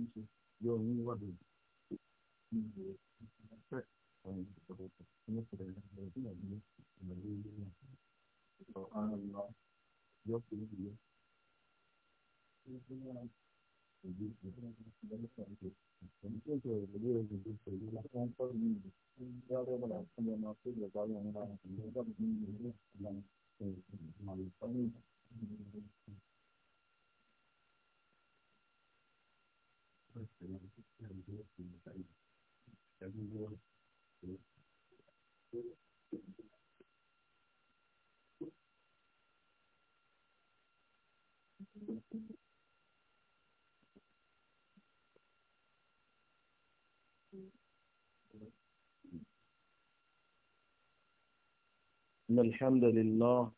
ń ṣe yọ òun wà lóyún. Thank you. إن الحمد لله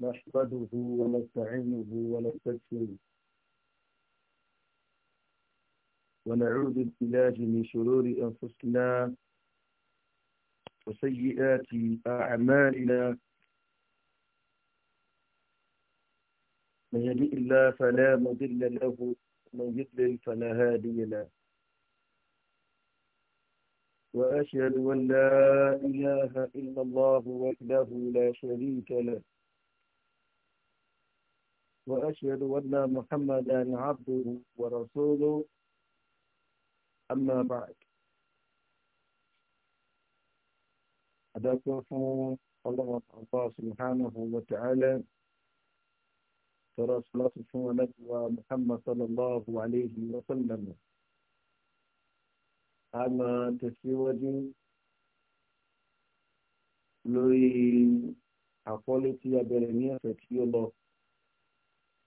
نحمده ونستعينه ونستغفره ونعوذ بالله من شرور أنفسنا وسيئات أعمالنا من يهدئ الله فلا مضل له ومن يضلل فلا هادي له وأشهد أن لا إله إلا الله وحده لا شريك له وأشهد أن محمدا عبده ورسوله أما بعد أدعوكم الله الله سبحانه وتعالى ترى صلاة ونبوى محمد صلى الله عليه وسلم أما تسيوجي لوي أقولتي أبرنيا فتيولو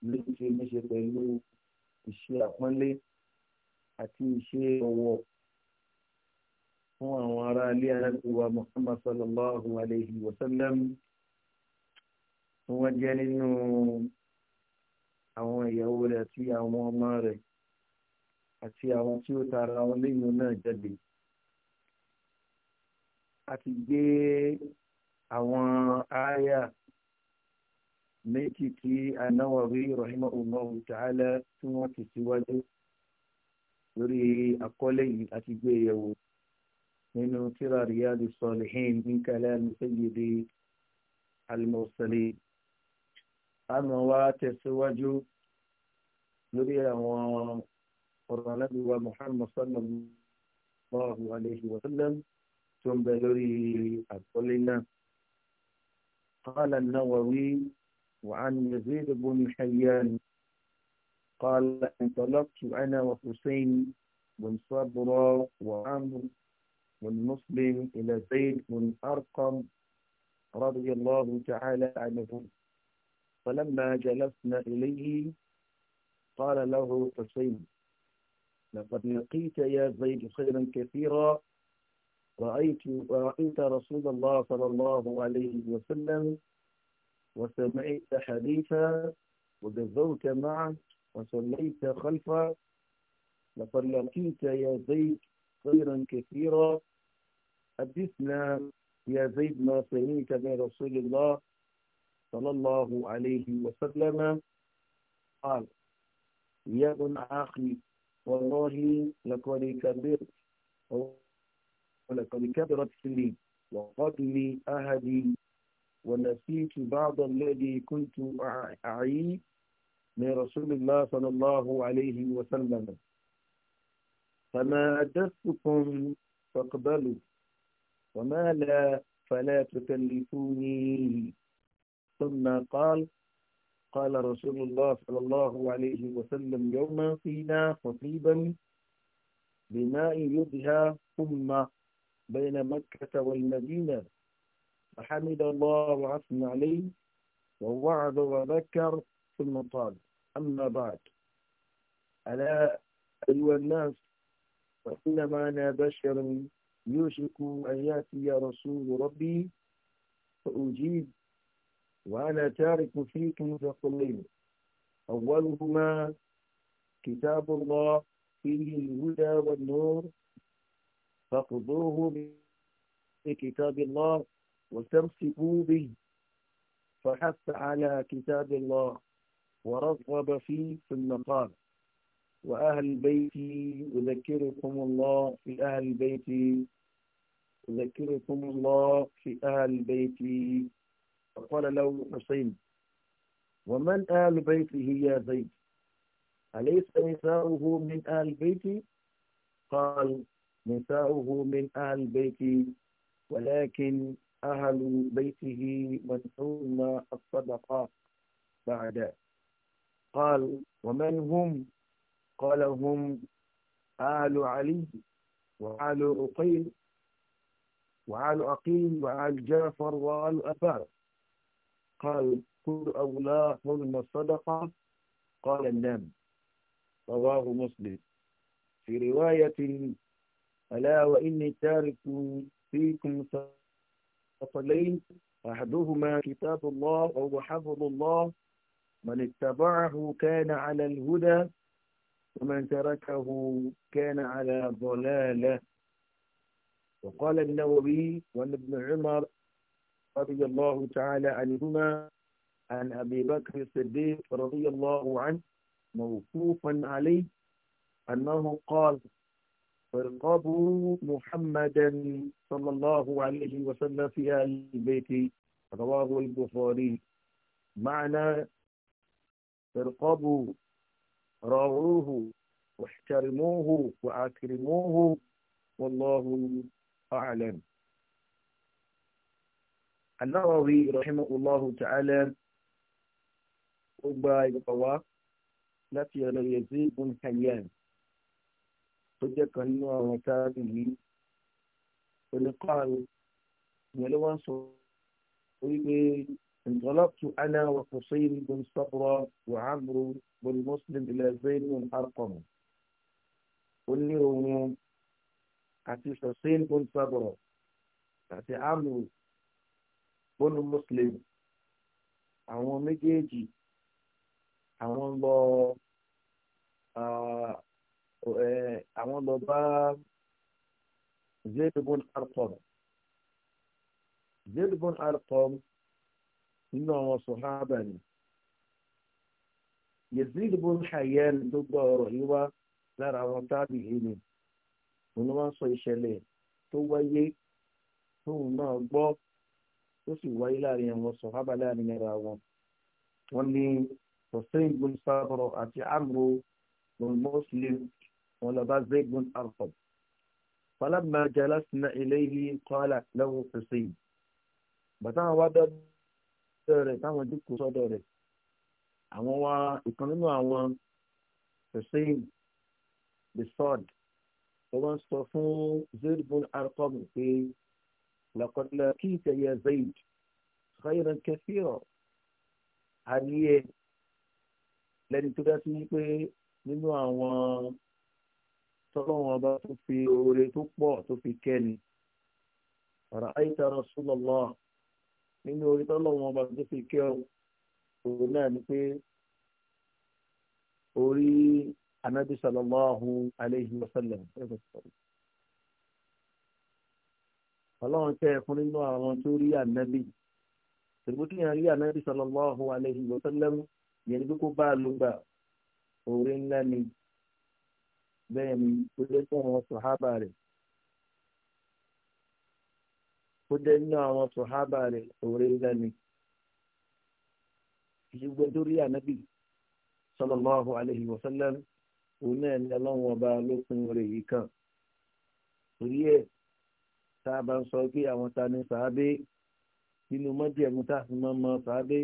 لوي مشي بلو الشيء أقولي àti ìṣe ọ̀wọ̀ fún àwọn ará ilé arábíwá Muhammad sallallahu alayhi wa sallam tí wọ́n jẹ́ nínú àwọn ìyàwó rẹ̀ àti àwọn ọmọ rẹ̀ àti àwọn tí ó tara wọn lẹ́yìn náà jáde a ti gbé àwọn àyà méjì tí anáwàwí rahimahullahu ta'ala tí wọ́n ti síwájú lórí àkọlé yìí àti gbé e yẹ̀wò nínú tírà Riyadu Salihin min kalami sayyidi al-mursalin àmọ́ wa tẹ̀síwájú lórí àwọn ọ̀rọ̀ anábì wa Muhammad sallallahu alayhi wa sallam tó ń bẹ lórí àkọlé náà. قال النووي وعن يزيد بن حيان قال انطلقت أنا وحسين بن صبرا وعمر بن مسلم إلى زيد بن أرقم رضي الله تعالى عنه فلما جلسنا إليه قال له حسين لقد لقيت يا زيد خيرا كثيرا رأيت رأيت رسول الله صلى الله عليه وسلم وسمعت حديثا وجزوت معه وصليت خلفه لقد لقيت يا زيد خيرا كثيرا حدثنا يا زيد ما سمعت من رسول الله صلى الله عليه وسلم قال يا ابن أخي والله لقد كبرت ولقد كبرت سني وقتلي أهدي ونسيت بعض الذي كنت اعيه من رسول الله صلى الله عليه وسلم فما حدثتكم فاقبلوا وما لا فلا تكلفوني ثم قال قال رسول الله صلى الله عليه وسلم يوما فينا خطيبا بماء يدهى ثم بين مكة والمدينة فحمد الله وعثم عليه ووعد وذكر ثم قال أما بعد ألا أيها الناس وإنما أنا بشر يوشك أن يأتي رسول ربي فأجيب وأنا تارك فيكم ثقلين أولهما كتاب الله فيه الهدى والنور فاقضوه بكتاب الله واستمسكوا به فحث على كتاب الله ورغب في ثم قال وأهل بيتي أذكركم الله في أهل بيتي أذكركم الله في أهل بيتي فقال له حسين ومن أهل بيته يا زيد أليس نساؤه من أهل بيتي قال نساؤه من أهل بيتي ولكن أهل بيته من حرم الصدقة بعد قال ومن هم قال هم آل علي وآل أقيل وآل أقيل وآل جعفر وآل أبار قال كل أولى حلم الصدقة قال النام رواه مسلم في رواية ألا وإني تارك فيكم صلين أحدهما كتاب الله أو حفظ الله من اتبعه كان على الهدى ومن تركه كان على ضلالة وقال النووي وعن ابن عمر رضي الله تعالى عنهما عن أبي بكر الصديق رضي الله عنه موقوفا عليه أنه قال فرقبوا محمدا صلى الله عليه وسلم في آل البيت رواه البخاري معنى ارقبوا راعوه واحترموه وأكرموه والله أعلم النووي رحمه الله تعالى أبا القواة التي يزيد بن حيان صدق أنه وتابه ولقال ملوان أنصر انطلقت أنا وحسين بن صبرة وعمرو بن مسلم إلى زين بن أرقم قلني هم أتي حسين بن صبرة أتي عمرو بن مسلم àwọn méjèèjì àwọn lọ àwọn lọ bá Zayd ibn Arqam Zayd nínú àwọn sọ̀hábà ni Yazid ibn Hayyan ló gbọ́ ọ̀rọ̀ yìí wá lára àwọn tábìlì ni òun wá ń sọ ìṣẹ̀lẹ̀ tó wáyé tóun náà gbọ́ tó sì wáyé láàrin àwọn sọ̀hábà láàrin ara wọn wọn ní hussein bin sabro àti amro bin muslim wọn lọ bá zayd bin arqam falamma jalasna ilayhi qala lahu hussein bàtà wá dọ́dún sọ́dọ̀ rẹ̀ táwọn jókòó sọ́dọ̀ rẹ̀ àwọn wa ìkan nínú àwọn hussein bisod tó wọ́n sọ fún zayd bin arqam pé lakọ́dọ̀lá kí ìtẹ̀yẹ zayd khayran kathira àríyẹ lẹ́ni tó dá sí pé nínú àwọn tọ́lọ́wọ́n bá tó fi oore tó pọ̀ tó fi kẹ́ni. Ra'ayta Rasulullah nínú orí tọ́lọ́wọ́n ọba tó fi kí ọ òun náà ni pé orí anabi sallallahu alayhi wa sallam ọlọ́run tẹ́ ẹ fún nínú àwọn tó rí anabi tòlúbùtì yẹn rí anabi sallallahu alayhi wa sallam yẹn ní kó bá a ló gbà orí ńlá ni bẹ́ẹ̀ ni ó lé fún àwọn sàhábà rẹ̀ ó dé nínú àwọn sòhábà rẹ̀ òwe lẹ́nu ìṣègbè torí ànábì sallallahu alayhi wa sallam òun náà ní ọlọ́run ọba lópin rẹ̀ yìí kan torí ẹ̀ tá a bá ń sọ pé àwọn ta ni sàábé nínú mọ́jẹ̀mú tá a fi máa mọ sàábé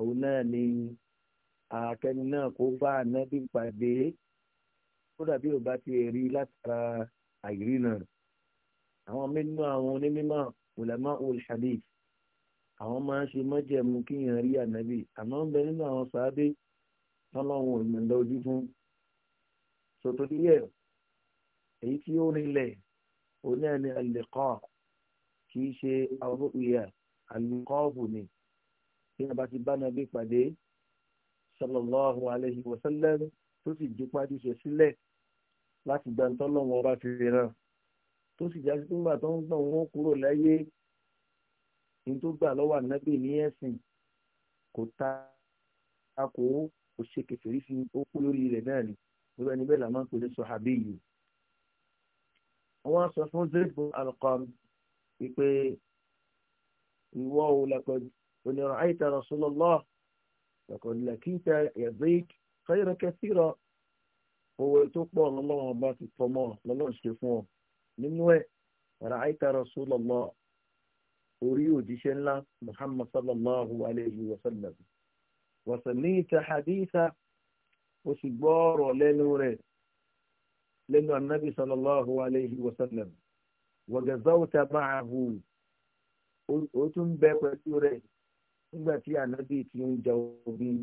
òun náà ni àkẹ́ni náà kó bá ànábì pàdé kódà bí o bá ti rí látara àìrí náà àwọn mẹ́nu àwọn onímọ̀ ulama ul hadith àwọn máa ń ṣe mọ́jẹ̀mú kíyàn rí ànábì àmọ́ ń bẹ nínú àwọn sàábé tọ́lọ́hún ìmọ̀lẹ́ ojú fún sọ̀tò díẹ̀ èyí tí ó rinlẹ̀ oní ẹni àlẹ́kọ́ kì í ṣe àwọn ìyá àlùkọ́ọ̀bù ni bí wọn bá ti bá nàbí pàdé sallallahu alayhi tó sì jípa ti ṣe sílẹ̀ láti gbàǹtọ́ ọba fi náà tó sì já sí pé nígbà tó ń gbọ̀n wọn kúrò láyé ní tó gbà lọ́wọ́ ànábì ní ẹ̀sìn kò ta kò kò ṣe kẹfẹ́rí sí ó kú lórí rẹ̀ náà ni gbogbo ẹni bẹ́ẹ̀ là máa ń pè ní sọ̀hábì yìí. wọ́n sọ fún zébù alqam wípé ìwọ ò lẹ́kọ̀ọ́ onírọ̀ àìtà rasulullah lẹ́kọ̀ọ́ lẹ́kìtà yazik khayran kathira owó tó pọ̀ lọ́lọ́wọ́n bá ti tọmọ lọ́lọ́run ṣe fún ọ nínú ẹ̀ ra'aita rasulallah orí òjíṣẹ́ ńlá muhammad sallallahu alayhi wa sallam wa samita haditha ó sì gbọ́ ọ̀rọ̀ lẹ́nu rẹ̀ lẹ́nu anabi sallallahu alayhi wa sallam wa gazawta ma'ahu ó tún bẹ pẹ̀lú rẹ̀ nígbà tí anabi ti ń jẹ ogun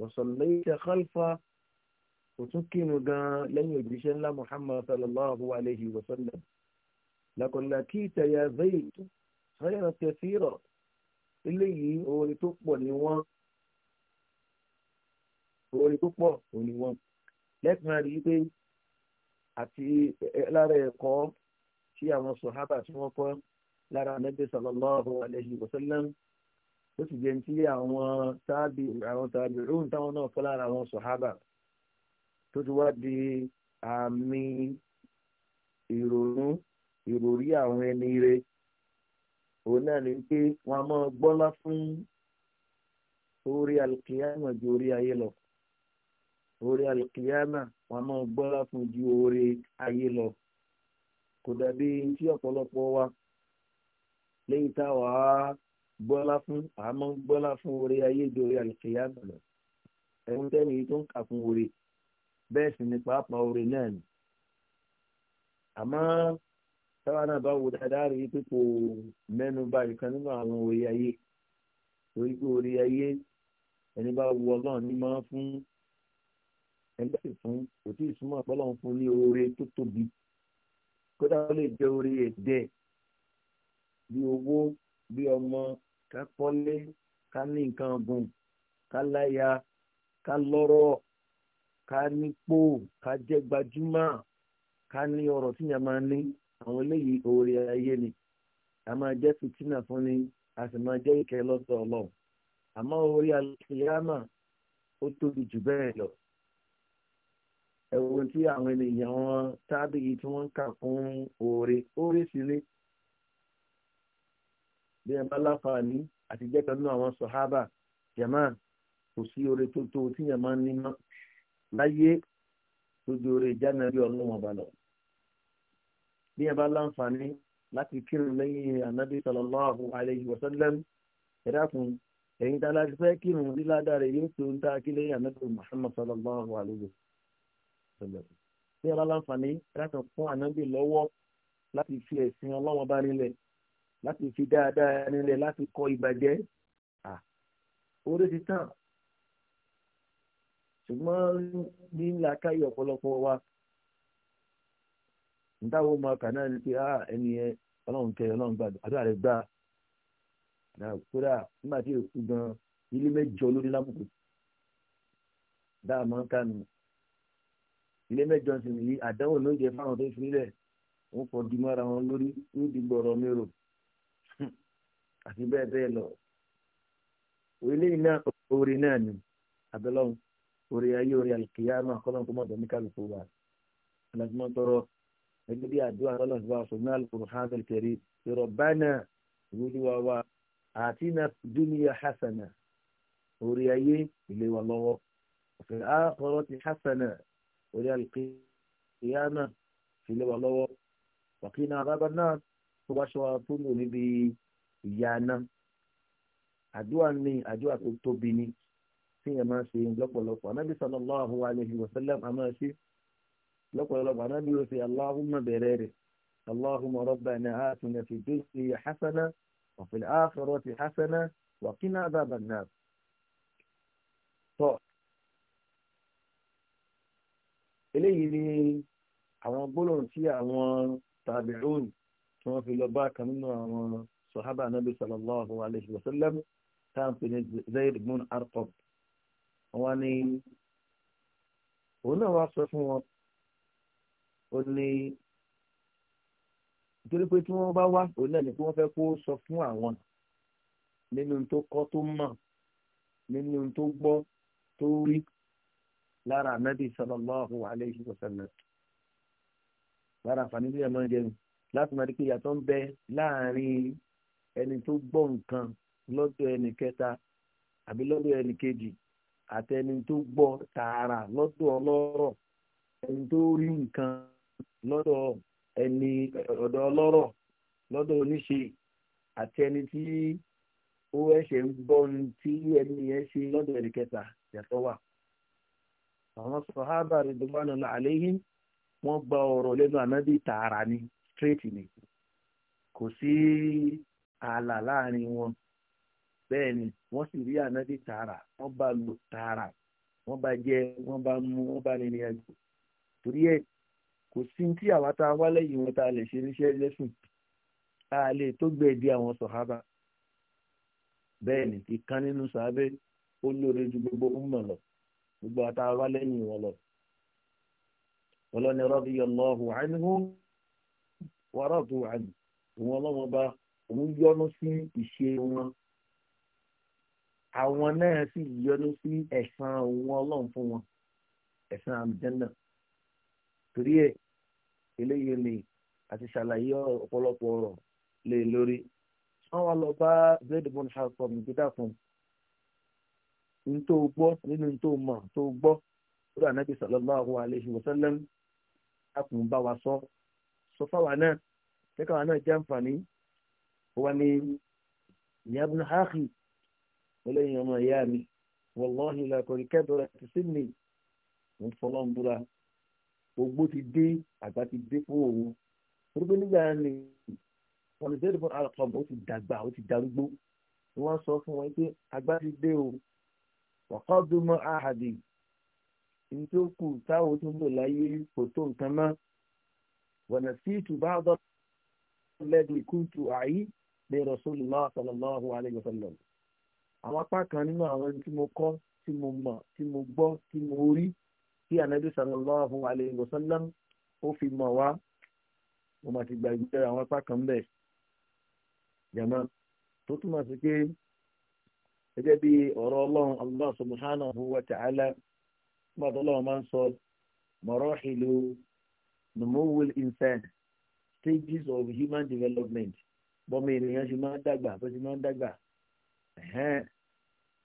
wa sallaita khalfa kò tún kírun gan-an lẹ́yìn òjíṣẹ́ ńlá muhammad sallallahu alayhi wa sallam lakọ̀lá kí ìtẹ̀yà zayd sọ́yà tẹ̀síìrọ̀ eléyìí orin tó pọ̀ ní wọ́n orin tó pọ̀ ní wọ́n lẹ́kùnrin rí i pé àti lára ẹ̀kọ́ tí àwọn sọ̀hábà tí wọ́n kọ́ lára anábì sallallahu alayhi wa sallam ó sì jẹ́ ní tí àwọn tábì àwọn tábì rúùn táwọn náà kọ́ lára àwọn sọ̀hábà. tó ti wá di àmì ìrònú ìròrí àwọn ẹni rẹ òun náà ni pé wọn a máa gbọ́lá fún orí alikiyama ju orí ayé lọ orí alikiyama wọn a máa fún ju orí lọ kò dàbí tí ọ̀pọ̀lọpọ̀ wa lẹ́yìn táwa gbọ́lá fún àmọ́ gbọ́lá fún orí ayé ju orí alkiyama lọ ẹ̀hún tó ń kà bẹ́ẹ̀ sì ni pàápàá orin náà ni àmọ́ táwa náà bá wo dáadáa rí pé kò mẹ́nu bà ìkan nínú àwọn orí ayé torí pé orí ayé ẹni bá wo ọlọ́run ní máa fún ẹgbẹ́ sì fún kò tí ì súnmọ́ fún ní oore tó tóbi kódà ó lè jẹ́ orí ẹ̀dẹ́ bí owó bí ọmọ ká pọ́lé ká ní nǹkan ọ̀gùn ká láya ká lọ́rọ̀ ká nípò ká jẹ́ gbajúmọ̀ ká ní ọ̀rọ̀ tí yẹn máa ní àwọn eléyìí oore ayé ni a máa jẹ́ fìtínà fún ni a sì máa jẹ́ ìkẹ́ lọ́sọ̀ ọlọ́run àmọ́ orí alùpùpù ó tóbi jù bẹ́ẹ̀ lọ ẹ̀wọ̀n tí àwọn ènìyàn wọn tábìlì tí wọ́n kà fún oore oore sì ni bí ẹ bá láǹfààní àti jẹ́ nínú àwọn sọ̀hábà jẹ̀mán kò sí oore tó tó tíyẹn máa ní mọ́ láyé lójú orí ìjánarí ọlọ́wọ́n ọba lọ. bí ẹ bá láǹfààní láti kírun lẹ́yìn anabi sallallahu alayhi wa sallam ẹ̀dá fún ẹ̀yin tá a láti fẹ́ kírun líládàrẹ̀ yóò tó ń tá a kí lẹ́yìn anabi muhammad sallallahu alayhi wa sallam. bí ẹ bá láǹfààní láti fún anabi lọ́wọ́ láti fi ẹ̀sìn ọlọ́wọ́n bá nílẹ̀ láti fi dáadáa nílẹ̀ láti kọ ìbàjẹ́ ṣùgbọ́n ní làákàyè ọ̀pọ̀lọpọ̀ wa ntáwo máa kà náà ni pé a ẹni yẹn ọlọ́run kẹ ọlọ́run gbà àdúrà rẹ gbà kódà nígbà tí èkú gan ilé mẹ́jọ lórí lábùkù dáa máa ń kánu ilé mẹ́jọ sì ní àdánwò ló jẹ fáwọn tó fi nílẹ̀ wọ́n fọ di mọ́ra wọn lórí ní ìdìbò ọ̀rọ̀ mérò àti bẹ́ẹ̀ bẹ́ẹ̀ lọ orílẹ̀-èdè náà orin náà ni abẹ́lọ́run orí ayé orí àlùkìyà náà kọ́lọ́n kó mọ̀ tó ní kálukú wa ẹnìkan tọrọ ẹgbẹ́ bí àdúrà kọ́lọ́n tó bá sọ ní alukoro hanzel kẹrì Rabbana ìwúrí wa wa atina dunya hasana orí ayé ilé wa lọ́wọ́ fil akhirati hasana orí àlùkìyà náà ilé wa lọ́wọ́ wàkínà àbábá náà tó bá ṣọwọ́ tó níbi ìyá náà àdúrà ní àdúrà tó tóbi ni. tí yẹn máa ṣe lọ́pọ̀lọpọ̀ anábì sallallahu alayhi wa sallam a máa ṣe lọ́pọ̀lọpọ̀ anábì yóò ṣe aláhùnmá bẹ̀rẹ̀ rẹ̀ aláhùnmá rabbana atina fi dunya hasana wa fil akhirati hasana wa qina adhaban nar. tọ́ eléyìí ni àwọn gbólóhùn tí àwọn tàbíùn tí wọ́n fi lọ bá kan nínú àwọn sọ̀hábà anábì sallallahu alayhi wa sallam táwọn pè ní Zayd ibn Arqam wọn ni òun náà wá sọ fún wọn ó ní nítorí pé tí wọ́n bá wá òun náà ni pé wọ́n fẹ́ kó sọ fún àwọn nínú tó kọ́ tó mọ̀ nínú tó gbọ́ tó rí lára ànábì sallallahu alayhi wa sallam lára àǹfààní tí ẹ̀mọ́ jẹun láti máa di pé ìyàtọ̀ ń bẹ láàrin ẹni tó gbọ́ nǹkan lọ́dọ̀ ẹni kẹta àbí lọ́dọ̀ ẹni kejì àtẹni tó gbọ́ tààrà lọ́dọ̀ ọlọ́rọ̀ ẹni tó rí nǹkan lọ́dọ̀ ẹni ọ̀dọ̀ ọlọ́rọ̀ lọ́dọ̀ oníṣe àti tí ó ẹ̀ṣẹ̀ ń gbọ́ ní tí ẹni yẹn ṣe lọ́dọ̀ ẹni kẹta yàtọ̀ wà. àwọn sọ̀hábà rẹ̀ gba ọ̀rọ̀ lẹ́nu ni straight ni kò sí ààlà láàrin wọn. bẹ́ẹ̀ ni wọ́n sì rí ànábì tààrà wọ́n bá lò tààrà wọ́n bá jẹ wọ́n bá mú wọ́n bá rìnrìn àjò torí ẹ̀ kò sí tí àwa tá a wá lẹ́yìn wọn tá a lè ṣe níṣẹ́ lẹ́sùn a lè tó gbé di àwọn sọ̀hábà bẹ́ẹ̀ ni ìkan nínú sàábẹ́ ó lóore ju gbogbo ọmọ lọ gbogbo àtà wá lẹ́yìn wọn lọ. ọlọ́ni radiyallahu anhum wa radu anhu òun ọlọ́wọ́n bá òun yọ́nú sí ìṣe wọn àwọn náà sì yọnu sí ẹ̀san òun ọlọ́run fún wọn ẹ̀san àmìjẹ́nà torí ẹ̀ eléyìí ni àti ṣàlàyé ọ̀pọ̀lọpọ̀ ọ̀rọ̀ lé lórí wọ́n wá lọ bá blade bone halcom ìgbéga fún un tó gbọ́ nínú tó mọ̀ tó gbọ́ lórí ànábì sallallahu alaihi wasallam lákùn bá wa sọ sọ fáwa náà jẹ́ káwa náà jẹ́ àǹfààní wọn ni ìyá bí eléyìí ọmọ ìyá mi wọlọ́hì làkọ̀rí kẹ́bẹ̀rẹ̀ ti sí mi ń fọlọ́ ń búra gbogbo ti dé àgbà ti dé fún òun rúbí nígbà ni pọlìsẹ́ẹ̀dì fún alakọ̀m ó ti dàgbà ó ti darúgbó wọ́n sọ fún wọn pé àgbà ti dé o ọ̀kọ́ dúnmọ́ àhàdì ibi tó kù táwọn tó ń lò láyé kò tó nǹkan mọ́ wọ̀nà sí ìtùbá ọ̀dọ́ lẹ́dùn ìkúntù àyí lè rọ̀ sólùmọ́ sallallahu alaihi wasallam àwọn apá kan nínú àwọn ẹni tí mo kọ́ tí mo mọ̀ tí mo gbọ́ tí mo rí tí anabi sallallahu alayhi wa sallam ó fi mọ̀ wá mo máa ti gbàgbé àwọn apá kan bẹ́ẹ̀ jama tó túmọ̀ sí pé gẹ́gẹ́ bí ọ̀rọ̀ ọlọ́run allah subhanahu wa ta'ala nígbà tó lọ́wọ́ máa ń sọ mọ̀rọ́hìlú numuwil insan stages of human development bọ́mọ ènìyàn ṣe máa ń dàgbà bó ṣe máa ń dàgbà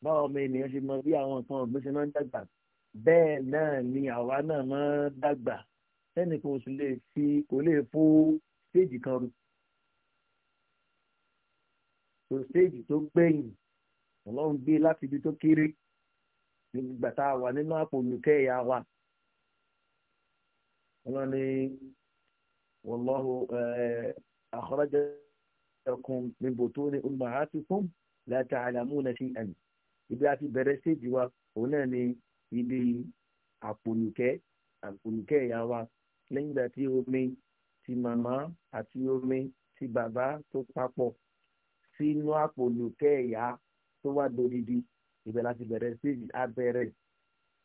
báwọn ọmọ ènìyàn ṣe mọ bí àwọn nǹkan ọ̀gbìn ṣe máa ń dàgbà bẹ́ẹ̀ náà ni àwa náà máa ń dàgbà ẹnìkan oṣù lè fi kò lè fó stéèjì kan rú tó stéèjì tó gbẹ̀yìn ọlọ́run gbé láti ibi tó kéré nígbà tá a wà nínú àpò olùkẹ́ ìyá wa ọlọ́run ni wọ́lọ́hu àkọ́rọ́jẹ́ ẹkùn min butuni ummahatikum la ta'lamuna shay'an ibi àti bẹ̀rẹ̀ stéèjì wa òun náà ni ibi àpònùkẹ́ àpònùkẹ́ ìyá wa lẹ́yìn ìgbà tí omi ti màmá àti omi ti bàbá tó papọ̀ sínú àpònùkẹ́ ìyá tó wà dodidi ibẹ̀ láti bẹ̀rẹ̀ stéèjì abẹ́rẹ́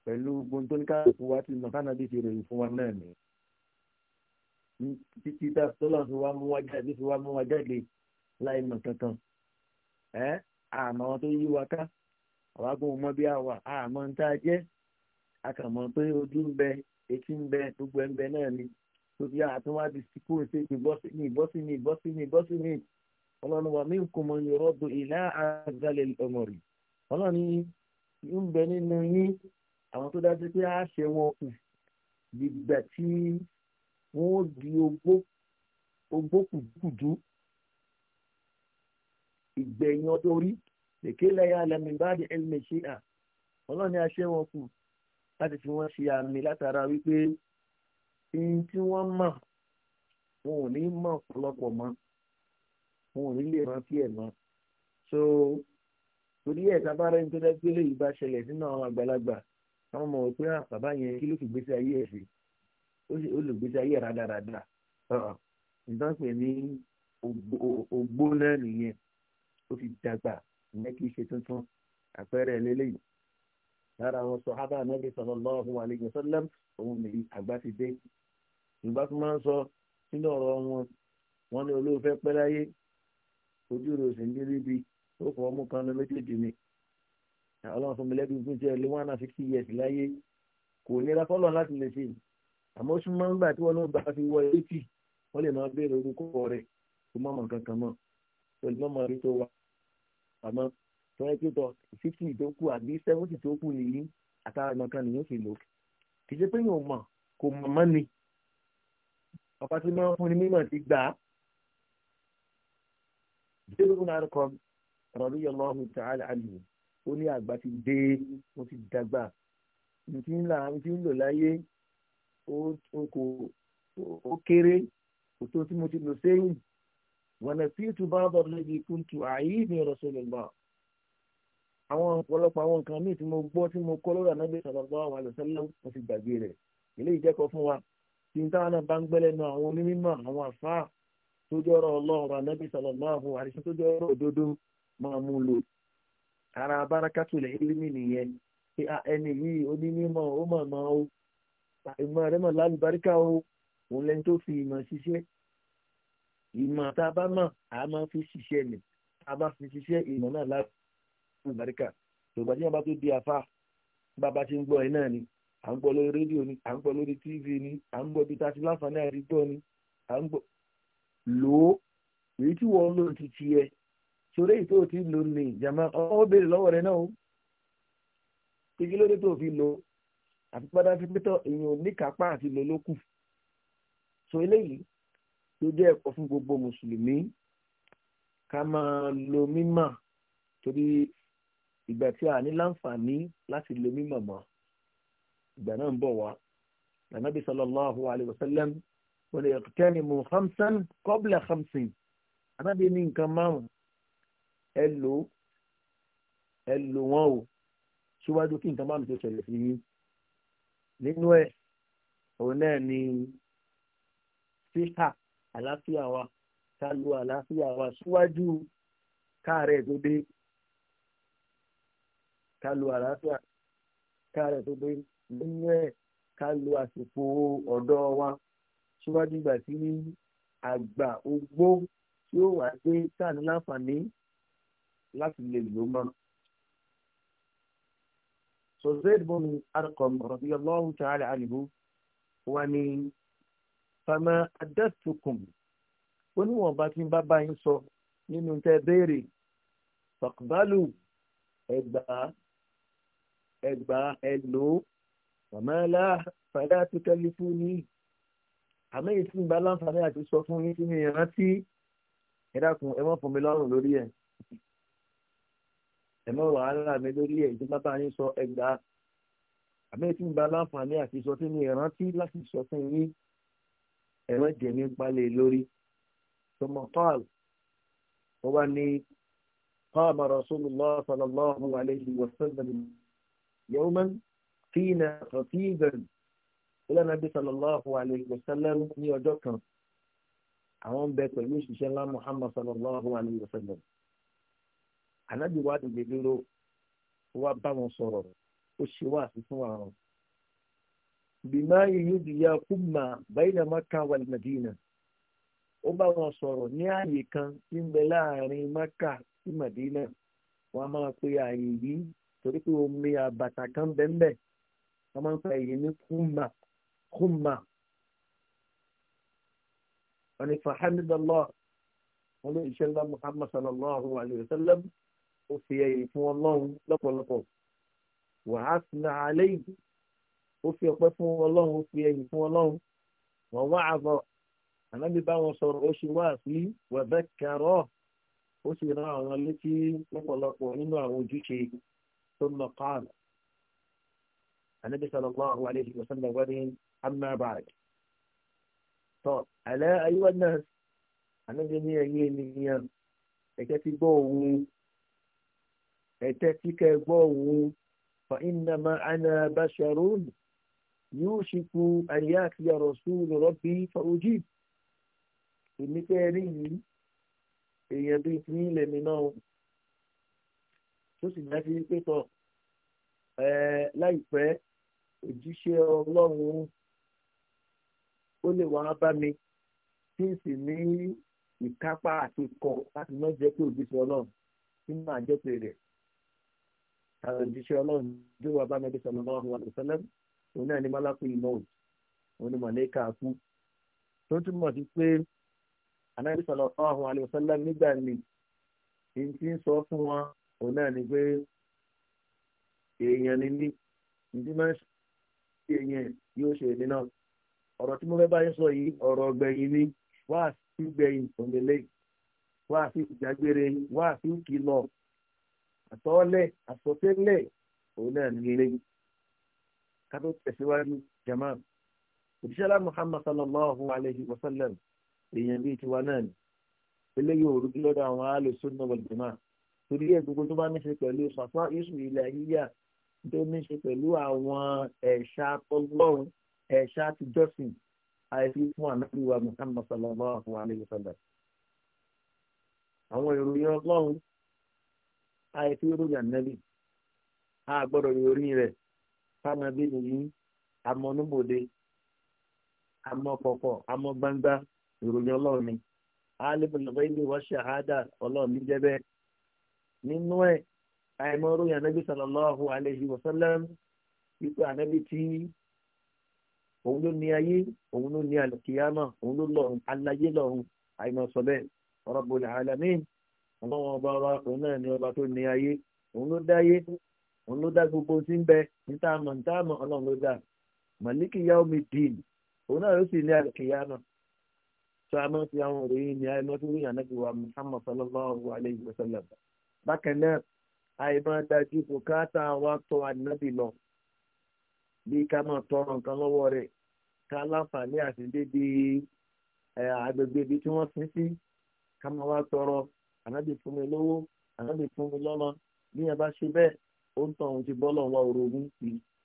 pẹ̀lú gbontóníkàlùkù wa ti mọ̀ bí ti ròyìn fún wa náà ni títí tá tọ́lá fi wá mú wa jáde fi wá mú wa jáde láì mọ̀ kankan ẹ́ àmọ́ tó yí wa ká àwa gbọ́n mọ́ bí a wà àmọ́ ń tá a jẹ́ a kàn mọ̀ pé ojú ń bẹ etí ń bẹ gbogbo ẹ̀ ń bẹ náà ni tóbi àtúnwádìí sí kúrò sí ìbọ́sí ní ìbọ́sí ni, ìbọ́sí ní ìbọ́sí ní ọlọ́run wà mí kò mọ yọ̀rọ̀ do ìlà àgbàlẹ̀ ọmọ rẹ̀ ọlọ́run yìí ń bẹ nínú yín àwọn tó dájú pé a ṣe wọn kù dìgbà tí wọn ó di ogbó kùdú ìgbẹ̀yìn ọdọ orí lèké lẹ́yìn alẹ́mí bá ẹlẹ́mí ṣí ọlọ́run ni a ṣe wọn kù láti fi wọ́n ṣe àmì látara wípé ihun tí wọ́n mọ̀ wọn ò ní mọ̀ ọ̀pọ̀lọpọ̀ mọ́ wọn ò ní lè rántí ẹ̀ mọ́ so torí ẹ̀ tábàárẹ̀ ní tó dẹ́ pé lèyí bá ṣẹlẹ̀ sínú àwọn àgbàlagbà àwọn ọmọ òpin àbá yẹn kí ló fi gbèsè ayé ẹ̀ sí ó lè gbèsè ayé rádaràdà ìdánpẹ̀ ní ògbó náà nìyẹn ó fi dàgbà ìyẹn kì í ṣe tuntun àpẹẹrẹ lélẹ́yìn lára àwọn sọ̀hábà anábì sallallahu alayhi wa sallam òun nìyí àgbà ti dé ìgbà tó máa ń sọ nínú ọ̀rọ̀ wọn wọn ní olóòfẹ́ pẹ́ láyé ojú rẹ̀ sì ń dé níbi ó fọ ọmú kan lọ méjèèjì ni ọlọ́run fún mi lẹ́bi fún jẹ́ ilé one and fifty years láyé kò nira fọ́lọ́ láti lè ṣe àmọ́ súnmọ́ ńgbà tí wọ́n bá fi wọ eighty wọ́n lè máa béèrè orúkọ rẹ̀ tó mọ̀mọ́ kankan mọ́ tó lè mọ̀mọ́ tó wà pamọ́ tó yẹ kí tọ fifty tó kù àbí seventy tó kù nìyí àtàrà nìkan nìyẹn sì lò kì í ṣe pé yóò mọ̀ kò mọ̀ mọ́ ni ọ̀pá tí wọ́n fún ni mímọ̀ ti gbà á. Jésù náà rẹ̀ kọ́ rọ̀bí yọlọ́hu tààlà àlùyé ó ní àgbà ti dé ó ti dàgbà ntí ń là ntí ń lò láyé ó kò ó kéré kò tó tí mo ti lò sẹ́yìn ونسيت بعض الذي كنت أعيه من رسول الله àwọn ọ̀pọ̀lọpọ̀ àwọn nǹkan míì tí mo gbọ́ tí mo kọ́ lórí ànábì sallallahu alaihi wasallam mo ti gbàgbé rẹ̀ eléyìí jẹ́kọ̀ọ́ fún wa tí n táwọn náà bá ń gbẹ́lẹ̀ nu àwọn onímọ̀ àwọn àfáà tó jẹ́ ọ̀rọ̀ ọlọ́ọ̀rọ̀ ànábì sallallahu alaihi wasallam tó jẹ́ ọ̀rọ̀ òdodo máa mú lò ara barakatul ilmi nìyẹn pé ẹni yìí onímọ̀ ó mọ̀ mọ́ o ìmọ̀ rẹ̀ mọ̀ lálùbáríkà o òun lẹ́ni tó fi ìmọ̀ ṣiṣẹ́ ìmọ̀ tá a bá mọ̀ a máa fi ṣiṣẹ́ ni a bá fi ṣiṣẹ́ ìmọ̀ náà láti fún ìbáríkà ìgbà tí wọn bá tó di afá bàbá ti ń gbọ́ ẹ náà ni à ń gbọ́ lórí rédíò ni à ń gbọ́ lórí tv ni à ń gbọ́ bí tá a ti láǹfààní àti gbọ́ ni à ń gbọ́ lò ó èyí tí wọ́n lò ti tiẹ̀ sórí èyí tó ti lò ní ìjàmbá ọ béèrè lọ́wọ́ rẹ náà o kíkí lórí tó fi lò àti padà fi pétọ́ èèyàn oníkápá àti lò ló kù so eléyìí tó jẹ́ ẹ̀kọ́ fún gbogbo mùsùlùmí ká máa lo mímọ̀ torí ìgbà tí a ní láǹfààní láti lo mímọ̀ mọ́ ìgbà náà ń bọ̀ wá lànàbí sallallahu alayhi wa sallam wọn lè tẹ́ni mu hamsan qabla hamsin anábì ní nǹkan márùn ẹ lò ẹ lò wọn o síwájú kí nǹkan márùn tó ṣẹlẹ̀ sí yín nínú ẹ̀ òun náà ni síhà àlàáfíà wa ká lo àlàáfíà wa síwájú káàárẹ̀ tó dé ká lo àlàáfíà káàárẹ̀ tó dé nínú ẹ̀ ká lo àsìkò ọ̀dọ́ wa síwájú ìgbà tí àgbà ogbó tí ó wà dé káàní láǹfààní láti lè lò mọ́. sọ̀rọ̀ Zayd bọ́nu Arqam radiyallahu ta'ala anhu wa ni fama adatukum oníwọ̀nba tí ń bá bá yín sọ nínú tẹ́ béèrè fàkbálù ẹgbà ẹgbà ẹlò fàmálà fàdá tó tẹ́lẹ̀ fún ní àmọ́ èyí tí ń bá láǹfààní àti sọ fún yín sí ní ìrántí ẹ dákun ẹ mọ́ fún mi lọ́rùn lórí ẹ̀ ẹ mọ́ wàhálà mi lórí ẹ̀ ìdí bábá yín sọ ẹgbà àmọ́ tí ń bá láǹfààní àti sọ sí ní ìrántí láti sọ fún yín ẹ̀rọ jẹ̀mí palẹ̀ lórí tọmọ tọ́l ó wá ní قام رسول الله صلى الله عليه وسلم يوما فينا خطيبا إلى النبي صلى الله عليه وسلم ní ọjọ́ kan àwọn bẹ pẹ̀lú òṣìṣẹ́ ńlá Muhammad sallallahu alayhi wa sallam anábìwádìí lè dúró wá bá wọn sọ̀rọ̀ ó ṣe wá àti fún àwọn bìmá ìyúdìyà kúmà báyìí náà Mákà wal Madina ó bá wọn sọ̀rọ̀ ní ààyè kan tí ń bẹ láàrin Mákà sí Madina wọn a máa pe ààyè yìí torí pé omi àbàtà kan bẹ́ẹ̀ wọn máa ń pe ààyè ní kúmà kúmà wọn ni fahamidallah wọn ló ìṣẹ́ Muhammad sallallahu alayhi wa sallam ó fi ẹ̀yìn fún ọlọ́run lọ́pọ̀lọpọ̀ wàhásùn àlẹ́ ó fi ọpẹ́ fún ọlọ́run ó fi ẹyìn fún ọlọ́run wọ́n wá àbọ̀ ànábì bá wọn sọ̀rọ̀ ó ṣe wá sí wẹ̀bẹ́ kẹrọ ó sì rán àwọn létí lọ́pọ̀lọpọ̀ nínú àwọn ojúṣe tó ń lọ káàlù ànábì sallallahu alayhi wa sallam wọ́n ní amma ba'd tọ́ ala ayyuhan ànábì ní ẹ̀yìn ènìyàn ẹ̀kẹ́ ti gbọ́ òun ẹ̀tẹ́ tí kẹ́ gbọ́ òun fa innama ana basharun yóò ṣekú àyà àti àròsùn lọ́rọ́ bí fàwọ́jì èmi tẹ́ ẹ rí yìí èèyàn bíi ti ní ilẹ̀ mi náà tó sì dájú pé tọ̀ láìpẹ́ òjíṣẹ́ ọlọ́run ó lè wá bá mi tí sì ní ìkápá àti ikọ̀ láti má jẹ́ pé òjíṣẹ́ ọlọ́run tí màá jẹ́ pé rẹ̀ àwọn òjíṣẹ́ ọlọ́run yóò wá bá mi bí sọ̀rọ̀ náà wà lọ́sọ̀lẹ́mù òun náà ni malakul maut òun ni mọ̀lẹ́kà kú tó túmọ̀ sí pé anabi sallallahu alaihi wasallam nígbà mi kì í ti ń sọ fún wọn òun náà ni pé èèyàn ni mí ìdí máa ń ṣe èèyàn yóò ṣe èmi náà ọ̀rọ̀ tí mo fẹ́ báyìí sọ yìí ọ̀rọ̀ ọ̀gbẹ̀yìn ni wá sí gbẹ̀yìn òmìnirẹ́ wá sí ìdágbére wá sí ìkìlọ̀ àtọ́lẹ̀ àsọtẹ́lẹ̀ òun náà nílé ká tó tẹ̀síwájú jama òṣìṣẹ́lá muhammad sallallahu alayhi wa sallam èèyàn bíi tiwa náà ni eléyìí ò rúgbìn lọ́dọ̀ àwọn alùsùn náà wal jama torí ẹ̀ gbogbo tó bá ní ṣe pẹ̀lú sàfà yusuf ilẹ̀ yíyà tó ní ṣe pẹ̀lú àwọn ẹ̀ṣà tọ́lọ́run ẹ̀ṣà ti àìsí fún ànábìwá muhammad sallallahu alayhi wa sallam àwọn ìròyìn ọlọ́run àìsí ròyìn ànábì a gbọ́dọ̀ ìròyìn rẹ̀ sámabí nìyí amọ̀núbòde amọ̀kọ̀kọ̀ amọ̀gbangba ìròyìn ọlọ́run ni alẹ́bùnàfẹ́ ilé wa ṣàhádà ọlọ́run ní jẹ́ bẹ́ẹ̀ nínú ẹ̀ àìmọ́ ròyìn anábì sallallahu alaihi wasallam ipò anábì tí òun ló ní ayé òun ló ní alùkìyàmà òun ló lọ́run aláyé lọ́run àìmọ̀ sọ bẹ́ẹ̀ rabbul alamin ọlọ́run ọba ọba òun náà ní ọba tó ní ayé òun ló dáyé òun ló dá gbogbo sí ń bẹ níta mọ̀ níta mọ̀ ọlọ́run ló dá màlíkì yá omi dìín òun náà ló sì ní àlùkìyà náà tó a máa àwọn òròyìn ní àìmọ́ tó yàn náà wà Muhammad sallallahu alayhi wa sallam bákan náà àìmọ́ dájú kò káàtà wa tọ́ ànábì lọ bí ká máa tọrọ nǹkan lọ́wọ́ rẹ̀ ká láǹfààní àti débi agbègbè ibi tí wọ́n sin sí ká máa wá tọrọ ànábì fún mi lówó ànábì fún mi lọ́nà bí yẹn bá ṣe bẹ́ẹ̀ ó ń tàn òun ti bọ́ lọ́wọ́ orogún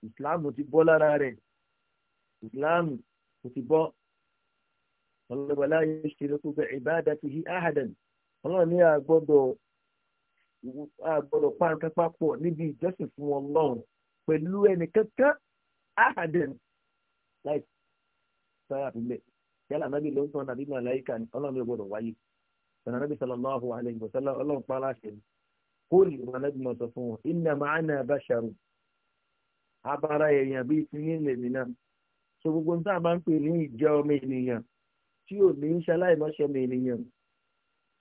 ìsìláàmù ti bọ́ lára rẹ̀ ìsìláàmù kò ti bọ́ ọlọ́wọ́lá yóò ṣe lóko bẹ́ẹ̀ ìbáàdà ti hí áhàdàn ọlọ́run ní àgbọ́dọ̀ àgbọ́dọ̀ pàǹkan papọ̀ níbi ìjọsìn fún ọlọ́run pẹ̀lú ẹnìkankan áhàdàn láì sára àbílẹ̀ yálà nábì ló ń tàn nàbí màláìka ọlọ́run ní ọgbọ́dọ̀ wáyé ọ̀nà nàbì sallallahu alaihi wasallam ọlọ́run pa aláṣẹ ni kóòlì mọ̀lẹ́bí mọ̀tọ̀ fún wọn iná máa ń bá ṣàrù abara èèyàn bíi ti ní ilẹ̀ mi náà so gbogbo nǹkan àbá ń pè ní ìjẹ́ ọmọ ènìyàn tí ò ní í ṣaláì má ọmọ ènìyàn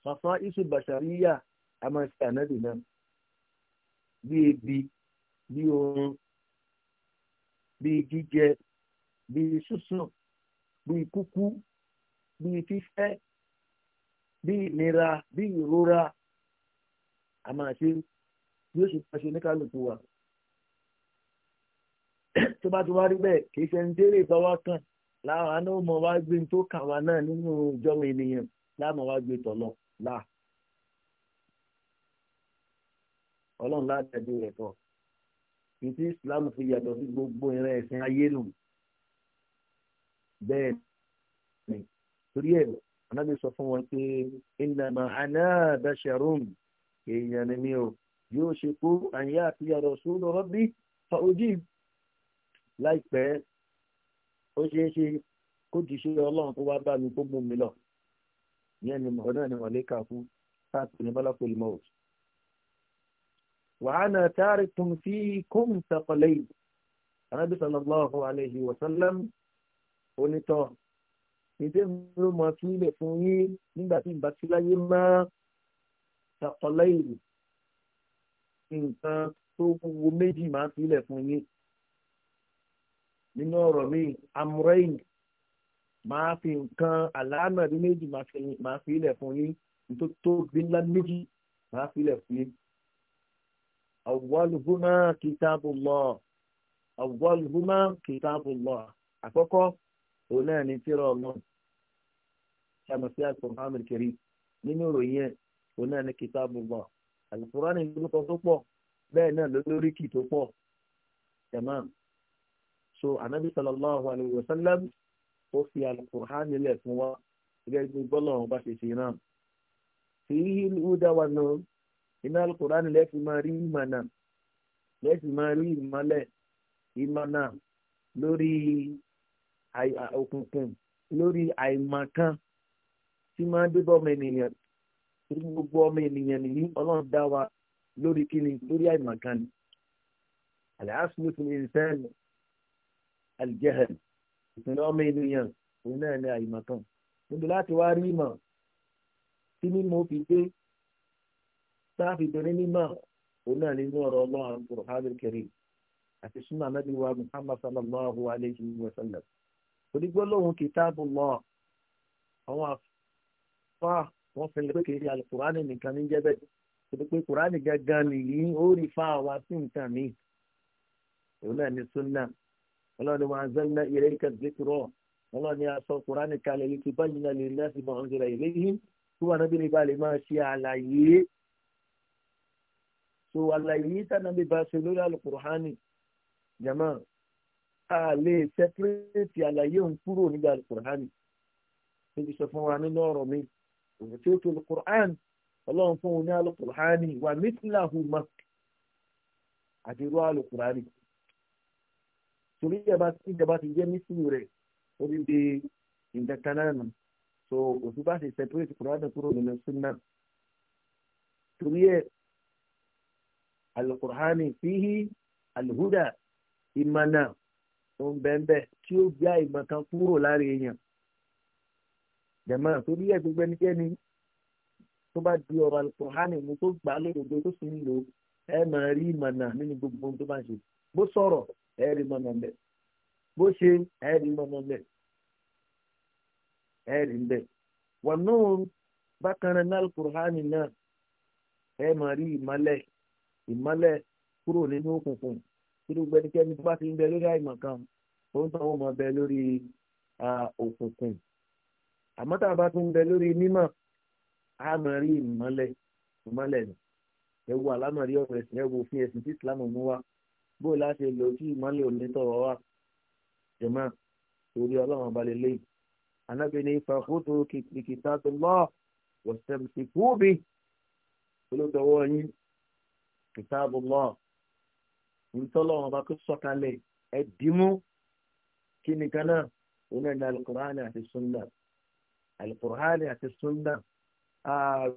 fàfà iṣu bàṣàríyà a máa ṣe ànábì bí ebi bí oorun bí jíjẹ bí sísun bí kúkú bí fífẹ́ bí ìnira bí ìrora a máa ṣe bí ó ṣe máa ṣe oníkálukú wa tó bá ti wá rí bẹ́ẹ̀ kì í ṣe ní délé ìtọ́wọ́ kàn láwọn àna ó mọ wá gbé tó kàn wá náà nínú ìjọba ènìyàn láàmú wá gbé tọ̀lọ̀ láà ọlọ́run ládàjú rẹ̀ tọ̀ ní tí islam fi yàtọ̀ sí gbogbo ìran ẹ̀sìn ayé nù bẹ́ẹ̀ ni torí ẹ̀ anábì fún wọn pé ìnàmà àná àdáṣẹ̀rùn-ún èèyàn ni mi ò yóò ṣe kó àyà àti ọ̀rọ̀ sódò rọ́bì fa ojú láìpẹ́ ó ṣeé ṣe kó ti ṣe ọlọ́run tó wá bá mi kó mú mi lọ ìyẹn ni mọ̀ọ́ náà ni wọ́n lè kà fún ní bọ́lá pẹ̀lú mọ́ọ̀t. wàhánà táàrí tún fi kún sàkọlẹ́ yìí anábì sallallahu alayhi wa sallam onítọ̀ ìdí mi ló mọ̀ sílẹ̀ fún yín nígbà tí ìbá sí láyé máa ṣàkọlẹ́ ìlú nǹkan tó wúwo méjì máa ń filẹ̀ fún yín nínú ọ̀rọ̀ mi amúrẹ́yìn máa fi nǹkan àlànà ní méjì máa filẹ̀ fún yín tó tóbi ńlá méjì máa filẹ̀ fún yín. awwaluhuma kitabullah awwaluhuma kitabullah àkọ́kọ́ òun náà ni tírà ọlọ́run ṣàmùsí àti muhammed kiri nínú ìròyìn ẹ̀ òun náà ní kitabullah alukurani lórúkọ tó pọ̀ bẹ́ẹ̀ náà lórí kì tó pọ̀ tamam so anabi sallallahu alayhi wa sallam ó fi alukurani lẹ̀ fún wa gẹ́gẹ́ bí gbọ́lọ̀ ọba ṣe ṣe náà fi hílúdà wa náà iná alukurani lẹ́ẹ̀fì máa rí ìmọ̀nà lẹ́ẹ̀fì máa rí ìmọ̀lẹ̀ ìmọ̀nà lórí òkùnkùn lórí àìmọ̀kan tí máa dé bọ́ torí gbogbo ọmọ ènìyàn nìyí ọlọ́run dá wa lórí kíni lórí àìmọ̀kan ni àlàáfíà fún ìrìnsẹ́ẹ̀nì àlìjẹ́hẹ̀lì ìpínlẹ̀ ọmọ ènìyàn òun náà ní àìmọ̀kan níbi láti wá rí ìmọ̀ tí mímọ́ fi dé sáàfì bẹ̀rẹ̀ mímọ́ òun náà nínú ọ̀rọ̀ ọlọ́run kò hàbẹ̀ kẹrì àti súnmọ́ anábì wa muhammad sallallahu alayhi wa sallam wọ́n fi lè pé kì í ṣe alukùránì nìkan ní jẹ́ bẹ́ẹ̀ torí pé kùránì gangan nìyí ó rí fa àwa sí nǹkan mi òun náà ní súnà ọlọ́ni wa anzalna ilayka dhikra ọlọ́ni aṣọ kùránì kalẹ̀ yìí ti báyìí náà lè lẹ́sìn bọ̀ ọ̀nzẹ̀lá ilayhim tó wà níbi nípa lè máa ṣe àlàyé so àlàyé tánàbí bá ṣe lórí alukùránì jama a lè sẹ́kírẹ́tì àlàyé òun kúrò nígbà alukùránì níbi sọ wa nínú ọ̀rọ̀ mi òṣèṣe tó lu quran ọlọ́run fún un ní alukurani wà mítìláhù mark àti irú alukurani torí ìjọba ti jẹ́ mísìlì rẹ̀ ó ti di so òfin bá ti separate quran kúrò nínú sunnah torí ẹ alukurani fihi alhuda ìmọ̀nà tó bẹ́ẹ̀ bẹ́ẹ̀ tí ó gbá ìmọ̀ kúrò lára èèyàn jẹ̀mọ́ torí ẹ̀ gbogbo ẹnikẹ́ni tó bá di ọ̀rọ̀ alukóhánì mú tó gbà lódodo tó sì ń lò ẹ máa rí ìmọ̀nà nínú gbogbo ohun tó bá ń ṣe bó sọ̀rọ̀ ẹ rí ìmọ̀nà bẹ̀ bó ṣe ẹ rí ìmọ̀nà bẹ̀ ẹ rí bẹ̀ wọ̀n náà bákan náà alukóhánì náà ẹ máa rí ìmọ̀lẹ̀ ìmọ̀lẹ̀ kúrò nínú òkùnkùn kí ló gbẹnikẹ́ni tó bá ti ń bẹ lórí àìmọ̀ ó ń tọ́wọ́ mọ́ bẹ lórí òkùnkùn àmọ́ tá a bá tún bẹ lórí mímọ̀ a mọ̀ rí ìmọ̀lẹ̀ ìmọ̀lẹ̀ nù ẹ wo àlámọ̀rí ọ̀rọ̀ ẹ̀sìn ẹ wo òfin ẹ̀sìn tí Islam mú wa bó la ṣe lò tí ìmọ̀lẹ̀ ò ní tọ̀rọ̀ wa jẹ̀mọ́ torí ọlọ́run balẹ̀ lẹ́yìn anábìíní ìfàkóso kìkìtà tó lọ́ wọ̀sẹ̀mùsì kúbi olódọ̀wọ́ yín kìtàbù lọ́ ntọ́lọ́run bá kó sọ̀kalẹ̀ ẹ̀dínmú kí nìkan náà òun àti sunnah alukur'ani àti sunna a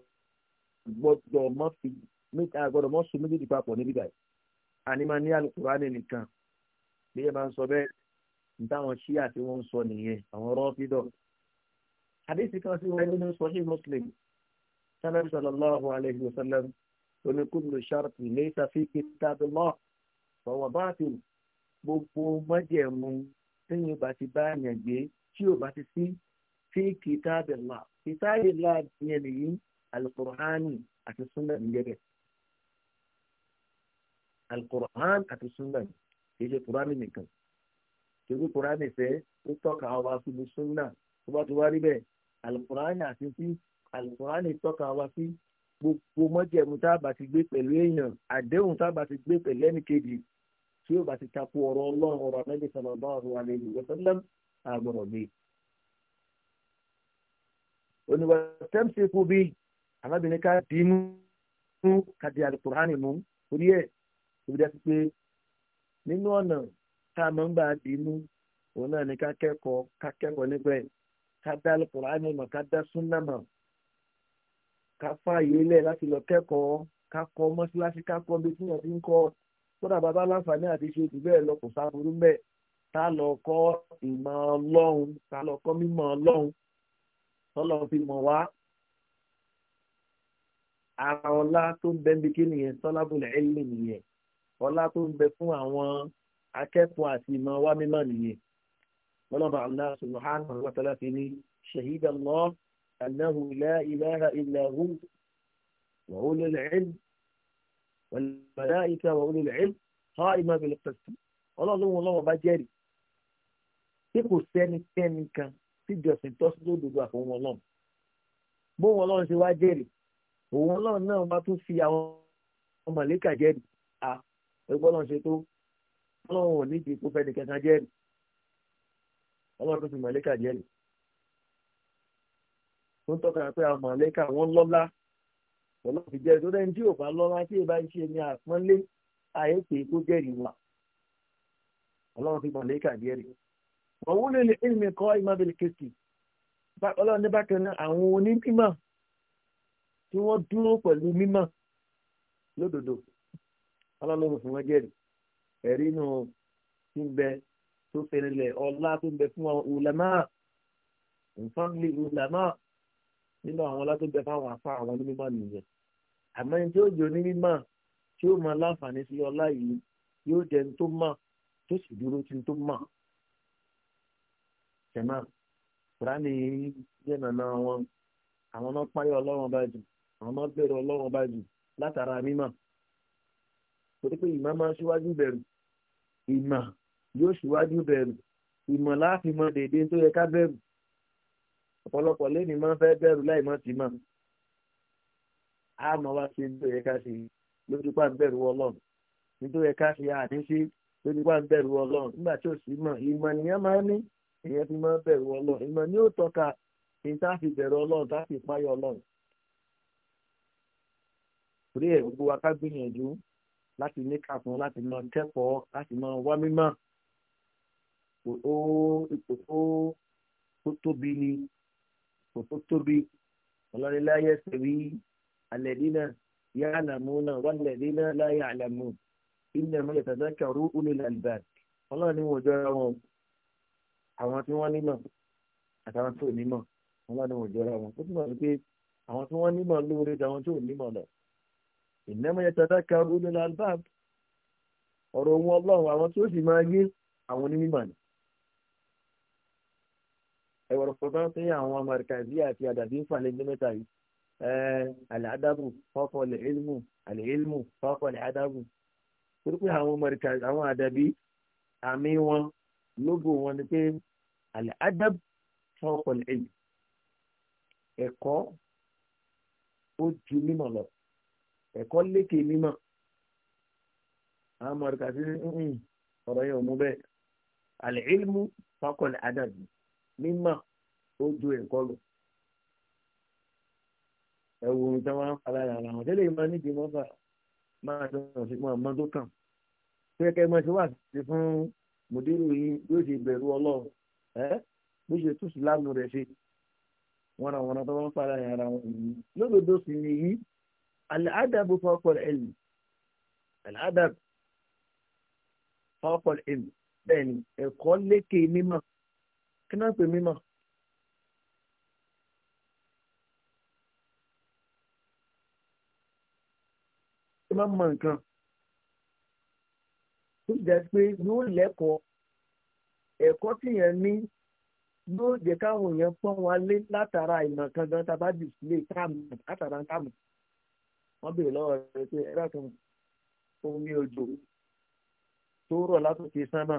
gbọ́dọ̀ mọ fi a gbọ́dọ̀ mọ sùn méjèèjì papọ̀ níbí báyìí àní máa ní alukur'ani nìkan bí ẹ máa ń sọ bẹ́ẹ̀ ní táwọn ṣíà tí wọ́n ń sọ nìyẹn àwọn rọ́fídọ̀ àdéhìí kan sí wọn nínú sahih muslim sábẹ́ sallallahu alayhi wa sallam oní kullu sharti laysa fi kitabillah fahuwa gbogbo mọ́jẹ̀mú tí yóò bá ti bá yàn gbé tí yóò bá ti sí fi kitabillah kitabillah yẹn nìyí alukur'ani àti sunna nìyẹn bẹ́ẹ̀ alukur'an àti sunna kì í ṣe kur'ani nìkan torí kur'ani fẹ́ ó tọ́ka wa síbi sunna tó bá ti wá rí bẹ́ẹ̀ alukur'ani àti sí alukur'ani tọ́ka wa sí gbogbo mọ́jẹ̀mú tá a bá ti gbé pẹ̀lú èèyàn àdéhùn tá ti gbé pẹ̀lú ẹnìkejì tí ó bá ti takò ọ̀rọ̀ ọlọ́run ọ̀rọ̀ anábì sallallahu alaihi wasallam àgbọ̀rọ̀ bíi oníwà tẹ́mísì kú bí alábìnrin ká dì í mú ká di alukurani mú orí ẹ̀ òbí dá sí nínú ọ̀nà tá a máa ń bá dì í mú òun náà ni ká kẹ́kọ̀ọ́ ká kẹ́kọ̀ọ́ níbẹ̀ ká dá alukurani mọ̀ ká dá súnà mọ̀ ká fààyè lẹ̀ láti lọ kẹ́kọ̀ọ́ ká kọ́ mọ́síláṣí ká kọ́ bí tí wọ́n ti ń kọ́ kódà bàbá láǹfààní àti ṣe jù bẹ́ẹ̀ lọ kò sáburú mẹ́ẹ̀ tá lọ kọ́ ìmọ̀ ọlọ́run tá lọ kọ́ mímọ̀ ọlọ́run tọ́lọ́ fi mọ̀ wá ara ọlá tó ń bẹ bíkí nìyẹn tọ́lábùlẹ̀ ẹ̀lì nìyẹn ọlá tó ń bẹ fún àwọn akẹ́kọ̀ọ́ àti ìmọ̀ wá mímọ́ nìyẹn ọlọ́ba Allah subhanahu wa ta'ala fi ní shahida Allah annahu la ilaha illa hu wa ulul ilm wal malaika wa ulul bá jẹ́rìí tí kò sẹ́nikẹ́ni kan tíjọsìn tọ́sí lódodo àfọwọ́n ọlọ́run bóun ọlọ́run ṣe wá jẹ́rìí òun ọlọ́run náà má tún fi àwọn mọ̀lẹ́kà jẹ́rìí à ẹgbẹ́ ọlọ́run ṣe tó ọlọ́run ò nídìí kó fẹ́ni kankan jẹ́rìí ọlọ́run tó fi mọ̀lẹ́kà jẹ́rìí tó ń tọ́ka pé àwọn mọ̀lẹ́kà wọ́n lọ́lá ọlọ́run fi jẹ́rìí tó dẹ́ni tí ò bá lọ́lá tí ì bá ń ṣe ni àpọ́nlé àyè pé kó jẹ́rìí wà ọlọ́run fi mọ̀lẹ́kà jẹ́rìí òun lè lè ilmi kọ́ ìmọ̀bìlì kejì ọlọ́run ní bákan náà àwọn onímọ̀ tí wọ́n dúró pẹ̀lú mímọ̀ lódodo ọlọ́run fún wọn jẹ́rìí ẹ̀rí inú tí ń bẹ tó fẹ́rẹ̀lẹ̀ ọlá tó ń bẹ fún àwọn ulama nfọ́nlé ulama nínú àwọn ọlá tó ń bẹ fáwọn afá àwọn onímọ̀ nìyẹn àmọ́ ẹni tí ó jẹ́ onímọ̀ tí ó mọ láǹfààní sí ọlá yìí yóò jẹ́ ní tó mọ̀ tó sì dúró tí ní tó mọ̀ jẹ̀mọ́ kùránì jẹ́nà náà wọn àwọn náà páyọ̀ ọlọ́run bá jù àwọn náà bẹ̀rù ọlọ́run bá jù látara mímọ̀ torí pé ìmọ̀ máa ṣíwájú bẹ̀rù ìmọ̀ yóò ṣíwájú bẹ̀rù ìmọ̀ láti mọ dèdè tó yẹ ká bẹ̀rù ọ̀pọ̀lọpọ̀ lẹ́ni máa ń fẹ́ bẹ̀rù láì mọ̀ sí mọ̀ àmọ́ wá sí tó yẹ ká ṣe lójú pa ń bẹ̀rù ọlọ́run nítorí ká ṣe àtúnṣe lójú pa ń bẹ̀rù ọlọ́run nígbà tí ò sí mọ̀ ìmọ̀ nìyẹn máa ń ní ìyẹn fi máa bẹ̀rù ọlọ́run ìmọ̀ ni ó tọ́ka kí n tá fi bẹ̀rù ọlọ́run tá fi páyọ ọlọ́run. torí ẹ̀ gbogbo wa ká gbìyànjú láti ní kàfún láti máa kẹ́kọ̀ọ́ láti máa wá mímọ́ ipò tó tóbi ni tó tóbi alẹ́ dínà yá àlàmú àwọn tí wọ́n nímọ̀ àtàwọn tí ò nímọ̀ wọn bá ní wọn jọra wọn ó túmọ̀ sí pé àwọn tí wọ́n nímọ̀ lóore ju àwọn tí ò nímọ̀ lọ ìnáwó yẹn tata ka olú nílá albab ọ̀rọ̀ ohun ọlọ́run àwọn tí ó sì máa yé àwọn onímọ̀ ni ẹ̀wọ̀rọ̀ pọ̀ bá ń pín àwọn amẹ̀ríkàzí àti àdàbí ń falẹ̀ ní mẹ́ta yìí àlàádábù fọ́fọ́ lè ilmu àlè ilmu fọ́fọ́ lè àdábù torí pé àwọn amẹ̀ríkàzí àwọn àdàbí àmì wọn lógo wọn ni pé al-adab fawqa al-ilm ẹ̀kọ́ ó ju mímọ̀ lọ ẹ̀kọ́ lékè mímọ̀ àwọn ọmọ ìka sí ọ̀rọ̀ yẹn ò mú bẹ́ẹ̀ al-ilmu fawqa al-adab mímọ̀ ó ju ẹ̀kọ́ lọ ẹ̀wù ohun tí wọ́n á fara ara wọn tẹ́lẹ̀ máa ní ìdìmọ́ fà máa dọ̀rọ̀ sí wọn àmọ́ tó kàn pé kẹ́ ẹ máa ṣe wà fún mùdírù yìí yóò ṣe bẹ̀rù ọlọ́run ẹ́ bó ṣe túṣu lánà rẹ̀ ṣe wọn àwọn ọ̀nà tó wọ́n fara ẹ̀ ara wọn yìí lódodo sì ni yìí àlàádàbò fọ́pọ̀ ẹ̀lì àlàádàbò fọ́pọ̀ ẹ̀lì bẹ́ẹ̀ ni ẹ̀kọ́ lékè mímọ̀ kí náà pè mímọ̀. ṣé máa mọ nǹkan tó jẹ́ pé yóò lẹ́kọ̀ọ́ ẹ̀kọ́ tìyẹn ní yóò jẹ́ káwọn èèyàn pọ́n wọn lé látara ìmọ̀ kan gan tá a bá dìsílẹ̀ táàmù látara táàmù wọ́n béèrè lọ́wọ́ rẹ̀ pé ẹ̀rọ kan omi òjò tó rọ̀ látòkè sánmà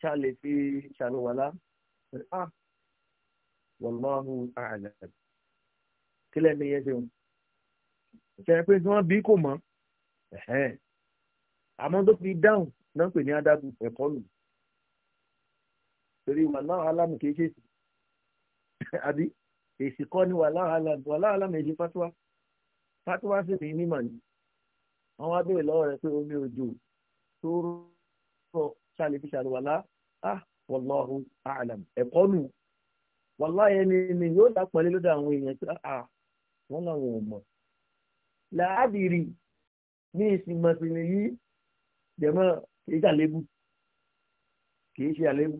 ṣàlè fi ṣàlùwàlá a wọ̀lọ́hù àlẹ́ kílẹ̀ ní yẹn ṣeun ṣe pé tí wọ́n bí kò mọ́ àmọ́ tó fi dáhùn náà pè ní adágún ẹ̀kọ́ nù torí wàláhà alámù kìí ṣèṣì àbí èsì kọ́ ni wàláhà alámù wàláhà alámù èdè fatuwa fatuwa sì ní mímọ̀ ni wọ́n wá béèrè lọ́wọ́ rẹ̀ pé omi òjò tó rọ̀ ṣàlẹ̀ fi ṣàlùwàlá ah wàláhù alámù ẹ̀kọ́ nù wàláhà ẹni ni yóò dápọ̀lé lọ́dọ̀ àwọn èèyàn tí ah wọ́n làwọn ò mọ̀ làádìrí ní ìsìnmọ̀sìn yìí jẹ̀mọ́ kìí ṣàlébù kìí ṣe àlébù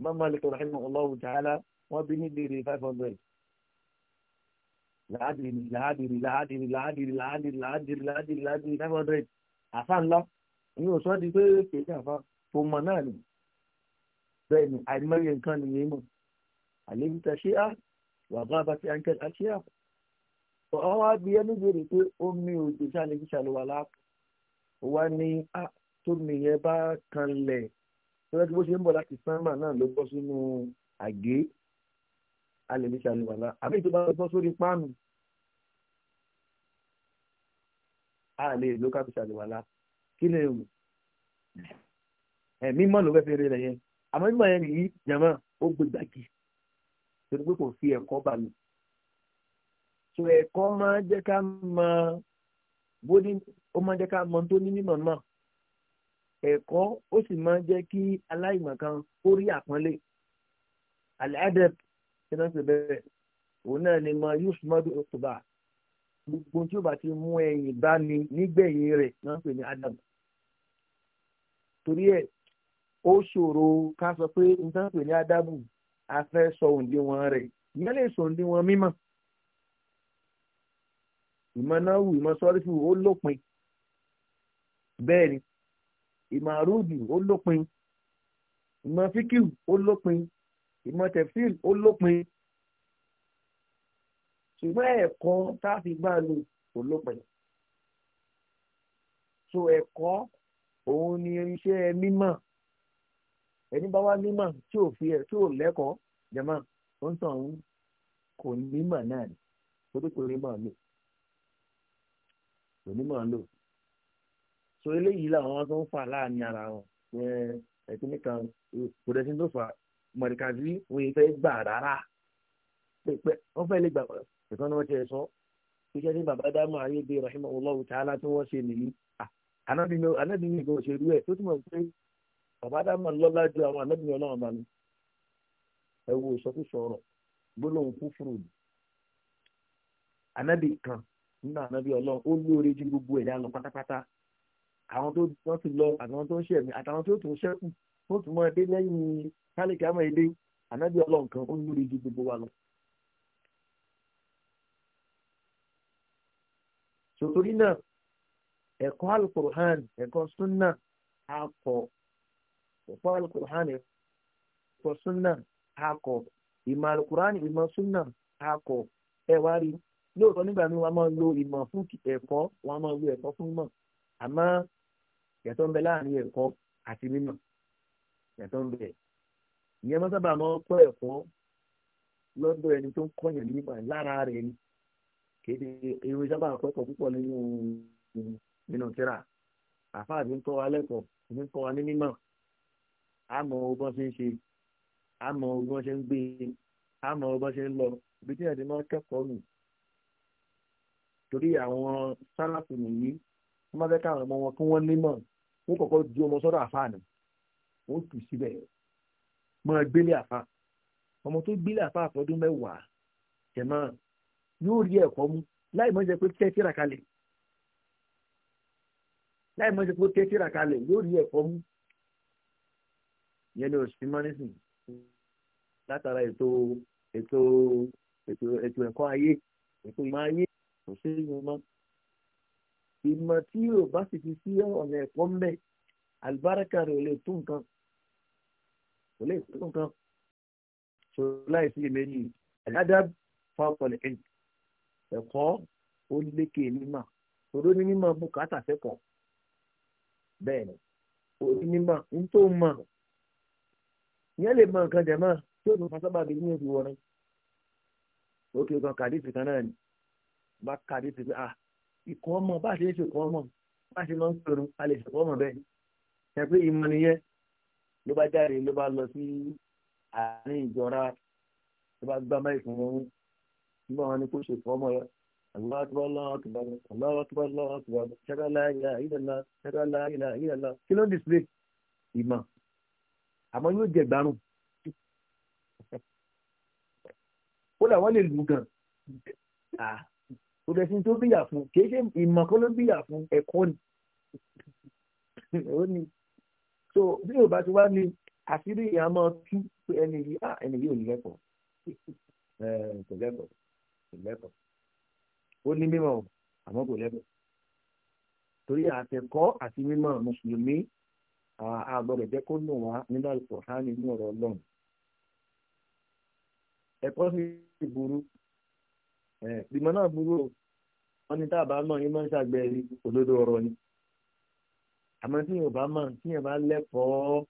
Imam Malik rahimahullahu ta'ala wọ́n bí ní dèrè five hundred làádìrì làádìrì làádìrì làádìrì làádìrì làádìrì làádìrì làádìrì five hundred àfa ńlá ìyẹn ò sọ di pé kéèké àfa tó mọ náà ni bẹ́ẹ̀ ni àìmọye nǹkan nìyẹn mọ̀ àlébítà ṣé á wà bá bá ti àǹkẹ́ àṣẹ á ọ̀hún wá bí ẹni béèrè pé omi òjò ṣàlẹ̀ fi ṣàlùwà láàpù wá ní á ah, tómi yẹn bá kan lẹ̀ lọ́jọ́ tí bó ṣe ń bọ̀ láti sánmà náà ló bọ́ sínú àgé a lè ní ṣàlùwàlá àbí tó bá bọ́ sórí páànù a lè ló ká fi ṣàlùwàlá kí lè wù ẹ̀mí mọ́ ló fẹ́ fi rí rẹ̀ yẹn àmọ́ mímọ́ yẹn nìyí jàmọ́ ó gbégbàgì torí pé kò fi ẹ̀kọ́ bà mí so ẹ̀kọ́ máa jẹ́ ká mọ bó ní ó máa jẹ́ ká mọ tó ní mímọ̀ náà. ẹ̀kọ́ ó sì máa ń jẹ́ kí aláìmọ̀kan ó rí àpọ́nlé al-adab tí re ti òun náà ni mo yóò fi mọ́dún gbogbo tí ó bá ti mú ẹ̀yìn bá mi nígbẹ̀yìn rẹ̀ náà pè ní torí ẹ ó ṣòro ká pé nǹkan pè ní sọ òǹdíwọ̀n rẹ̀ ìmọ̀ àrùdù ó lópin ìmọ̀ fíkìw ó lópin ìmọ̀ tẹ̀fíìl ó lópin ṣùgbọ́n ẹ̀kọ́ tá a fi gbà lò kò lópin so ẹ̀kọ́ òun ni iṣẹ́ mímọ̀ ẹni bá wá mímọ̀ tí ò fi ẹ̀ tí ò lẹ́kọ̀ọ́ jẹ̀mọ́ ó ń tàn ń kò nímọ̀ náà ni torí kò nímọ̀ lò kò nímọ̀ lò. so eléyìí làwọn tó ń fà láàrin ara wọn ẹ ẹtìní kò dẹ́sí tó fà mọ̀rìkàbí wọn yìí fẹ́ gbà rárá pẹpẹ wọn fẹ́ lè gbà ni wọ́n ti sọ iṣẹ́ ní bàbá dáhùn ayébi rahimahullahu ta'ala tí wọ́n ṣe nìyí anábì mi kò ṣèlú tó túmọ̀ pé dáhùn ju àwọn ẹ wo gbólóhùn ni kan nínú ó lóore ju gbogbo ẹ̀dá lọ pátápátá àwọn tó wọ́n ti lọ àtàwọn tó ń ṣe ẹ̀mí àtàwọn tó tún ṣẹ́kù tó tún mọ ẹdẹ lẹ́yìn kálíkì àmọ́ ẹdẹ ànábì ọlọ́run kan ó ń lórí ju gbogbo wa lọ. sòtòrí náà ẹ̀kọ́ alukur'an ẹ̀kọ́ súnà akọ ẹ̀kọ́ alukur'an ẹ̀kọ́ súnà akọ ìmọ̀ alukur'an ìmọ̀ súnà akọ ẹ̀wá rí lóòótọ́ nígbà míì wọ́n máa ń lo ìmọ̀ fún ẹ̀kọ́ wọ́n máa ń lo ẹ̀kọ́ fún mọ̀ àmọ́ yàtọ̀ ń bẹ láàrin ẹ̀kọ́ àti mímọ̀ yàtọ̀ ń bẹ ìyẹn máa sábà máa kọ́ ẹ̀kọ́ lọ́dọ̀ ẹni tó ń kọ́yàn ní mímọ̀ lára rẹ̀ ni kéde irun sábà kọ́kọ́ púpọ̀ nínú nínú tíra àfáà ti ń kọ́ wa lẹ́kọ̀ọ́ ti ń kọ́ wa ní mímọ̀ àmọ́ ọgbọ́n ṣe ń ṣe àmọ́ ọgbọ́n ṣe ń gbé àmọ́ ọgbọ́n ṣe ń lọ ibi tí ẹ̀dín máa kẹ́kọ̀ọ́ nù torí àwọn sálàfù nìyí wọ́n máa fẹ́ káwọn ọmọ wọn kí wọ́n nímọ̀ wọ́n kọ́kọ́ ju ọmọ sọ́dọ̀ àfa àná wọ́n tù síbẹ̀ máa gbélé àfa ọmọ tó gbélé àfa àtọ́dún mẹ́wàá tẹ̀mọ́ yóò rí ẹ̀kọ́ mú láì mọ̀ jẹ́ pé tẹ́tíra kalẹ̀ láì mọ̀ jẹ́ pé tẹ́tíra kalẹ̀ yóò rí ẹ̀kọ́ mú yẹn ni òsì máa ní sìn látara ètò ètò ètò ẹ̀kọ́ ayé ètò ìmọ̀ ayé kò sí ìmọ̀ tí yóò bá sì fi sí ọ̀nà ẹ̀kọ́ ń bẹ̀ àlùbáràkà rẹ̀ ò lè tó nǹkan ò lè tó nǹkan tó láìsí ìmẹ́jì àdáadáa fáwọ̀pọ̀lẹ̀ ẹ̀ ẹ̀kọ́ ó lékè mímọ̀ tòró ní mímọ̀ bùkátà fẹ́kọ̀ọ́ bẹ́ẹ̀ ni òní mímọ̀ ń tó mọ̀ ìyẹn lè mọ nǹkan jẹ̀ tí ó tún fasábàbí ní oṣù wọ̀rẹ́ òkè kan kàdí ìsìnkan náà ni bá kàdí ìsìnkan ah ìkọ́ ọmọ bá ṣe é ṣe ìkọ́ ọmọ bá ṣe máa ń pẹ̀rù a lè ṣèkọ́ ọmọ bẹ́ẹ̀ ṣe pé ìmọ̀ nìyẹn ló bá jáde ló bá lọ sí àárín ìjọra ló bá gbá máa ìfún wọn nígbà wọn ni kó ṣe ìkọ́ ọmọ yẹn àgbà tó bá lọ́wọ́ tó bá lọ́wọ́ tó bá lọ́wọ́ tó bá ṣẹ́ká láyà ìdàlá ṣẹ́ká ìmọ̀ àmọ́ yóò jẹ gbárùn kódà wọ́n lè lù gan ah kò dẹ̀ sí tó bíyà fún kì í ṣe ìmọ̀ kọ́ ló bíyà fún ẹ̀kọ́ ni ó ní so bí yorùbá ti wá ní àṣírí ìyá máa tú pé ẹni yìí à ah, ẹni yìí ò ní lẹ́kọ̀ọ́ kò lẹ́kọ̀ọ́ kò lẹ́kọ̀ọ́ ó ní mímọ̀ àmọ́ kò lẹ́kọ̀ọ́ torí àtẹ̀kọ́ àti mímọ̀ mùsùlùmí àgbọ̀dọ̀ jẹ́ kó nù wá nínú àlùkò há nínú ọ̀rọ̀ ọlọ́run ẹ̀kọ́ sì burú ìgbìmọ̀ náà burú o wọ́n ní táàbà mọ̀ yín máa ń ṣàgbẹ̀rí òdodo ọ̀rọ̀ ni àmọ́ tí yóò bá mọ̀ tí yóò bá lẹ́kọ̀ọ́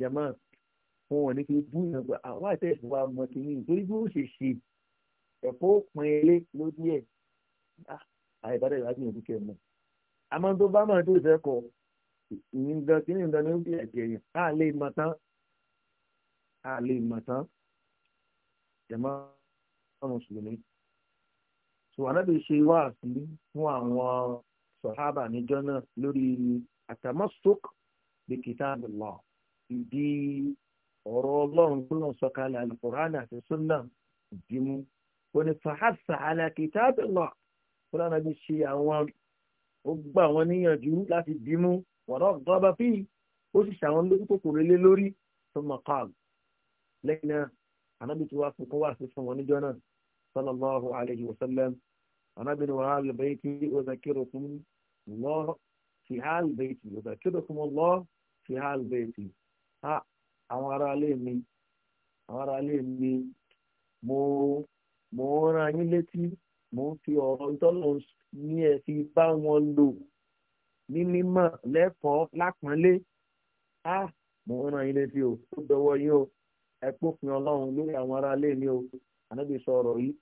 jẹ̀mọ́ fún wọn ní kí bú yẹn pé àwa àtẹ̀sí wa mọ̀ kí ni nítorí bí ó ṣe ṣe ẹ̀fọ́ pin ilé lójú ẹ̀ ah, àìbádẹ́ ìwádìí yẹn dúkẹ́ mọ̀ àmọ́ tó bá mọ̀ tó fẹ́ kọ ìyìngan kí ni nǹkan bí ẹ̀jẹ̀ yẹn á lè mọ̀ tán á lè mọ̀ tán jẹ̀mọ́ ọmọ mùsùlùmí so anábì ṣe wáàsí fún àwọn sọ̀hábà níjọ́ náà lórí àtàmọ́sọ́k bí kitabillah ìdí ọ̀rọ̀ ọlọ́run tó lọ sọ̀kalẹ̀ alukur'an àti sunna ìdímú wọn ni fàhásà ala kitabillah fún anábì ṣe àwọn ó gbà wọn níyànjú láti dímú wọn náà gbọ́ba fi ó sì ṣàwọn lórí kòkòrò lé lórí tó mọ̀ lẹ́yìn náà anábì tí fi kó wàásù fún wọn níjọ́ náà sallallahu alayhi wa sallam anábìnrin wa hàlù bayti uzakirukum Allah fi hàlù bayti uzakirukum Allah fi hàlù bayti ha àwọn ará ilé mi àwọn ará ilé mi mo mo ń ran yín létí mo ń fi ọ̀rọ̀ tọ́lọ̀ ní ẹ fi bá wọn lò ní mímọ̀ lẹ́kọ̀ọ́ lápọ́nlé á mo ń ran yín létí o ó dọwọ́ yín o ẹ pófin ọlọ́run lórí àwọn ará ilé mi o ànábì sọ ọ̀rọ̀ yìí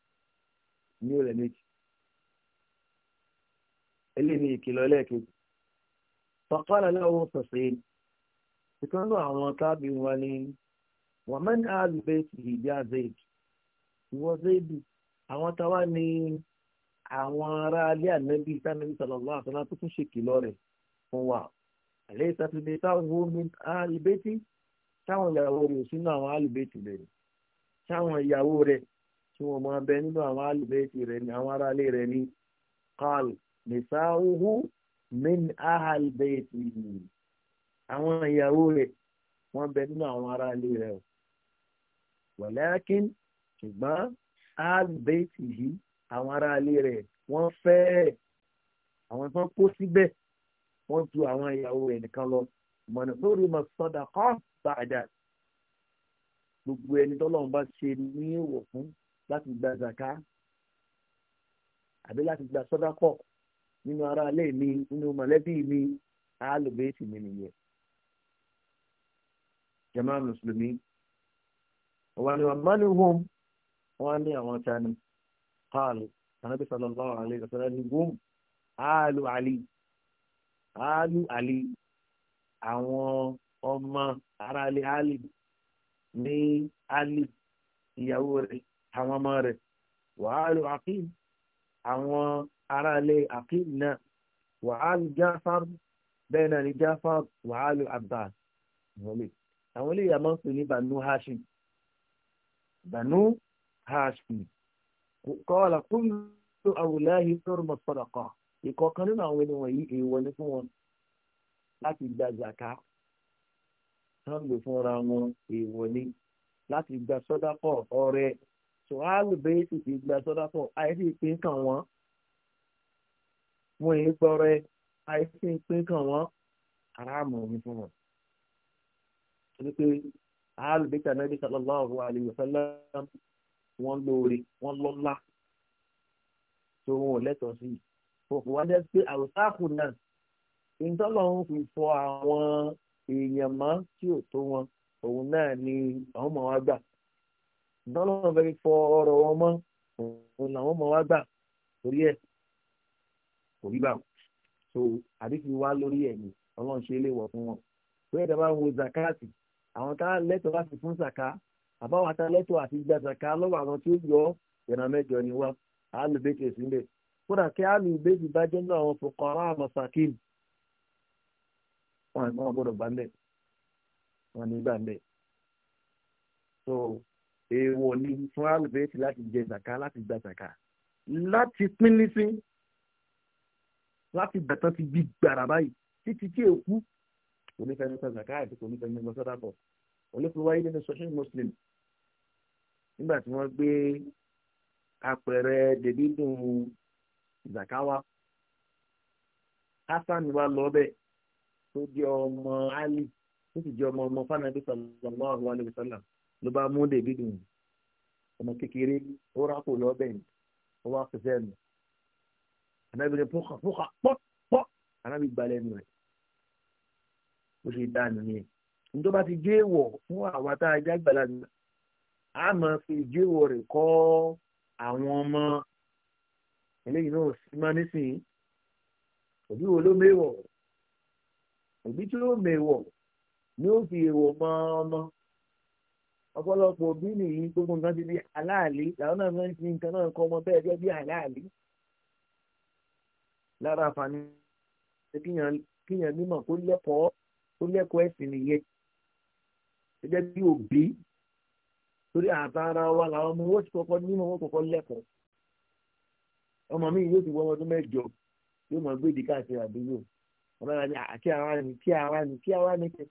ní ọ̀rẹ́ méjì eléyìí ni ìkìlọ̀ ẹlẹ́ẹ̀kejì faqala lahu Husayn ìkan lọ àwọn tábì wọn ni wọ́n mẹ́ni àlùbẹ́ ìdí àzẹ́yìí ìwọ zẹ́ẹ̀dì àwọn táwa ni àwọn ará alé ànábì sanabi sallallahu alaihi wasallam tó tún ṣèkìlọ̀ rẹ̀ fún wa àlẹ́ ìsàtúndé táwọn omi àlùbẹ́tì táwọn ìyàwó rẹ̀ sínú àwọn àlùbẹ́tì rẹ̀ táwọn ìyàwó rẹ̀ tí wọ́n máa bẹ nínú àwọn alùbẹ́ẹ̀tì rẹ̀ ní àwọn aráalé rẹ̀ ní qal nisa'uhu min ahalbeeti àwọn ìyàwó rẹ̀ wọ́n bẹ nínú àwọn aráalé rẹ̀ o walakin ṣùgbọ́n ahalbeeti yìí àwọn aráalé rẹ̀ wọ́n fẹ́ àwọn tó kó síbẹ̀ wọ́n ju àwọn ìyàwó rẹ̀ nìkan lọ mọ̀nà lórí sọ́dà kọ́ bàdà gbogbo ẹni tọ́lọ́run bá ṣe ní ìwọ̀ fún láti gba zaka àbí láti gba sọ́dákọ̀ nínú ara ilé mi nínú mọ̀lẹ́bí mi alùbẹ́ẹ̀tì mi nìyẹn. jama mùsùlùmí wà ní wàmà ní wọ́n wọ́n ní àwọn tani qaal anabi sallallahu alayhi wa sallam ní wọ́n alu ali alu ali àwọn ọmọ ara ilé ali ní ali ìyàwó rẹ̀ àwọn ọmọ rẹ̀ wàhálù akim àwọn aráalé akim náà wàhálù jáfàr bẹ́ẹ̀ náà ni jáfàr wàhálù abbas wọlé àwọn eléyà máa ń pè ní banu hashim banu hashim kọ́ọ̀lá kúlù àwùláhi tọrọ mọ̀ sọ̀dọ̀kọ̀ ìkọ̀ọ̀kan nínú àwọn ẹni wọ̀nyí èèwọ̀ ni fún wọn láti gba zaka tán lò fúnra wọn èèwọ̀ láti gba sọ́dápọ̀ ọrẹ So sùhálù bẹ́ẹ̀ sì ti gba sọ́dá fún àìsí ìpín kan wọ́n wọ́n yìí gbọ́rẹ́ àìsí ìpín kan wọ́n aráàmù ní fún wọn. torí pé sùhálù bẹ́ẹ̀ kan náà sallallahu alaihi wasallam wọ́n lóore wọ́n lọ́lá tó wọn ò lẹ́tọ̀ọ́ sí i. òkú wa dẹ́sí pé àwòsáàkù náà ìtọ́lọ̀ ń fi fọ àwọn èèyàn mọ́ tí ò tó wọn òun náà ni àwọn ọmọ wa gbà dánlọ́wọ́n fẹ́ fọ ọ̀rọ̀ wọn mọ́ òun làwọn ọmọ wa gbà torí ẹ̀ kò rí bá so àdéhùn wa lórí ẹ̀ ni ọlọ́run ṣe léwọ̀ fún wọn bẹ́ẹ̀ dá bá ń wo zakati àwọn tá lẹ́tọ̀ọ́ láti fún zaka àbáwọn tá lẹ́tọ̀ọ́ àti gba zaka lọ́wọ́ àwọn tí ó yọ ìran mẹ́jọ ni wá alùbẹ́tì sílẹ̀ kódà kí alùbẹ́tì bá jẹ́ náà àwọn fòkànrán àmọ̀sàkìm wọn àgbọ̀dọ̀ gbà ń bẹ̀ wọn ní gbà ń bẹ̀ so èèwọ̀ ni fún alùpùpù láti jẹ zaka láti gba zaka láti pín nísìn láti bẹ̀tán ti bí gbàrà báyìí títí tí èkú onífẹ̀ẹ́ nípa zaka àti onífẹ̀ẹ́ nípa sọ́dà pọ̀ olófin wáyé nínú sọ́ṣẹ́ muslim nígbà tí wọ́n gbé apẹ̀rẹ̀ dèbídùn zaka wa hasan wa lọ bẹ́ẹ̀ tó jẹ́ ọmọ ali tó sì jẹ́ ọmọ ọmọ fanabi sallallahu alayhi wa sallam ló bá mú dèbí dùn ọmọ kékeré ó rákò lọ́bẹ̀ ni ó wá fi sẹ́nu ànábi ní fúnka fúnka pọ́ pọ́ ànábi gbalẹ̀ nù rẹ̀ ó ṣe dá nìyẹn nítorí bá ti jẹ́ èèwọ̀ fún àwa tá a já gbàlá nù a máa fi jẹ́ èèwọ̀ rẹ̀ kọ́ àwọn ọmọ eléyìí náà sì máa nísìnyí òbí wo ló méwọ̀ òbí tí ó méwọ̀ ni ó fi èèwọ̀ mọ́ ọmọ ọ̀pọ̀lọpọ̀ òbí nìyí gbogbo nǹkan ti di aláàlí làwọn náà máa ń fi nǹkan náà kọ́ ọmọ bẹ́ẹ̀ gẹ́gẹ́ bí aláàlí. lára àǹfààní kíyàn mímọ̀ kó lẹ́kọ̀ọ́ kó lẹ́kọ̀ọ́ ẹ̀sìn nìyẹn gẹ́gẹ́ bí òbí torí àtàrà wa làwọn ọmọ wọn ti kọ́kọ́ nímọ̀ wọn kọ́kọ́ lẹ́kọ̀ọ́ ọmọ mi yóò ti wọ ọmọdún mẹ́jọ yóò mọ̀ gbé ìdíkà àti àdúgbò ọmọ náà ní àti àwa ni kí àwa ni kí àwa ni kẹ́kẹ́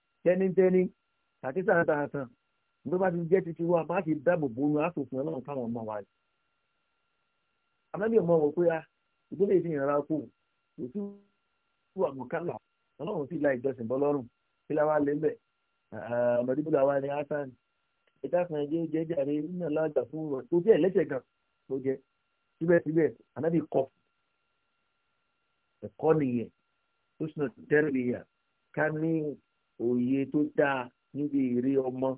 tẹ́nítẹ́ní àti tààtààtàn ló bá ti jẹ́ títí wá bá ti dáàbò bo ohun asòfin ọlọ́run fáwọn ọmọ wa ni. anábì ọmọ wò pé a ah, ìdílé ìfi ìrora kù kò sí wà mọ̀kálà ọlọ́run sì la ìjọsìn bọ́ lọ́rùn kí la wá lé bẹ̀ ọmọdébí la wá ní hasan ìdáfẹ́ ẹjẹ́ jẹ́jàre nínú alájà fún wọn tó jẹ́ ẹlẹ́sẹ̀ gan ló jẹ́ síbẹ̀síbẹ̀ anábì kọ ẹ̀kọ́ nìyẹn tó sì náà tẹ́rẹ̀ nìyẹn ká ní òye tó dáa níbi èrè ọmọ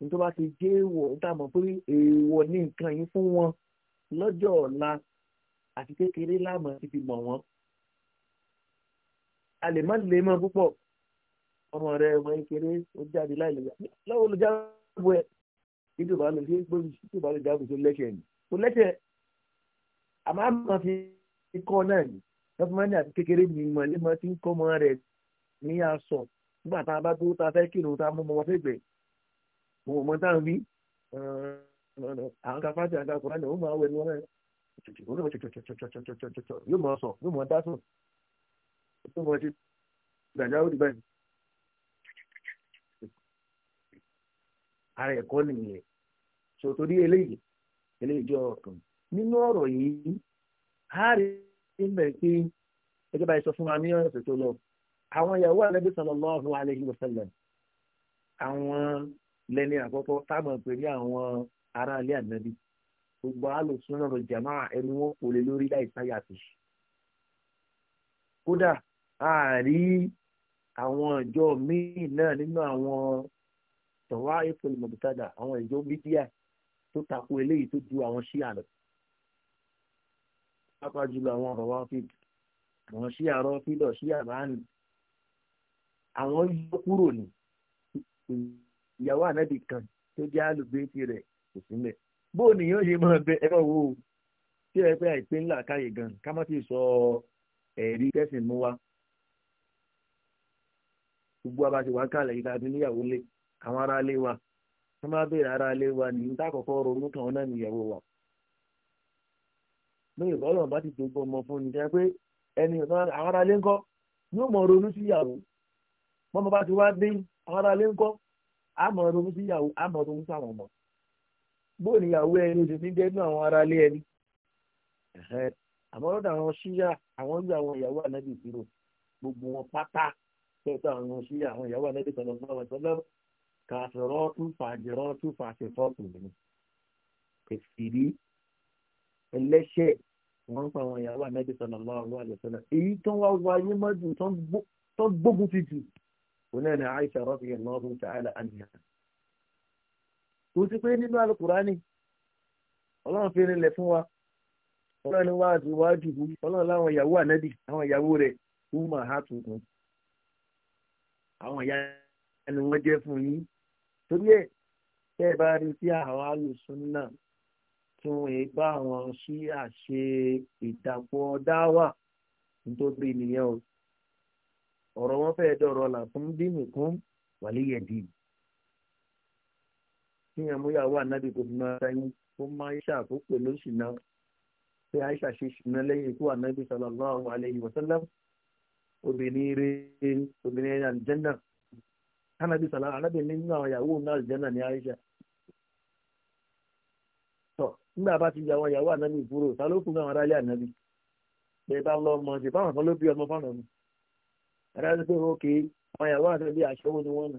ní tó bá ti jẹ́ èèwọ̀ ń tàmọ̀ pé èèwọ̀ ní nǹkan yìí fún wọn lọ́jọ́ ọ̀la àti kékeré láàmú ti fi mọ̀ wọ́n. a lè má lè mọ púpọ̀ ọmọ rẹ ọmọ kékeré ó jáde láì lè lọ́wọ́ olùjábọ̀ ẹ̀ nítorí bá lè ṣe é gbóyè nítorí bá lè jábọ̀ tó lẹ́sẹ̀ ni kò lẹ́sẹ̀ àmọ́ àmọ́ fi kọ́ náà ni wọ́n fi máa ní àti kékeré ni ìmọ̀lẹ́mọ́ ti ń kọ́ ọmọ rẹ̀ ní asọ̀ nígbà tá a bá dúró tá a fẹ́ kírun tá a mú ọmọ fẹ́gbẹ̀ẹ́ mo mọ tá à ń wí àwọn kan fáṣẹ àga kúrẹ́ náà ó máa wẹ̀ ní wọn náà yóò mọ sọ yóò mọ dá sùn yóò mọ ṣe gbàjá ó di báyìí. ara ẹ̀kọ́ nìyẹn so torí eléyìí eléyìí jọ ọ̀kan nínú ọ̀rọ̀ yìí a rí i ń bẹ̀rẹ̀ pé ẹgbẹ́ báyìí sọ fún wa ní ọ̀sẹ̀ tó lọ àwọn ìyàwó ànábì sallallahu alaihi wasallam àwọn lẹ́ni àkọ́kọ́ táwọn pè ní àwọn ará ilé ànábì gbogbo alùsùnà rẹ̀ jàmáà ẹnu wọn kò lè lórí láì sáyà sí. kódà àárí àwọn ìjọ míì náà nínú àwọn tọ̀wá ìfọ̀lù mọ̀bùtàdà àwọn ìjọ mídíà tó tako eléyìí tó ju àwọn ṣíà lọ. pápá jùlọ àwọn ọ̀rọ̀ wọn fi àwọn ṣíà rọ́ fídọ̀ ṣíà báyìí àwọn yọ kúrò ní ìyàwó ànábì kan tó jẹ́ alùgbèsè rẹ̀ kò sílẹ̀ bó o nìyẹn ṣe máa bẹ ẹ̀rọ wo tí ẹ pé àìpé ńlá káyè gan ká má ti sọ ẹ̀rí tẹ̀sìn mú wa gbogbo abá ti wá kálẹ̀ yìí láti níyàwó lé àwọn ará lé wa ká má béèrè ará lé wa ní níta àkọ́kọ́ ronú kan náà níyàwó wa lóye bọ́lọ̀ bá ti dogbó ọmọ fún ni jẹ́ pé ẹni àwọn ará lé ńkọ́ yóò mọ ronú síyàwó bọ́mọ bá ti wá dé àwọn ará ilé ń kọ́ àmọ̀ ronú sí ìyàwó àmọ̀ ronú sáwọn ọmọ bó ni ìyàwó ẹni oṣù ní jẹ́ inú àwọn ará ilé ẹni àmọ́ lọ́dọ̀ àwọn ṣíyà àwọn ìlú àwọn ìyàwó ànábì ìṣirò gbogbo wọn pátá pẹ̀lú àwọn ṣíyà àwọn ìyàwó ànábì sọ̀rọ̀ fún àwọn ìṣọ̀lọ́ kàṣọ̀rọ̀ tún fàjẹ̀rọ̀ tún fàṣẹ̀fọ́ tòun kẹsìrí ẹlẹ́ṣẹ̀ wọ́n ń pa àwọn ìyàwó ànábì sọ̀rọ̀ lọ́wọ́ àwọn àlẹ́sọ̀rọ̀ èyí tó wá wáyé mọ́jú tó gbógun ti jù onáni Aisha radiyallahu ta'ala anha tó ti pé nínú alukurani ọlọ́run fi rinlẹ̀ fún wa ọlọ́run ni wàá ti wàá dùbú ọlọ́run láwọn ìyàwó ànábì àwọn ìyàwó rẹ̀ fún mà á tuntun àwọn ìyá ni wọ́n fún sí ìdàpọ̀ dáwà nítorí nìyẹn ọ̀rọ̀ wọn fẹ́ẹ́ dọ̀rọ̀ là fún dínú kún wàlíyẹ̀ dì kí ni àmúyàwó ànábì kò fi máa sáyé kó má aisha kó pè lóṣù náà pé aisha ṣe ṣìnà lẹ́yìn ikú ànábì sallallahu alayhi wa sallam obìnrin rẹ obìnrin rẹ àlùjẹ́nà ànábì sallallahu anábì nínú àwọn ìyàwó náà àlùjẹ́nà ní aisha tọ nígbà bá ti yà wọn ìyàwó ànábì kúrò ta ló kún àwọn aráàlú ànábì bẹ́ẹ̀ bá lọ adájọ́ pé ókè àwọn ìyàwó àti ẹbí aṣẹ́wó ni wọ́n nà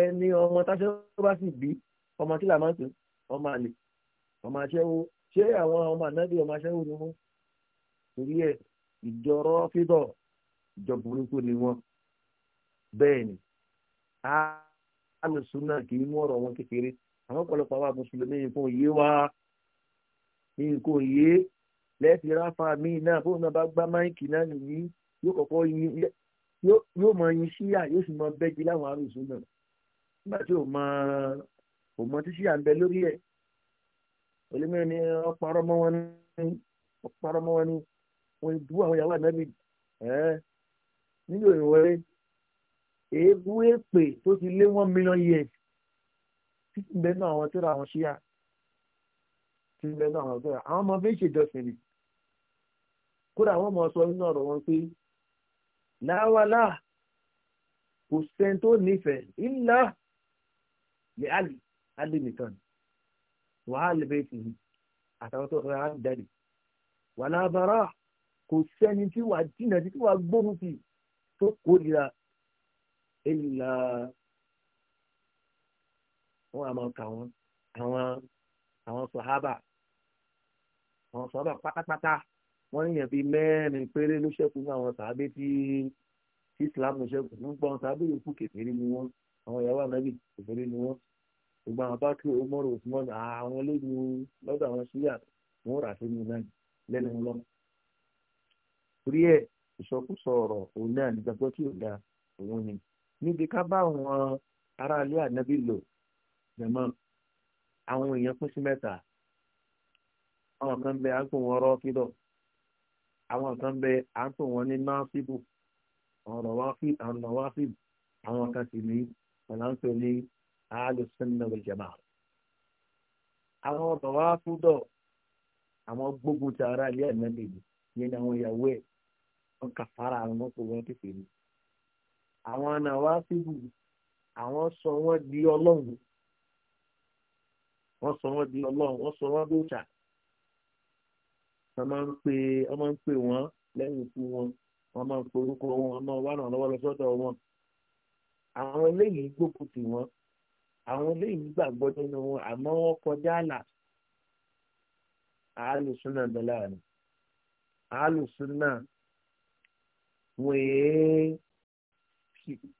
ẹni ọmọ táṣẹ́ bá sì bí ọmọ tí làá máa ń pè ọmọ àlè ọmọ aṣẹ́wó ṣé àwọn ọmọ ànábì ọmọ aṣẹ́wó ni wọ́n torí ẹ̀ ìjọrọ́ fídọ̀ ìjọ burúkú ni wọ́n bẹ́ẹ̀ ni alùsùn náà kì í mú ọ̀rọ̀ wọn kékeré àwọn ọ̀pọ̀lọpọ̀ àwọn mùsùlùmí nǹkan òye wa nǹkan òye lẹ́ẹ̀fì ráfà míì náà bóun náà bá gbá máìkì náà nìyí yóò kọ́kọ́ yóò mọ yin ṣíyà yóò sì mọ bẹ́gi láwọn arúgbó náà nígbà tí ò mọ ò mọ tí ṣíyà ń bẹ lórí ẹ̀ olùmọ̀ ni ọ̀parọ̀ mọ́ wọn ní ọ̀parọ̀ mọ wọn ni. wọn àwọn ìyàwó ànábì nílò ìwọlé èébú èpè tó ti lé títí bẹ́ẹ̀ náà àwọn tó ra àwọn títí bẹ́ẹ̀ náà ọmọ bẹ́ẹ̀ ṣèjọsìn ni kódà àwọn ọmọ láwàlá kò sẹ́ni tó nífẹ̀ẹ́ ìlà lè àlè àlè nìkan wàhálà bẹ́ẹ̀ tì í àtàwọn tó rà á jáde wàhálà bàrà kò sẹ́ni tí wàá jìnnà tí wàá gbóhùn sí tó kórìíra ìlà wọn àmọ́ kà wọ́n àwọn àwọn sọ̀hábà àwọn sọ̀hábà pátápátá wọ́n ní yẹn fi mẹ́rin péré ló ṣẹ́kù ní àwọn sàábé tí islam ṣẹ́kù ń gbọ́n sàábé yòókù kèfèrí ni wọ́n àwọn ìyàwó ànábì kèfèrí ni wọ́n gbogbo àwọn bá kí omar usman àwọn lójú lọ́dọ̀ àwọn ṣíyà wọ́n rà sí mi náà lẹ́nu lọ. torí ẹ̀ ìsọkúsọ ọ̀rọ̀ òun náà nígbàgbọ́ tí ò da òun ni níbi ká bá àwọn aráalé ànábì lò jẹ̀mọ́ àwọn èèyàn pín sí mẹ́ta àwọn kan bẹ àgbò wọn rọ́ kídọ̀ àwọn kan bẹ à ń pè wọ́n ní nọ́ọ̀sìbù àwọn nọ́ọ̀sìbù àwọn kan sì ní ọ̀nà ń pè ní alùsùnà ìjàmbá. àwọn ọ̀nà wa fúdọ̀ àwọn gbógun ti ara ilé ẹ̀mẹ́lì yẹn ni àwọn ìyàwó ẹ̀ wọ́n kà fara àwọn ọkọ̀ wọn kéfèé ni. àwọn náà àwọn sọ wọ́n di ọlọ́run wọ́n sọ wọ́n di ọlọ́run wọ́n sọ wọ́n dóòtà wọ́n máa ń pè wọ́n máa ń pè wọ́n lẹ́yìn ikú wọn wọ́n máa ń pe orúkọ wọn wọ́n máa wá ràn lọ́wọ́ lọ sọ́dọ̀ wọn àwọn eléyìí gbókù tì wọ́n àwọn eléyìí gbàgbọ́ nínú wọn àmọ́ wọ́n kọjá àlà àálùsúnà bẹ́ẹ̀ láàrin àálùsúnà wọ́n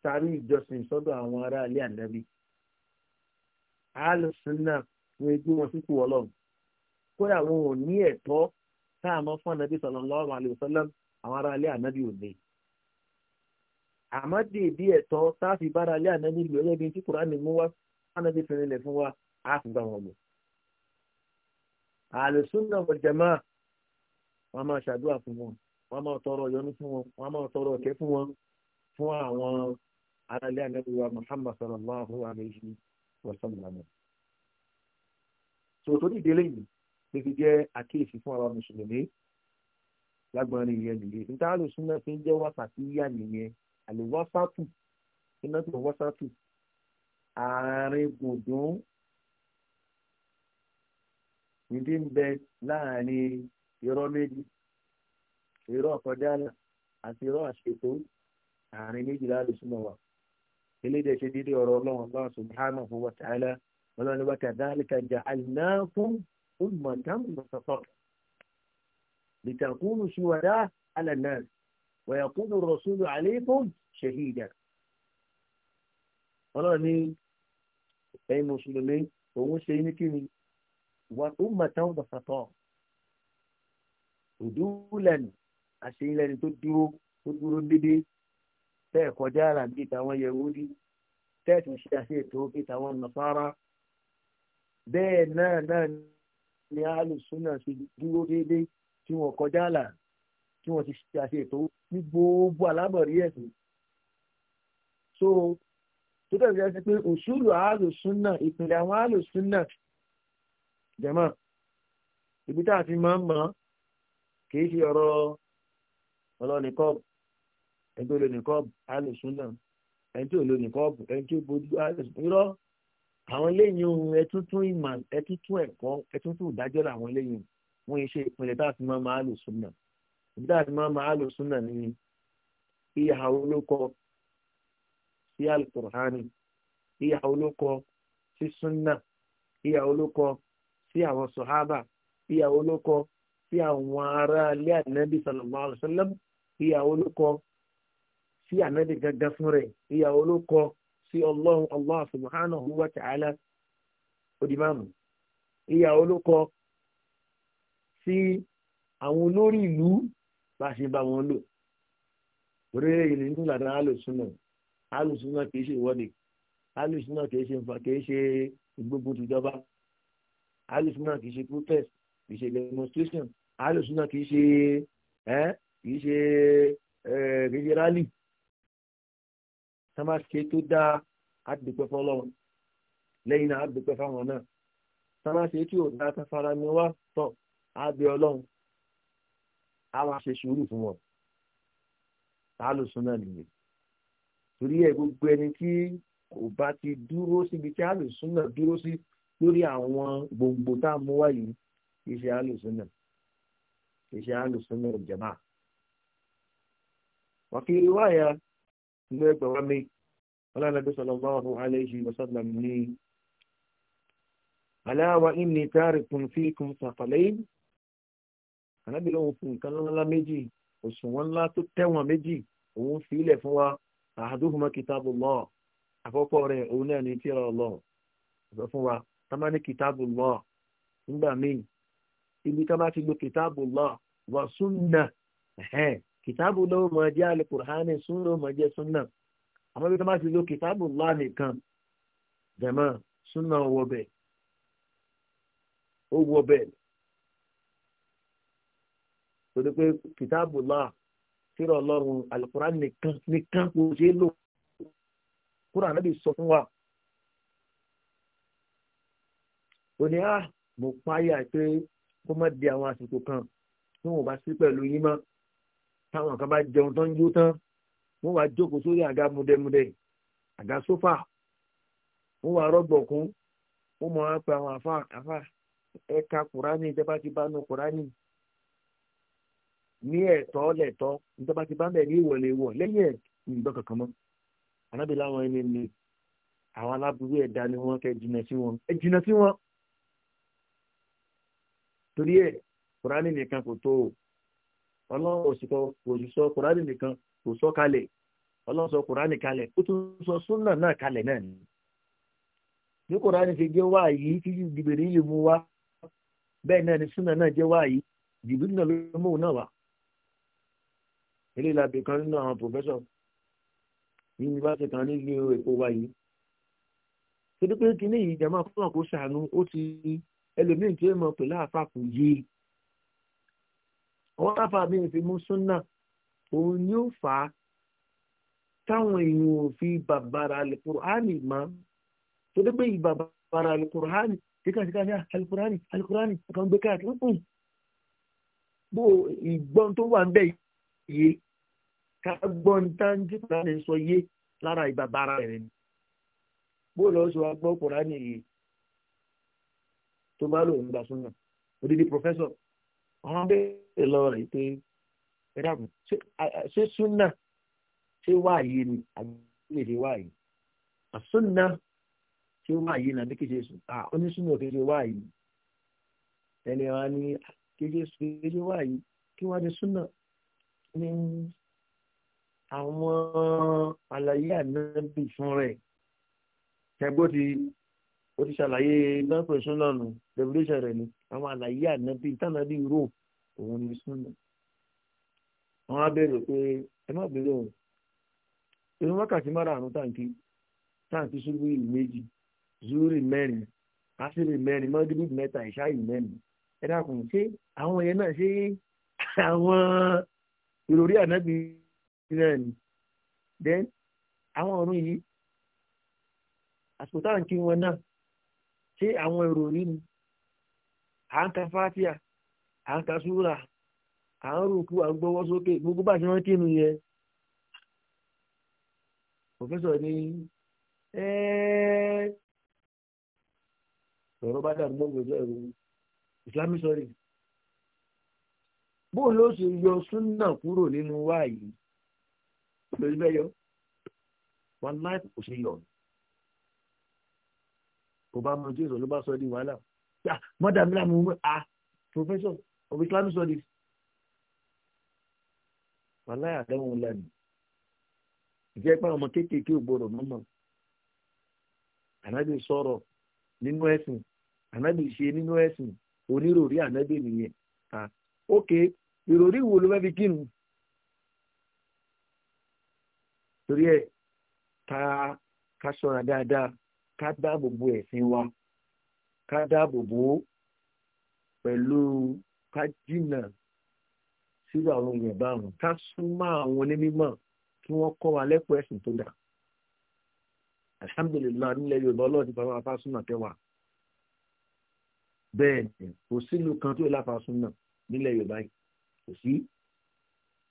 tari ìjọsìn sọ́dọ̀ àwọn ará ilé ànábì àálùsúnà wọ́n gbé wọn sípò ọlọ́run kódà wọn ò ní ẹ̀tọ́ tá a mọ fún ànábì sallallahu alaihi wasallam àwọn ará ilé ànábì ò ní. àmọ́ dèbí ẹ̀tọ́ tá a fi bára ilé ànábì lò ẹ́ bí tí kùránì mú wá ànábì fi rinlẹ̀ fún wa á fi bá wọn lò. àlùsùnà wal jamaa wọn máa ṣàdúrà fún wọn wọn máa tọrọ yọ́nú fún wọn wọn máa tọrọ ọ̀kẹ́ fún wọn fún àwọn ará ilé ànábì wa Muhammad sallallahu alaihi wasallam. sòtò ní ìdílé yìí ló fi jẹ́ àkíyèsí fún àwa mùsùlùmí lágbọ́n ìyẹn nìyẹn níta ló súnmọ́ fi ń jẹ́ wákàtí yá nìyẹn àlè wásápù iná tó wásápù àárín gbùngbùn nídìí ń bẹ láàrin irọ́ méjì irọ́ ọ̀kọ́dá àti irọ́ àṣetò àárín méjì láàrin súnmọ́ wa eléyìí ṣe dídí ọ̀rọ̀ ọlọ́run subhanahu wa ta'ala ọlọ́run wa kadhalika ja'alnakum. قل من دام المستطاع لتكونوا شهداء على الناس ويكون الرسول عليكم شهيدا ọlọ́run ní ẹ̀yin mùsùlùmí òun ṣe ní kíni wà ó mà táwọn bàtàtọ̀ òdúlẹ̀nù àṣeyìnlẹ́ni tó dúró tó dúró dédé tẹ́ ẹ̀ kọjá àrà bíi tàwọn yẹ̀wúdí tẹ́ ẹ̀ tún ṣe àṣeyìtò bíi tàwọn nàfàrà bẹ́ẹ̀ náà náà ni alùsùnà ṣe dúró déédéé tí wọ́n kọjá àlà tí wọ́n ti ṣe àṣẹ ètò ní gbogbo àlámọ̀rí ẹ̀sìn. so tó tẹ̀sí ẹsẹ̀ pé òṣùlù alùsùnà ìpìlẹ̀ àwọn alùsùnà jẹ̀mọ́ ibi tá a ti máa ń mọ̀ kì í ṣe ọ̀rọ̀ ọlọ́nìkọ́ọ̀bù ẹgbẹ́ olónìkọ́ọ̀bù alùsùnà ẹni tí ò lónìkọ́ọ̀bù ẹni tí ó bójú alùsùnà irọ́ àwọn lẹ́yìn ohun ẹtútún ìmọ̀ ẹtútún ẹ̀kọ́ ẹtútún ìdájọ́ làwọn lẹ́yìn wọn ṣe ìpínlẹ̀ tá a ti máa máa lò súnà ìdá àti máa máa lò súnà ní ìhà olókọ sí alukurhani ìhà olókọ sí súnà ìhà olókọ sí àwọn sọ̀hábà ìhà olókọ sí àwọn ará ilé ànábì sallallahu alaihi wasallam ìhà olókọ sí ànábì gangan fún rẹ̀ ìhà olókọ sí ọlọ́run allah subhanahu wa ta'ala odimamu ìyà olókọ sí àwọn olórí ìlú bá ṣe bá wọn lò orí ìlú nílànà alùsùnà alùsùnà kìí ṣe ìwọ́de alùsùnà kìí ṣe nfa kìí ṣe ìgbógun tìjọba alùsùnà kìí ṣe protest kìí ṣe demonstration alùsùnà kìí ṣe kìí ṣe rally tá a máa ṣe tó dáa á dúpẹ́ fọlọ́run lẹ́yìn náà á dúpẹ́ fáwọn náà tá a máa ṣe tí ò dáa tá a fara ni wá tọ̀ á bẹ ọlọ́run á máa ṣe sùúrù fún wọn á lò sún náà nìyẹn torí ẹ gbogbo ẹni tí kò bá ti dúró síbi tí á lò sún náà dúró sí lórí àwọn gbòǹgbò tá a mú wá yìí kì í ṣe á lò sún náà kì í ṣe á lò sún náà ìjàmbá. wàkìrì wáyà inú ẹgbẹ́ wa mi ọlọ́nàbí sallallahu alayhi wa sallam ní aláwa inni tarikun fikum sàfàlẹ́yìn ànábì lóhun fún nǹkan ńlá méjì òṣùwọ̀n ńlá tó tẹ̀wọ̀n méjì òun fi ilẹ̀ fún wa ahaduhuma kitabullah àkọ́kọ́ rẹ̀ òun náà ní tíra Allah ọ̀sọ́ fún wa tá má ní kitabullah nígbà míì ibi tá ti lo kitabullah wa sunnah ẹ̀hẹ́n kìtàbù ló mọ̀ jẹ́ alukur'ani sún ló mọ̀ jẹ́ súnà àmọ́ bí wọ́n bá ti lo kìtàbù lá nìkan jẹ̀mọ́ súnà wọbẹ̀ ó wọbẹ̀ torí pé kìtàbù lá síra ọlọ́run alukur'ani nìkan nìkan kò ṣeé lò kúrò ànábì sọ fún wa ó à ah, mo páyà pé kó má di àwọn àsìkò kan tí wọn ò bá sí pẹ̀lú yín mọ́ táwọn kan bá jẹun tán yó tán wọ́n wá jókòó sórí àga mudẹmudẹ àga sófà wọ́n wá rọ́gbọ̀kún wọ́n mọ̀ wá pé àwọn àfa àfa ẹ̀ka kùránì ìjọba ti bá nu kùránì ní ẹ̀tọ́ lẹ̀tọ́ ìjọba ti bá bẹ̀ ní ìwọ̀lẹ̀wọ̀ lẹ́yìn ẹ̀ ní ìgbọ́ kankan mọ́ anábìlẹ̀ àwọn ẹni ni àwọn aláburú ẹ̀dá ni wọ́n kẹ́ jìnà sí wọn ẹ jìnà sí wọn torí ẹ̀ kùránì nìkan kò tó o. ọlọ́run òsìkọ kò sọ kùránì nìkan kò sọ kalẹ̀ ọlọ́run sọ kùránì kalẹ̀ ó tún sọ súnà náà kalẹ̀ náà ni bí kùránì fi gé wá yìí tí jìbìrì yìí mú wá bẹ́ẹ̀ náà ni súnà náà jẹ́ wá yìí jìbìrì náà ló mú náà wá. kan nínú àwọn pòfẹ́sọ̀ kan èkó yìí pé kó ó ti ẹlòmíì tí ó mọ pẹ̀lú àfàkù yìí àwọn táfà mi fi mú súnà òun ni ó fà á táwọn èèyàn ò fi bàbàrà alukur'ani mọ́ tó dé pé ìbàbàrà alukur'ani síkàsíkà ní alukur'ani alukur'ani kan gbé káàkiri fún bó ìgbọ́n tó wà ń bẹ̀ yé ká gbọ́n táǹjì kùránì sọ yé lára ìbàbàrà rẹ̀ ni bó lọ́ọ́ sọ agbọ́ kùránì yìí tó bá lòun gbà súnà odidi professor àwọn béèrè lọ́wọ́ rẹ̀ pé ẹ dàbọ̀ ṣé súnà ṣé wáàyè ni àgbẹ̀ ṣe wáàyè àsúnà ṣé wáàyè ni àbí kìí ṣe sùn onísùnà kìí ṣe wáàyè ẹni wa ni kìí ṣe kìí ṣe wáàyè kí wọ́n ti súnà ní àwọn àlàyé ànábì fún rẹ̀ ṣẹ́gbó ti ó ti ṣàlàyé lọ́pọ̀ ìṣúná nù rẹ̀ ni àwọn àlàyé ànábì tànàbí rò òun ni súnà àwọn abẹ́rẹ́ pé ẹ má bèrè òun inú wákàtí mara àrùn tàǹkì tàǹkì ṣubú ìlú méjì zúrì mẹ́rin àṣírí mẹ́rin mọ́gídì mẹ́ta ìṣáyì mẹ́rin ẹ dákun ṣé àwọn yẹn náà ṣe àwọn ìròrí ànábì náà ni then àwọn ọ̀run yìí àsìkò táwọn kí wọn náà ṣé àwọn ìròrí ni à ń ka fatia à ń ka à ń rúkú à ń gbogbo bá ṣe wọ́n kí nu yẹ. pòfẹ́sọ̀ ní sọ̀rọ̀ bá dàgbọ́ gbogbo ẹ̀rọ islamic yọ súnà kúrò nínú wáyé lórí bẹ́ẹ̀ yọ wọn láì kò yọ kò bá mọ sọ di wàhálà Ah, mọ́dàmí làmú ah professor of Islamic studies wàhálà àdáwọn lẹ́nu ìjẹ́ pé ọmọ kéékèèké ò gbọdọ̀ mọ́mọ́ ànábì sọ̀rọ̀ nínú ẹ̀sìn ànábì ṣe nínú ẹ̀sìn oníròrí ànábì nìyẹn à ah, ókè ìròrí wo ló fẹ́ fi kínu torí ẹ̀ ká ká ṣọ́ra dáadáa ká dáàbò bo ẹ̀sìn wa ká dáàbò bò ó pẹ̀lú ká jìnnà sílùú àwọn èèyàn báwọn ká súnmọ́ àwọn onímọ̀ kí wọ́n kọ́ wa lẹ́kọ̀ọ́ ẹ̀sìn tó dà alhamdulilayi nílẹ̀ yorùbá ọlọ́ọ̀dún bàbá wa fásúnà kẹwàá bẹ́ẹ̀ ni kò sílùú kan tó láfa súnà nílẹ̀ yorùbá yìí kò sí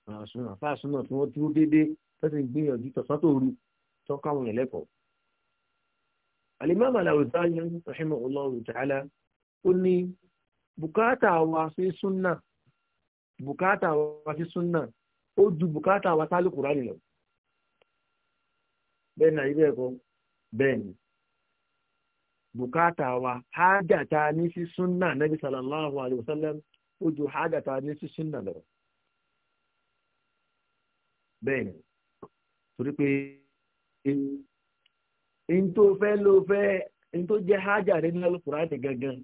àfàsúnà fásúnà tí wọ́n dúró déédéé tó ti gbìyànjú tọ̀sán tó rú tọ́ka àwọn ẹ̀lẹ́kọ̀ọ́ alimami alawuzani rahimahullahu ta'ala ó ní bùkátà wa sí súnà bùkátà wa sí súnà ó ju bùkátà wa sálù kùránì lọ bẹ́ẹ̀ ni àyíbẹ̀ ẹ̀kọ́ bẹ́ẹ̀ ni bùkátà wa hájàta ní sí súnà nabi sallallahu alayhi wa sallam ó ju hájàta ní sí súnà lọ bẹ́ẹ̀ ni torí pé in tó fẹ́ ló fẹ́ in tó jẹ́ hájà rẹ ní alukùránì gangan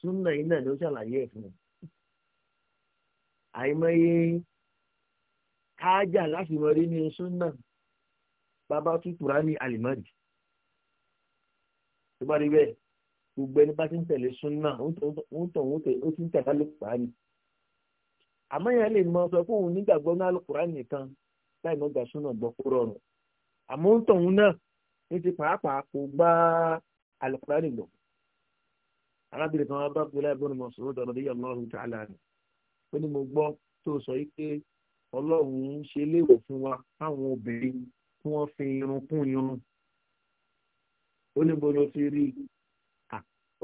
súnà iná ló ṣàlàyé ẹ̀ fún un. àìmọye hájà láti mọ rí ní súnà bàbá tún kùránì àlìmọ́rì tó bá rí bẹ́ẹ̀ gbogbo ẹni bá ti ń tẹ̀lé súnà ó ti ń tẹ̀lé alukùránì àmọ́ yẹn lè mọ sọ fún òun nígbàgbọ́ ní alukùránì nìkan láì mọ́ gbà súnà gbọ́ kó rọrùn àmọ́ ń tọ̀hún náà ní ti pàápàá kò gbá alukurani lọ arábìnrin kan bá Abdullahi ibn Mas'ud radiyallahu ta'ala anhu ó ní mo gbọ́ tó sọ yìí pé ọlọ́run ń ṣe léèwọ̀ fún wa fáwọn obìnrin tí wọ́n fi irun kún irun ó ní mo lọ sí rí i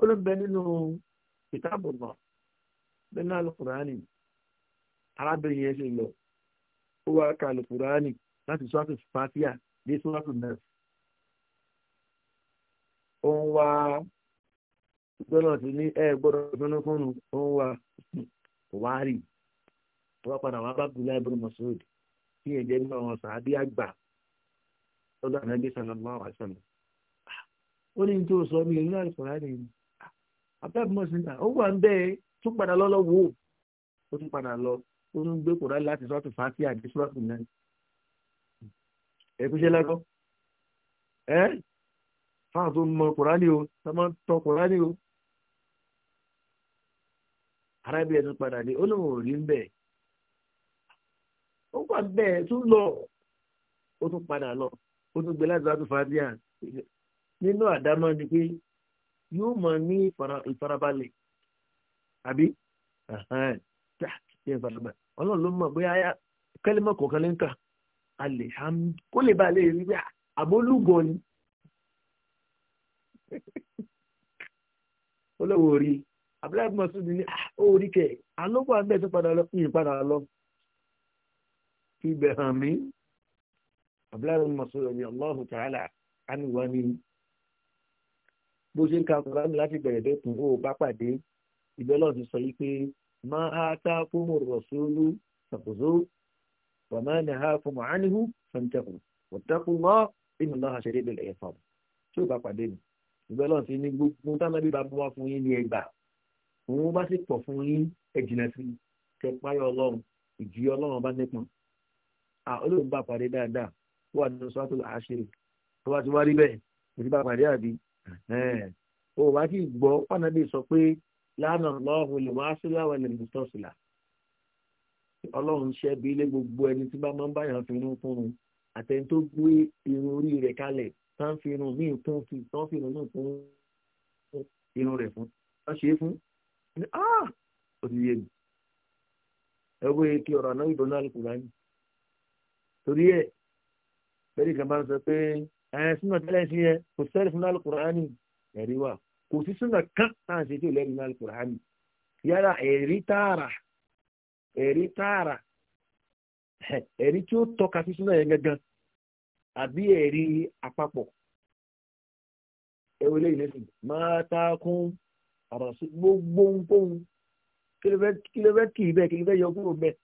ó ló ń bẹ nínú kìtàbùnà nínú alukurani arábìnrin yẹn ṣe lọ ó wá ka alukurani láti sọ́ọ́tù fatia dé sọ́ọ́tù nẹ́ẹ̀sì ó ń wá gbọ́dọ̀ ti ní ẹ gbọ́dọ̀ fúnnú fúnnu ó ń wá wárì wọ́n padà wá bá gbìlá ibùdó mọ̀sóòdì tí èdè ní àwọn sàádé àgbà lọ́dọ̀ ànábì sallallahu alaihi wasallam. ó ní tó sọ mi ìlú àìsàn láti ní abẹ́bí mọ̀síńtà ó wà ń bẹ́ẹ̀ tún padà lọ lọ wò ó tún padà lọ ó ń gbé kòrá láti sọ́ọ̀tù fàáfíà àti sọ́ọ̀tù náà. ẹ̀kúṣẹ́ lẹ́kọ́ ẹ́ fáwọn tó ń mọ kùránì o tó máa ń tọ kùránì o arábìnrin tó padà ní olóhùn ò rí ń bẹ̀ ó wà bẹ́ẹ̀ tún lọ ó tún padà lọ ó tún gbé láti wá tó fàdíà nínú àdámọ́ ni pé yóò mọ ní ìfarabalẹ̀ àbí ọlọ́run ló mọ̀ bóyá kẹ́lẹ́mọ̀ kọ̀ọ̀kan ló alẹ́ kó lè ba lè rí bí àbólúgọ ni. olówó rí abdullahi masoud ní orí kẹ alógbò àgbẹ tó padà lọ yìí padà lọ ibẹ̀ hàn mí abdullahi masoud ní allahu ta'ala aniwa ni bó ṣe ń ka láti bẹ̀rẹ̀ bá pàdé ti sọ yìí pé máa ta ṣàkóso ni fún mọ̀ ìgbẹ́ náà ti ní gbogbo tánàbí bá wá fún yín ní ẹgbà òun bá sì pọ̀ fún yín ẹ̀jìnà sí kẹpáyọ ọlọ́run ìjì ọlọ́run bá nípọn olóògùn bá pàdé dáadáa ó wà nínú sọ́tò àṣírí tó bá ti wá rí bẹ́ẹ̀ kò sí bá pàdé àbí ó wá sí gbọ́ pànàbí sọ pé lánàá lọ́hùn lè wá sílá wà lè mùsọ̀ sílá ọlọ́run ṣẹ́bi lé gbogbo ẹni tí bá máa ń báyàn fi irun fún un àtẹni tó gbé irun orí rẹ̀ kalẹ̀ tán fi irun míì kún fi tán fi irun míì kún irun rẹ̀ fún tán ṣe é fún ní áà ah! ó ti yé mi ẹwé kí ọ̀rọ̀ àná ìbọn náà kù láyé torí ẹ̀ bẹ́ẹ̀ kan bá ń sọ pé ẹ̀ sínú àtẹ́lẹ̀ sí ẹ kò sẹ́rì fún náà kùránì ẹ̀rí wà kò sí sínú kan náà ṣe tí ò lẹ́rìí náà kùránì yálà ẹ̀rí tààrà ẹ̀rí tààrà ẹ̀rí tí ó tọ́ka sí sínú ẹ̀ gangan àbí ẹ̀rí àpapọ̀ ẹ̀wọ̀n lẹ́yìn lẹ́sìn máa ta kún àràsí gbogbo ohunkóhun kí ló fẹ́ kì í bẹ́ẹ̀ kí ló fẹ́ yọ kúrò bẹ́ẹ̀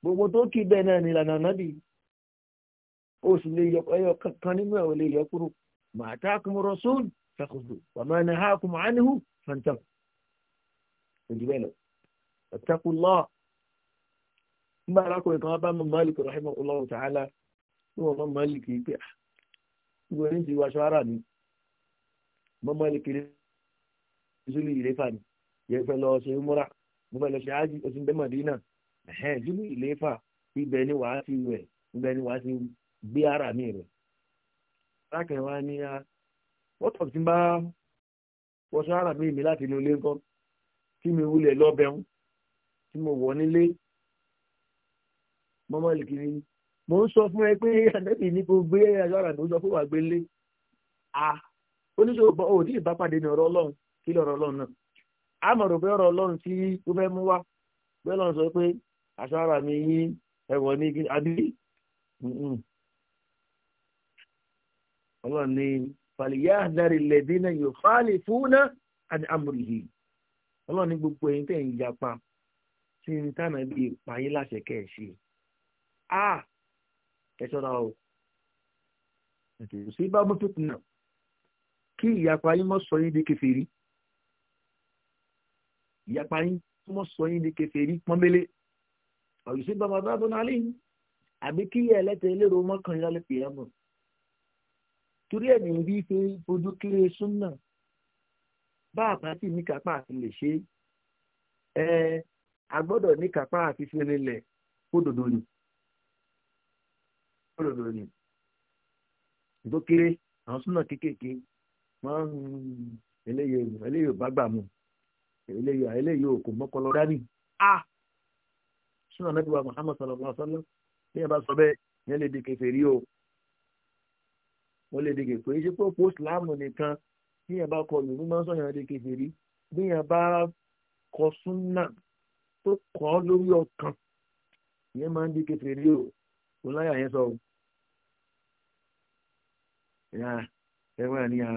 gbogbo tó kì í bẹ́ẹ̀ náà ni lànà nábì ó sì lè yọ ẹyọ kankan nínú ẹ̀ ò lè yọ kúrò máa ta kún rasul fakhudhu wa ma nahakum anhu fantahu òjì bẹ́ẹ̀ lọ ittaqullah nígbà alákùnrin kan bá mọ̀ Malik rahimahullah ta'ala ní wọn mọ mọlìkì pé ah, gbogbo ní ti wọ aṣọ ara mi mọ mọlìkì ní zulu ìléfà ni yẹ fẹ́ lọ ṣe múra mo fẹ́ lọ ṣe ájì oṣù bẹ mọdínà ẹhẹn zulu ìléfà ibẹ̀ ni wàá ti wẹ̀ ibẹ̀ ni wàá ti gbé ara mi rẹ̀ lákàn wa ní a ah, wọ́tọ̀ tí n bá wọṣọ ara mi mi láti inú ilé ńkọ́ tí mi wulẹ̀ lọ́bẹ̀ún tí mo wọ̀ nílé mọ́mọ́lì kìíní mo ń sọ fún ẹ pé ànábì ní kò gbé agbára mi ó sọ fún wa gbélé a oníṣòwò bọ òdì ìbápàdé ní ọ̀rọ̀ Ọlọ́run kí lọ ọ̀rọ̀ Ọlọ́run náà a mọ̀ rò pé ọ̀rọ̀ Ọlọ́run tí ó fẹ́ mú wá pé Ọlọ́run sọ pé àṣàrà mi yí ẹ̀wọ̀ ní àbí Ọlọ́run ní fàlìyà àdárí lẹ̀dí náà yóò fàálì fúnà àti amúrìhì Ọlọ́run ní gbogbo ẹ̀yin tẹ̀ ń yapa tí n tànà bíi pààyè láṣẹ kẹ̀ ṣe ẹ ṣọ́ra o sí bá mú tuntun náà kí ìyapa yín mọ́ sọ yín di kèfèrí ìyapa yín mọ́ sọ yín di kèfèrí pọ́nbélé ọ̀yùsí bá bàbá bọ́ náà lẹ́yìn àbí kí ẹlẹ́tẹ̀ elérò mọ́kànlá lè pè é mọ̀ torí ẹ̀ nìyí bí fi fojú kéré súnà bá àpáàtì ní kápá àti lè ṣe é a ní kápá àti fi rinlẹ̀ kó dòdò yìí òdòdó ni tó kéré àwọn súnà kéékèèké wọn eléyìí eléyìí ò bá gbà mu eléyìí eléyìí ò kò mọ́kànlá dání a súnà nàbí wa Muhammad sallallahu alaihi wa sallam ní ẹ bá sọ bẹ́ẹ̀ yẹn lè di kèfèrí o wọn lè di kèfèrí ṣé pé post láàmù nìkan bí yẹn bá kọ lù ní mọ́sán yẹn di kèfèrí bí yẹn bá kọ súnà tó kọ́ lórí ọkàn yẹn máa ń di kèfèrí o òun láyà yẹn sọ o ya ẹ wà ní a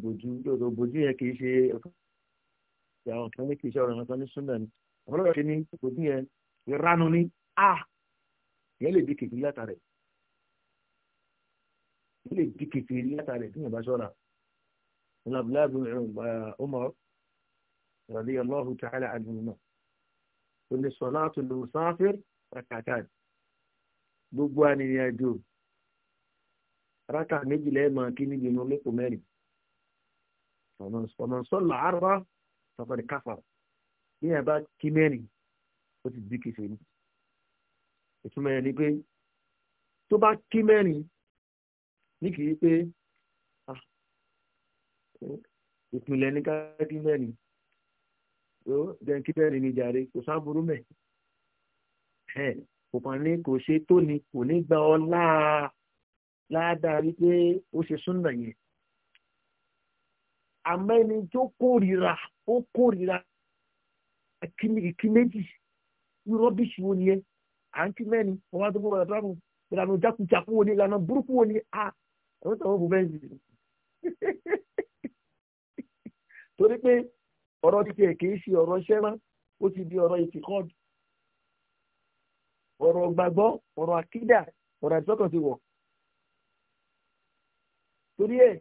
bojú lóòótọ́ bojú yẹn kì í ṣe àwọn kan ní kì í ṣe ọ̀rọ̀ kan ní súnà ni ọ̀pọ̀lọpọ̀ ṣe ní bojú yẹn ìranu ni a yẹn lè di kékeré látàrí yẹn lè di kékeré látàrí tí yẹn bá ṣọ́ra ní abdullahi umar radiyallahu ta'ala anhuma ó tó lè sáfìr rakatan gbogbo àníyànjú rákà méjìlá ẹ̀ máa kí níbi inú lẹ́kọ̀ọ́ mẹ́rin ọ̀nà sọ́là àrùbá sọ́kọ̀dé káfà bí ẹ̀ kí mẹ́rin ó ti di kìsì ní ìtumọ̀ ẹ̀ ni pé tó bá kí mẹ́rin ní kìí pé ìpìlẹ̀ ní káàkiri mẹ́rin ó jẹ́ kí mẹ́rin ní jàre kò sáburú mẹ́ kò kàn ní kò ṣe tó ni kò ní gba ọlá ládàá wípé ó ṣe súnà yẹn àmọ́ ẹni tó kórìíra ó kórìíra ìkí méjì rọ́bìṣì wo ni ẹ à ń kí mẹ́ni wọ́n wá tó bọ́ ọ̀rọ̀ tó ìlànà jákujàku wo ni ìlànà burúkú wo ni a àwọn tó wọ́n fẹ́ sí i torí pé ọ̀rọ̀ ti tiẹ̀ kì í ṣe ọ̀rọ̀ ṣẹ́rán ó ti di ọ̀rọ̀ ìtìkọ́ọ̀dù ọ̀rọ̀ gbàgbọ́ ọ̀rọ̀ àkídà ọ̀rọ̀ àdìsọ́kàn ti wọ̀ torí ẹ̀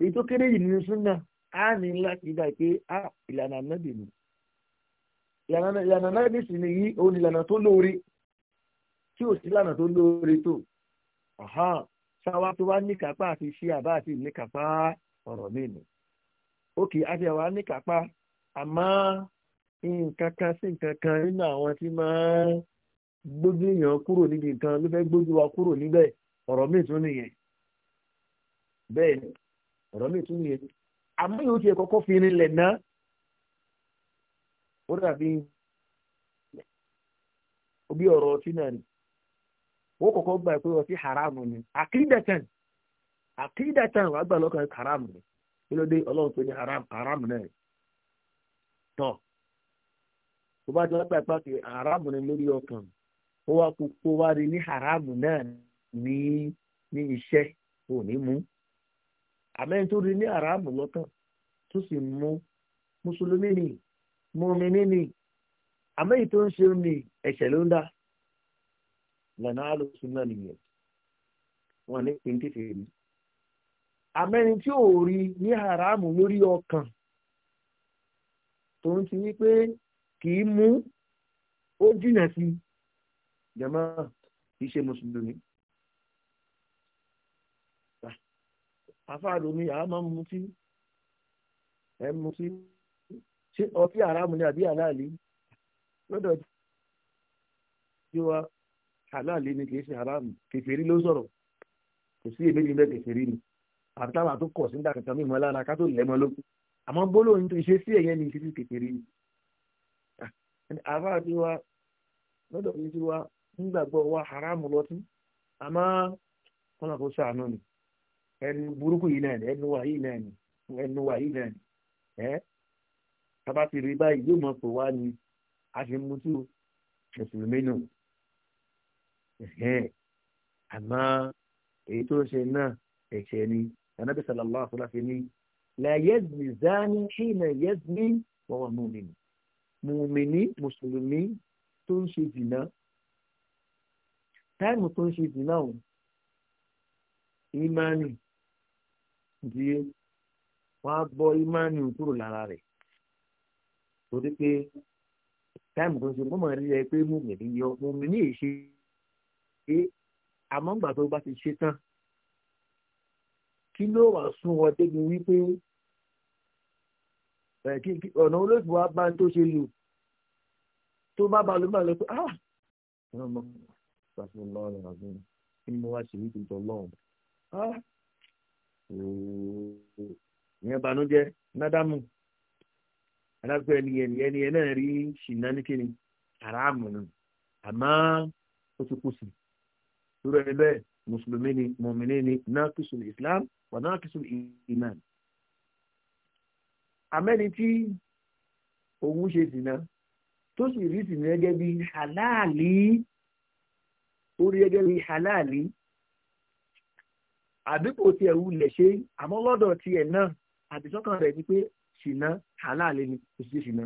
èyí tó kéré yìí nínú súnà á ní láti dá pé á ìlànà ànábì ni ìlànà ànábì sì ni yí òun ìlànà tó lóore tí ò sí ìlànà tó lóore tó ṣáwa tó wá ní kápá àti ṣí àbá àti ní kápá ọ̀rọ̀ mi nù ókè àti àwa ní kápá àmọ́ nǹkan kan sí nǹkan kan nínú àwọn tí máa gbójú èèyàn kúrò níbi nǹkan ló fẹ́ gbójú wa kúrò níbẹ̀ ọ̀rọ̀ mi tún nìyẹn bẹ́ẹ̀ ni ọ̀rọ̀ mi tún yẹ àmọ́ yóò ti kọ́kọ́ fi rinlẹ̀ náà ó dàbí bí ọ̀rọ̀ ọtí náà ni ó kọ́kọ́ gbà pé ọtí haramu ni àkídẹ̀tàn àkídẹ̀tàn wàá gbà lọ́kàn haramu ni kí ló dé ọlọ́run pé ní haramu náà tọ̀ tó bá jẹ́ pé àpá kì haramu ni lórí ọkàn ó wá kó wá rí ní haramu náà ní ní iṣẹ́ ò ní mú. àmẹ́ni tó rí ní àràmù lọ́tàn tó sì mú mùsùlùmí ni mùmíní ni àmẹ́yìí tó ń ṣe ní ẹ̀ṣẹ̀ ló ń dá lànà àlùsùn náà nìyẹn wọn ní pín rí tí ò ní lórí ọkàn tó ń ti wípé mú ó jìnà sí àfáàlù mi àá máa ń mutí ẹ ń mutí ṣé ọtí àràmù ni àbí àláàlì lọ́dọ̀ tí wa àláàlì ni kì í ṣe àràmù kèfèrí ló sọ̀rọ̀ kò sí èmi ní bẹ́ẹ̀ kèfèrí ni àbí táwọn àtúntò kọ̀ sí nígbà kankan mímọ́ lára ká tó lẹ́mọ́ lókù àmọ́ gbólóhùn tó ṣe sí ẹ̀yẹ́ ni ìṣesí kèfèrí ni àfáà tí wa lọ́dọ̀ tí wa nígbàgbọ́ wa àràmù lọ́tí àmọ́ kọ́nà kó ṣàánú ni ẹnu burúkú yìí náà ni ẹnu wà yìí náà ni ẹnu wà yìí náà ni ẹ tábà ti rí báyìí yóò mọ pé wá ni a fi mú tú mùsùlùmí nù àmọ́ èyí tó ń ṣe náà ẹ̀ṣẹ̀ ni anabi sallallahu alaihi wa sallam ni la yazni zani hina yazni wa huwa mu'min mùsùlùmí tó ń ṣe zìnà táìmù tó ń ṣe zìnà o ìmánì díẹ̀ wọ́n á bọ́ ìmánì kúrò lára rẹ̀ torí pé táìmù kan ṣe mọ́mọ́ rí ẹ pé mo mì ní yọ mo mì ní èṣe pé àmọ́ ńgbà tó bá ti ṣe tán kí ló wàá sún ọ débi wípé ọ̀nà olóòtú wa bá ń tó ṣe lù tó bá ba lómọ lọ pé ah ọmọ ìgbà tó lọ rẹ̀ ọ̀gbìn ni mo wá ṣèlérí tó lọ́wọ́ ah ìyẹn banújẹ́ nádàmù alágbé ẹni ẹni ẹni ẹ náà rí ṣìnà ní kíni àràmù nù àmọ́ ó ti kú sí lórí ẹni bẹ́ẹ̀ mùsùlùmí ni mùmìnì ni náà kìsùn islam wà náà kìsùn iman àmẹ́ni tí òun ṣe ṣìnà tó sì rí ṣìnà gẹ́gẹ́ bí halali ó rí gẹ́gẹ́ bí halali àbíkò tiẹ̀ wulẹ̀ ṣe àmọ́ lọ́dọ̀ tiẹ̀ náà àdìsọ́kàn rẹ̀ ni pé ṣìnà aláàlẹ́ ni kò sí ṣìnà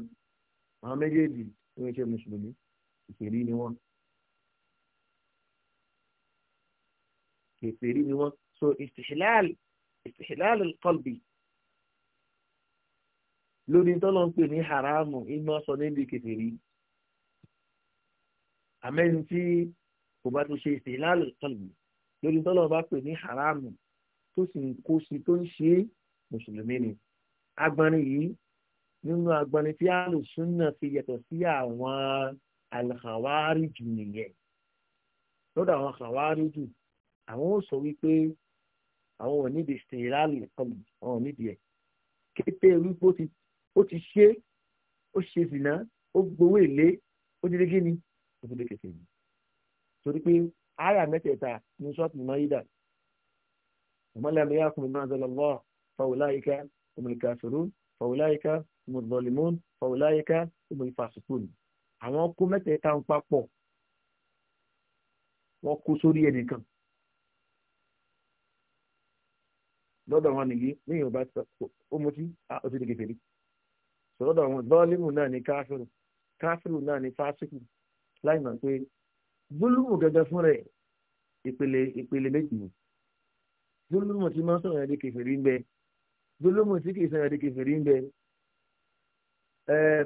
àwọn méjèèjì tó ń ṣe mùsùlùmí kèfèrí ni wọ́n. kèfèrí ni wọ́n so istihlal istihlal al-qalbi lórí tọ́lọ́ ń pè ní haramu ìmọ̀ sọ níbi kèfèrí àmẹ́ni tí kò bá tún ṣe istihlal al lórí tọ́lọ̀ bá pè ní haramu tó sì ń kó sí tó ń ṣe mùsùlùmí ni agbọnrin yìí nínú agbọnrin tí alùsùnà fi yàtọ̀ sí àwọn alhàwárìjù nìyẹn lọ́dọ̀ àwọn hàwárìjù àwọn ò sọ wípé àwọn ò nídìí sèrálì kọlù àwọn ò nídìí ẹ̀ kété wípé ó ti ṣe ó ṣe zìnà ó gbowó èlé ó dídé gíní ó dídé kẹfẹ yìí torí pé àyà mẹ́tẹ̀ẹ̀ta ní sọ́ọ̀tì mọ́ídà ìmọ̀lẹ́mi yá fún mi máa zọlọ lọ́ fọwọ́láyíká òmìnira fèrú fọwọ́láyíká òmìnirọ̀lìmọ́n fọwọ́láyíká òmìnira fàṣùkùn àwọn kó mẹ́tẹ̀ẹ̀ta ń papọ̀ wọ́n kó sórí ẹnìkan lọ́dọ̀ wọn nìyí ní yorùbá ó mutí ó ti di kékeré sọ̀rọ̀dọ̀ wọn bọ́ọ̀lìmù náà ní káfíìrù káfíìrù náà ní fásíkù láì mọ̀ pé gbólúmù gẹ́gẹ́ fún rẹ̀ ìpele ìpele méjì ni gbólúmù tí máa ń sọ̀rọ̀ ẹ̀dí kẹfìrí ń bẹ gbólúmù tí kìí sọ̀rọ̀ ẹ̀dí kẹfìrí ń bẹ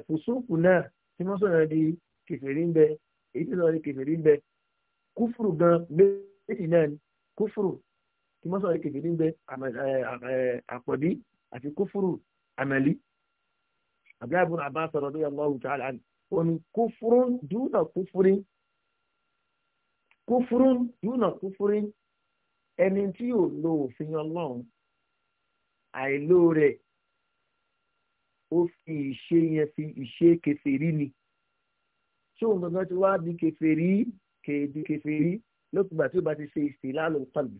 fùsùnkù náà tí máa ń sọ̀rọ̀ ẹ̀dí kẹfìrí ń bẹ èyí tí sọ̀rọ̀ ẹ̀dí kẹfìrí ń bẹ kúfùrù gan méjì náà ni kúfùrù tí máa ń sọ̀rọ̀ ẹ̀dí kẹfìrí ń bẹ àpọ̀dí àti kúfùrù àmàlí àbí àbúrò àbá sọ̀rọ̀ lóyè kúfúrún dúnà kúfúrín ẹni tí yóò lo òfin ọlọ́run àìlò rẹ̀ ó fi ìṣe yẹn fi ìṣe kèfèrí ni tí òun gangan ti wá di kèfèrí kèdí kèfèrí lókùgbà tí ó bá ti ṣe ìsìlálò pàlù.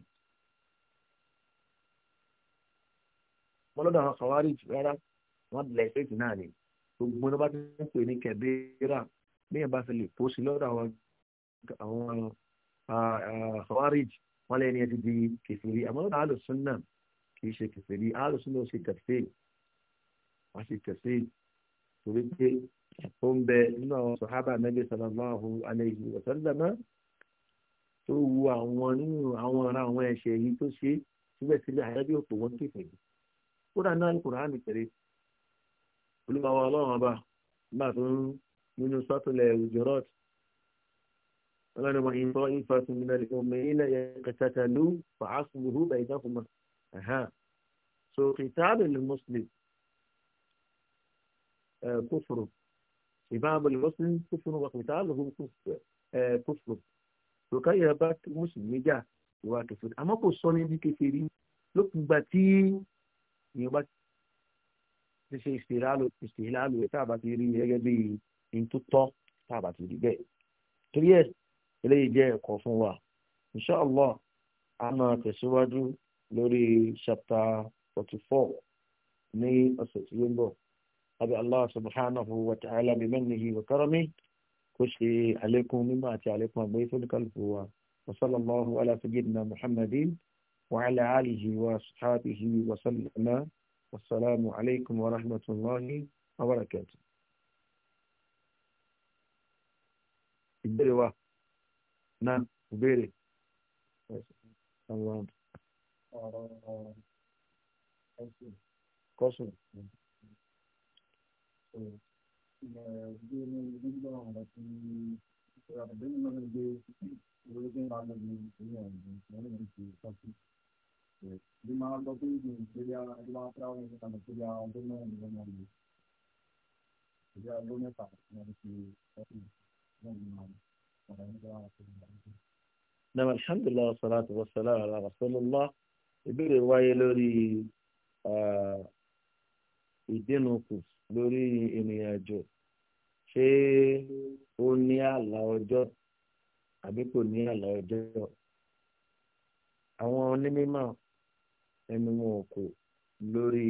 wọn lọ́dọ̀ àwọn kàwárí jù rárá wọn lẹ̀ ṣèkì náà ni gbogbo ní wọn bá ti ń pè ní kẹ̀bíra bí yẹn bá fi lè kó lọ́dọ̀ àwọn خوارج wọn lẹ́ni ẹ ti di kẹfìrí àmọ́ lọ́dọ̀ alùsùn náà kì í ṣe kẹfìrí alùsùn náà ṣe tẹ̀síì wọ́n ṣe tẹ̀síì torí pé ó ń bẹ nínú àwọn sọ̀hábà Nabi sallallahu alayhi wa sallam tó wu àwọn nínú àwọn ará àwọn ẹ̀ṣẹ̀ yìí tó ṣe síbẹ̀síbẹ̀ àyájọ́ òpó wọn kẹfìrí kódà náà Al-Qur'ani kẹrẹ olùmọ̀wọ́ ọlọ́run ọba ọlọ́ni wọn ìfọ́ ìfọ́ ìfúnmílẹ̀ òmìnira ìkẹtẹ̀tẹ̀lú fàásùwòhù bẹ̀ẹ́dẹ́kùnmọ́ so kìtàbí ni muslim kúfùrù ìbáàbò ni muslim kúfùrù wà kìtàbí ni kúfùrù so káyọ̀ bá mùsùlùmí jà ìwà kẹfìrí àmọ́ kò sọ níbi kẹfìrí lókun gba tí ìyẹn bá ti ṣe ìṣèlálò ìṣèlálò ẹ̀ tá a bá ti rí gẹ́gẹ́ bí ntútọ́ tá a bá ti rí bẹ́ẹ̀ torí ẹ̀ eléyìí jẹ́ ẹ̀kọ́ fún wa inshallah a máa tẹ̀síwájú lórí chapter forty four ní ọ̀sẹ̀ tí ó ń bọ̀ abẹ́ allah subhanahu wa ta'ala bi mannihi wa karami kó ṣe àlékún mímọ́ àti àlékún àgbáyé fúnikálùkù wa wa sallallahu ala sayyidina muhammadin wa ala alihi wa sahbihi wa sallama wasalaamu alaykum wa rahmatulahi wa barakatuh. ìbéèrè wa náà ìbéèrè. Uh, kọ́sùn. Gracias. Uh, uh, Nàmà alhamdulilah wa salatu wa salam ala rasulillah. Ìbéèrè wáyé lórí ìdínukù lórí ìrìn àjò. Ṣé ó ní àlà ọjọ́ àbí kò ní àlà ọjọ́? Àwọn onímọ̀ ẹnu wọn kò lórí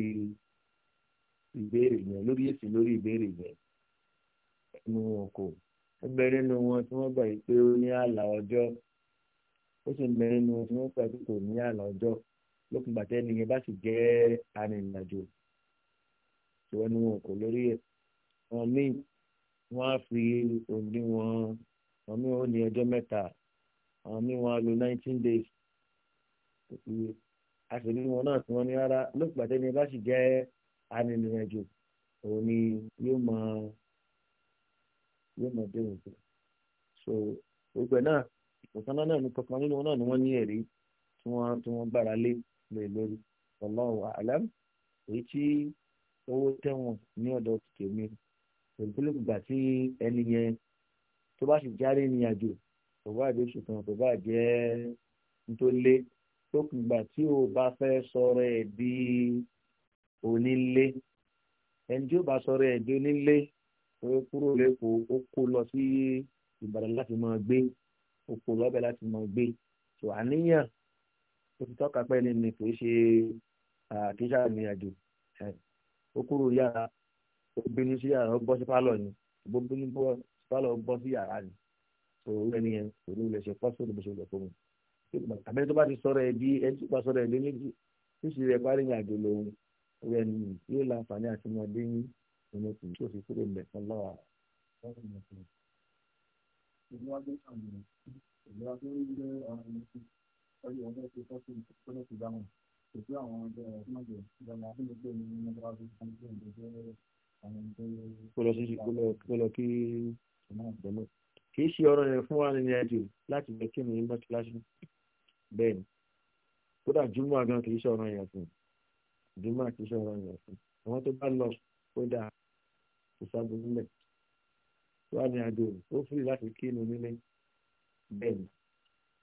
ìbéèrè yẹn lórí èsì lórí ìbéèrè yẹn ẹnu wọn kò ń bẹ nínú wọn tí wọ́n gbà yìí pé ó ní ààlà ọjọ́ ó sì ń bẹ nínú wọn tí wọ́n gbà pé kò ní ààlà ọjọ́ lókun gbàtẹ́ ni yẹn bá sì jẹ́ arìnrìnàjò tí wọ́n ní wọn kò lórí ẹ̀ wọn ní wọn á fi òdiwọ̀n wọn ní wọn ní ọjọ́ mẹ́ta wọn ní wọn á lo nineteen days àṣírí wọn náà tí wọ́n ní rárá lókun gbàtẹ́ ni yẹn bá sì jẹ́ arìnrìnàjò òun yóò máa yóò mọ dé òfin so gbogbo ẹ náà ìkọ̀kan náà ní kankan nínú wọn náà ni wọ́n ní ẹ̀rí tí wọ́n tí wọ́n bára lé lè lórí Allahu a'lam èyí tí owó tẹ̀wọ̀n ní ọ̀dọ̀ tèmi pẹ̀lú ìgbà tí ẹni yẹn tó bá sì járe ní àjò kò bá jẹ́ oṣù kan kò bá jẹ́ ntólé tó ìgbà tí o bá fẹ́ sọ̀rọ̀ ẹ̀ di onílé ẹni tí ó bá sọ̀rọ̀ ẹ̀ di onílé ó kúrò lẹ́kọ̀ọ́ ó kó lọ sí Ìbàdàn láti máa gbé ó kó lọ́bẹ̀ láti máa gbé tó àníyàn ó ti tọ́ka pẹ́ ní kò ṣe àkíṣà ìrìn àjò ó kúrò yàrá ó bínú sí yàrá ó bọ́ sí pálọ̀ ni bó bínú bọ́ sí pálọ̀ ó bọ́ sí yàrá ni tó ó lẹ́ni yẹn kò ní ilẹ̀ ṣe pọ́sọ̀ ní bó ṣe lọ fún mi àbẹ́rẹ́ tó bá ti sọ̀rọ̀ ẹ̀ bí ẹni tó bá sọ̀rọ̀ ẹ̀ lé méjì níṣìṣẹ́ rẹ̀ parí ìrìn àjò lòun ó yẹ ni yóò láǹfààní àti ọmọdé yín nínú kì í tó fi kúrò ń bẹ̀ fún lọ́wọ́ Ìgbé àwọn ọjọ́ ọ̀gbọ́njọ́ ìjọba abúlé ní ọjọ́ ọdún tó ń gbé ìgbésẹ̀ àwọn ọjọ́ kọlọ sí kọlọ kọlọ kí ìdánwò. Kì í ṣe ọ̀rọ̀ yẹn fún wa ní ilé láti gbé kí ni mọ́tò láṣù. Bẹ́ẹ̀ ni, kódà Júmọ̀ gan kì í ṣe ọ̀rọ̀ yẹn fún. Júmọ̀ kì ṣe ọ̀rọ̀ yẹn fún. Àwọn tó bá lọ kódà kò sábòrò mẹ wà ní àjò ó fìrì láti kírun nílé bẹ́ẹ̀ ni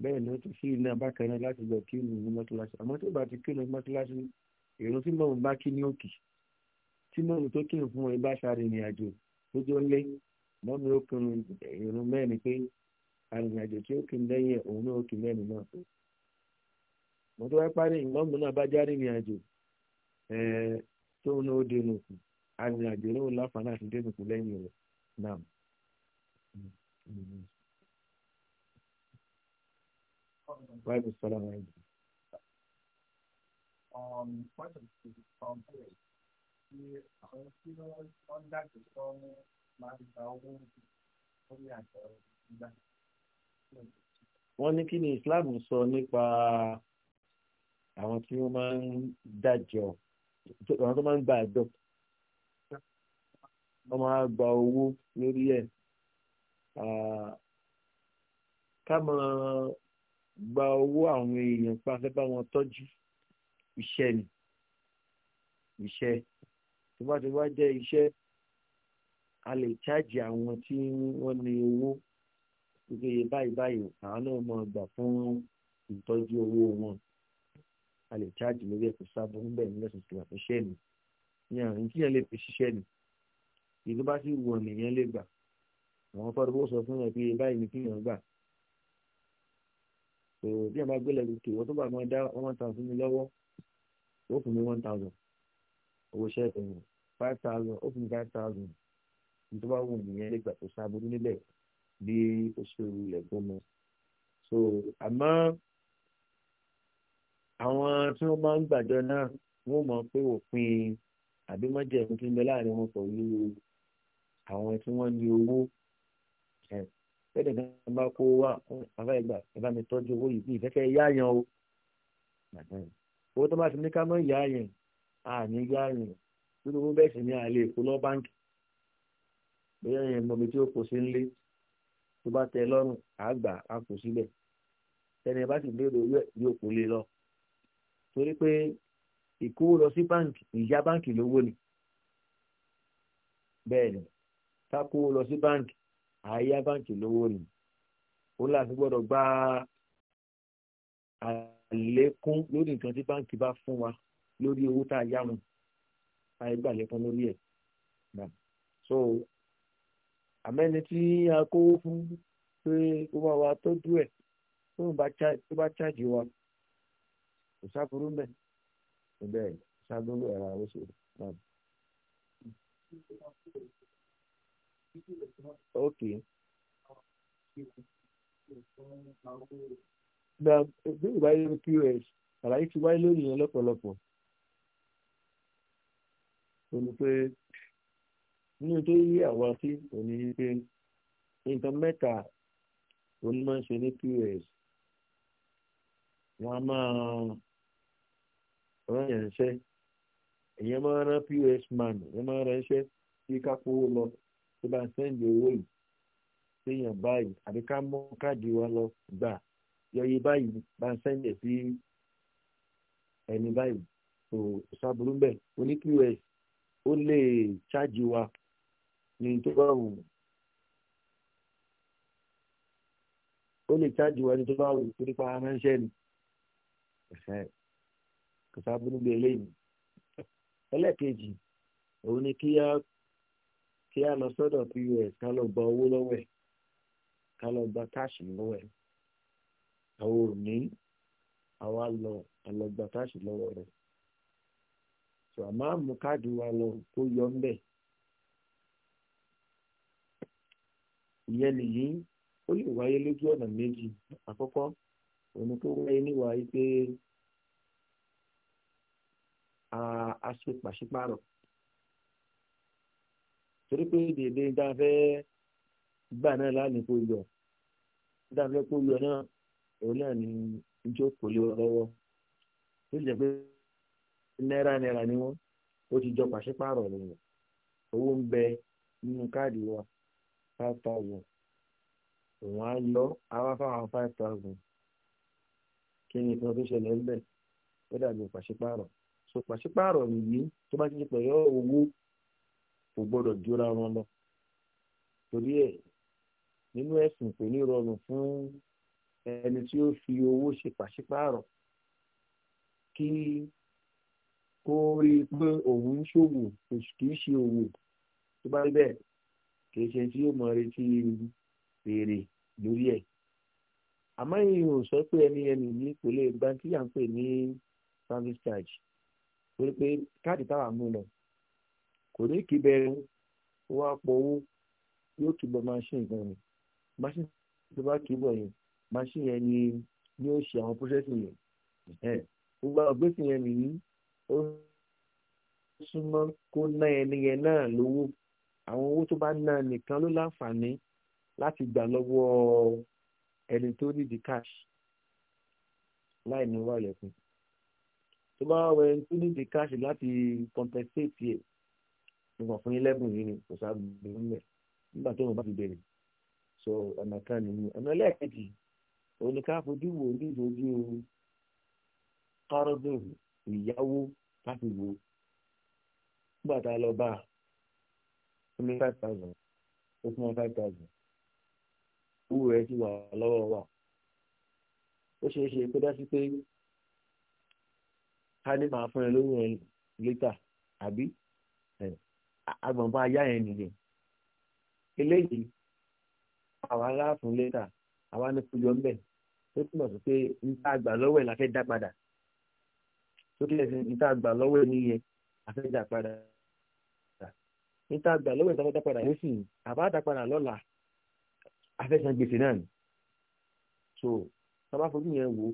bẹ́ẹ̀ ni ó tún fìrì náà bákan náà láti lọ kírun ní mọ́tíláṣí àmọ́ tó bá ti kírun ní mọ́tíláṣí èrò tí mọ̀mù bá kí ní òkè tí mọ̀mù tó kírun fún ẹ bá ṣàrìnrìn àjò tó jọ lé mọ́mù ó kírun èrò mẹ́rin pé arìnrìnàjò tí ó kì í lẹ́yìn òun náà ó kì í lẹ́nu náà pé mo tó wá parí ìmọ̀mù náà bá jáde ìrìn àjò tóun náà ó dẹnu kù àrìn àjò ló láǹfààní àti dé nìkú lẹ́yìn rẹ̀ náà. Bible Salam Alayhi. Um, what is the problem? The hospital conduct is from Maribabu, Korea, Sudan. Wọ́n ní kí ni Islam sọ nípa àwọn tí wọ́n máa ń dájọ́, àwọn tó máa ń gba àjọ wọ́n máa gba owó lórí ẹ̀ ká máa gba owó àwọn èèyàn pa fẹ́ bá wọn tọ́jú iṣẹ́ ni iṣẹ́ tó bá ti wá jẹ́ iṣẹ́ a lè ṣáàjì àwọn tí wọ́n ní owó gbogbo iye báyìí báyìí àwọn náà máa gbà fún ìtọ́jú owó wọn a lè ṣáàjì lórí ẹ̀kọ́ sábọ̀ ń bẹ̀ nílẹ̀ tuntun àti iṣẹ́ ni ní àrùn kí lè fi ṣiṣẹ́ ni ìlú bá sì wù ènìyàn lè gbà àwọn fọdù bó sọ fún yẹn pé báyìí ni kí yẹn gbà tó bí yẹn bá gbélé lókè wọ́n tó bá máa dá one thousand mi lọ́wọ́ ó fún mi one thousand owó iṣẹ́ ìtẹ̀yìn five thousand ó fún mi five thousand ní tó bá wù ènìyàn lè gbà tó sábúrú níbẹ̀ bí ó ṣe rú ilẹ̀ gómọ so àmọ́ àwọn tí wọ́n máa ń gbàjọ náà wọ́n mọ̀ pé òfin àbí mọ́jẹ̀mú ti ń bẹ láàrin wọn pẹ̀lú àwọn tí wọ́n ní owó fẹ́ẹ̀dẹ̀ náà bá kó wá afẹ́rẹ́ gbà ẹ bá mi tọ́jú owó yìí bí ìfẹ́kẹ́ yáyan o owó tó bá ti ní ká mọ́ yáyan àní yáyan nínú owó bẹ́ẹ̀ sì ni àlè èkó lọ́ báńkì bóyá yẹn mọ̀mí tí ó kò sí ńlé tó bá tẹ lọ́rùn àgbà á kò síbẹ̀ tẹ́ni bá sì béèrè owó ẹ̀ yóò kó lé lọ torí pé ìkówó lọ sí báńkì ìyá báńkì lówó ni bẹ́ẹ̀ ni kákó lọ sí báǹkì àyà báǹkì lówó ni ó láti gbọ́dọ̀ gba àlékún lórí nǹkan tí báǹkì bá fún wa lórí owó tá a yá wọn àìgbà lẹ́kún lórí ẹ̀ so àmẹ́ni tí a kó fún pé ó máa wa tọ́jú ẹ̀ tó bá ṣáàjì wa kò sáfurú mẹ́ bẹ́ẹ̀ ṣáàbùrú ẹ̀rọ àwọn oṣù náà. Okay. Gba bí ìgbà yẹn POS, àlàyé ti wáyé lórí yẹn lọ́pọ̀lọpọ̀. O ní pé nínú tó yí àwa sí òní pé nǹkan mẹ́ta òní máa ń ṣe ní POS. Wọ́n á máa rán yẹn ṣẹ́. Èèyàn máa rán POS man, èèyàn máa rán ṣẹ́ kí ká kówó lọ tó bá ń sẹ́ndì owó yìí séèyàn báyìí àbí ká mú káàdì wa lọ gbà yọyí báyìí bá ń sẹ́ndì sí ẹni báyìí kò sábúrú bẹ́ẹ̀ oní pọ́s ó lè ṣáàjì wa ní tó bá wù ó lè ṣáàjì wa ní tó bá wù nípa aránṣẹ́ ni kò sábúrú bẹ́ẹ̀ lẹ́yìn ẹlẹ́ẹ̀kejì òun ni kí á kí á lọ sọ́dọ̀ pos ká lọ gba owó lọ́wọ́ ẹ̀ ká lọ gba káàṣì lọ́wọ́ ẹ̀ àwọn ò ní àwa lọ àlọ́gba káàṣì lọ́wọ́ rẹ̀ tó a máa mú káàdì wa lọ kó yọ ńbẹ̀ ìyẹn nìyí ó lè wáyé lójú ọ̀nà méjì àkọ́kọ́ òun tó wáyé níwáyé pé a ṣe pàṣípàrọ̀ torí pé dèdè ń dáfẹ́ gbà náà lánàá kó yọ dáfẹ́ kó yọ náà òun náà ní ìjókòó lé lọ́wọ́ tó jẹ́ pé náírà náírà ni wọ́n ó ti jọ pàṣípààrọ̀ nìyẹn owó ń bẹ nínú káàdì wa five thousand òun á yọ àwa fáwọn five thousand kí ni ìpinnu tó ṣẹlẹ̀ ń bẹ̀ ó dàbí pàṣípààrọ̀ so pàṣípààrọ̀ nìyí tó bá ti di pẹ̀lú owó kò gbọ́dọ̀ jóra wọn lọ torí ẹ̀ nínú ẹ̀sìn kò ní rọrùn fún ẹni tí ó fi owó ṣe pàṣípààrọ̀ kí kó rí i pé òun ń ṣòwò kì í ṣe òwò tó bá rí bẹ́ẹ̀ kì í ṣe tí yóò mọ retí èrè lórí ẹ̀ àmọ́ ìyẹn sọ pé ẹni ẹni yìí kò lè ń pè ní service charge pé káàdì táwa mú lọ kò ní kí bẹ̀rẹ̀ wọ́n á pọ̀ owó yóò túbọ̀ máa ṣe nǹkan rẹ̀ máṣín tó bá kì í bọ̀ yẹn máṣín yẹn ni ni ó ṣe àwọn pósẹ́sì yẹn gbogbo àwọn gbèsè yẹn nìyí ó súnmọ́ kó ná ẹni yẹn náà lówó àwọn owó tó bá ná nìkan ló láǹfààní láti gbà lọ́wọ́ ẹni tó nídìí cash láì ní wà lẹ́kùn tó bá wọ ẹni tó nídìí cash láti compensate yẹn nígbà fún yín lẹ́bùn yìí ni kò sá burú mẹ́ nígbà tó wọn bá fi bèrè so ọ̀nà kan nìyí ọ̀nà ẹlẹ́ẹ̀kejì òun ni ká fojú wo ní ìdójú kárọ́dùn ìyáwó láti wo nígbà tá a lọ bá a ní five thousand ó fún wọn five thousand owó rẹ̀ ti wà lọ́wọ́ wa ó ṣeé ṣe pé dá sí pé ká ní máa fún ẹ lóyún ẹ lítà àbí ẹ̀ agbọ̀nbọ̀n ayá yẹn nìyẹn eléyìí àwa aláàfin lẹ́tà àwa ní kúlọ̀ ń bẹ̀ tó túmọ̀ sí pé n tá àgbà lọ́wọ́ ẹ̀ la fẹ́ dá padà tó kí lẹ́sìn n tá àgbà lọ́wọ́ ẹ̀ nìyẹn la fẹ́ dá padà n tá àgbà lọ́wọ́ ẹ̀ la fẹ́ dá padà yẹn sì àbá dá padà lọ́la afẹ́sàn gbèsè náà ni so sábà fojú yẹn wò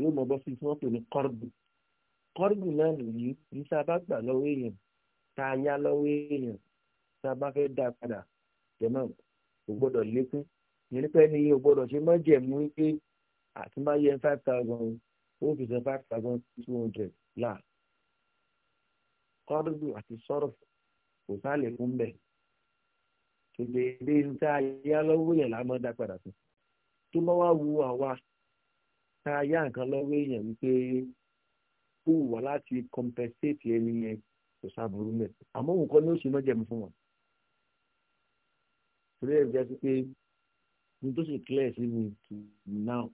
yóò mọ bọ́ sí tí wọ́n pè ní kọ́rùbù kọ́rùbù náà nìyí ní sábà tá a yá lọ́wọ́ èèyàn tá a bá fẹ́ dá a padà jẹ̀mọ́ kò gbọ́dọ̀ lékún nípa ẹni yìí gbọ́dọ̀ ṣe mọ́ jẹ̀mú pé àti máa yẹ five thousand ó fi san five thousand two hundred La. kọ́dùdù àti sọ́rọ̀ kò sálẹ̀ fún bẹ́ẹ̀ tòdèdè tá a yá lọ́wọ́ èèyàn là á máa dá padà fún tó bá wá wu àwa tá a yá nǹkan lọ́wọ́ èèyàn wípé ó wù láti compensate ẹni yẹn kò sáàbùrú mẹ àmọ́ òun kọ́ ni ó ṣe májẹ̀mú fún wọn torí ẹ̀ jẹ́ sí pé ní tó sì clear sí mi to now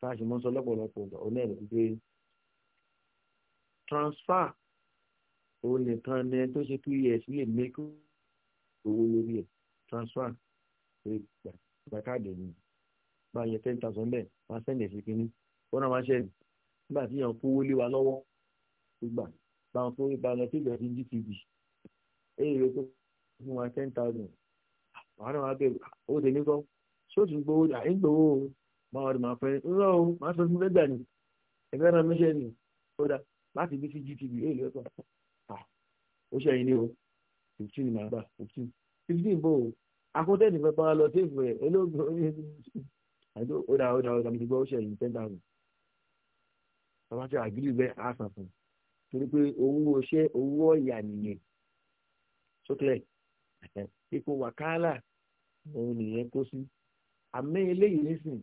tá a ṣe mọ́ sọ lọ́pọ̀lọpọ̀ ọ̀nà ẹ̀rọ pé transfer òun nìkan ni tó ṣe pos lè mẹ́kọ́ owó lórí ẹ̀ transfer lè gbà gbà káàdì mi bá yẹ ten thousand bẹ́ẹ̀ wá sẹ́ndẹ̀ sí kínní wọ́n náà wá ṣẹ́ni nígbà tí yàn kówó lé wa lọ́wọ́ gbígbà báwọn fún ìbànú tí ìgbà tí ń dtv èyí ló tó fún wa ten thousand àwọn náà wàá bẹ̀rù owó tèmi kọ́ ṣóòtù gbowó à ń gbowó o máa wà ní màá fẹ́ ńlọ o màá sọ fún fẹ́ gbà ní ẹgbẹ́ náà mẹ́ṣẹ́ ni ó dá láti bí sí gtv èyí ló tó ó ṣe ẹyin ní o fifteen náà gbà fifteen fifteen bò ó akótẹ́ẹ̀nì fẹ́ bá wa lọ sí ìfẹ́ olóògùn ó dá ó dá ó dá mi ti gbọ́ ó ṣe ẹyin ten thousand torí pé owó ṣe owó ọ̀yà nìyẹn sókè ipò wàkálà òun nìyẹn kó sí àmì eléyìí nísìn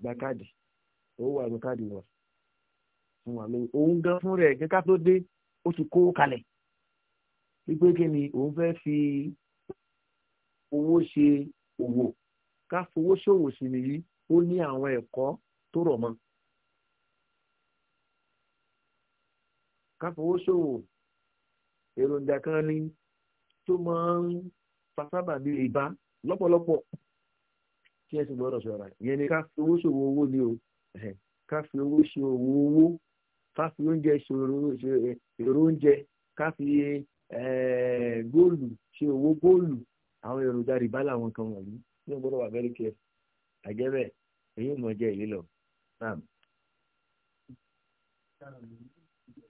gba káàdì owó wà ní káàdì wà fún wa lóyún òun gan fún rẹ̀ gẹ́gẹ́ tó dé ó ti kó kalẹ̀ wípé kí ni òun fẹ́ fi owó ṣe òwò ká fowó ṣòwò sí nìyí ó ní àwọn ẹ̀kọ́ tó rọ̀ mọ́ káfowóṣòwò èròjà kan ni tó máa ń fasábà bí ìbá lọ́pọ̀lọpọ̀ tí ẹ sì gbọ́dọ̀ ṣọ́ra ìyẹn ni ká fi owó ṣòwò owó ni o ká fi owó ṣe òwò owó ká fi oúnjẹ ṣe èrò oúnjẹ ká fi góòlù ṣe òwò góòlù àwọn èròjà rìbá làwọn kan wọ̀nyí ní o wà very careful àjẹ́bẹ̀ èyí mọ̀ jẹ́ èyí lọ. Thank you.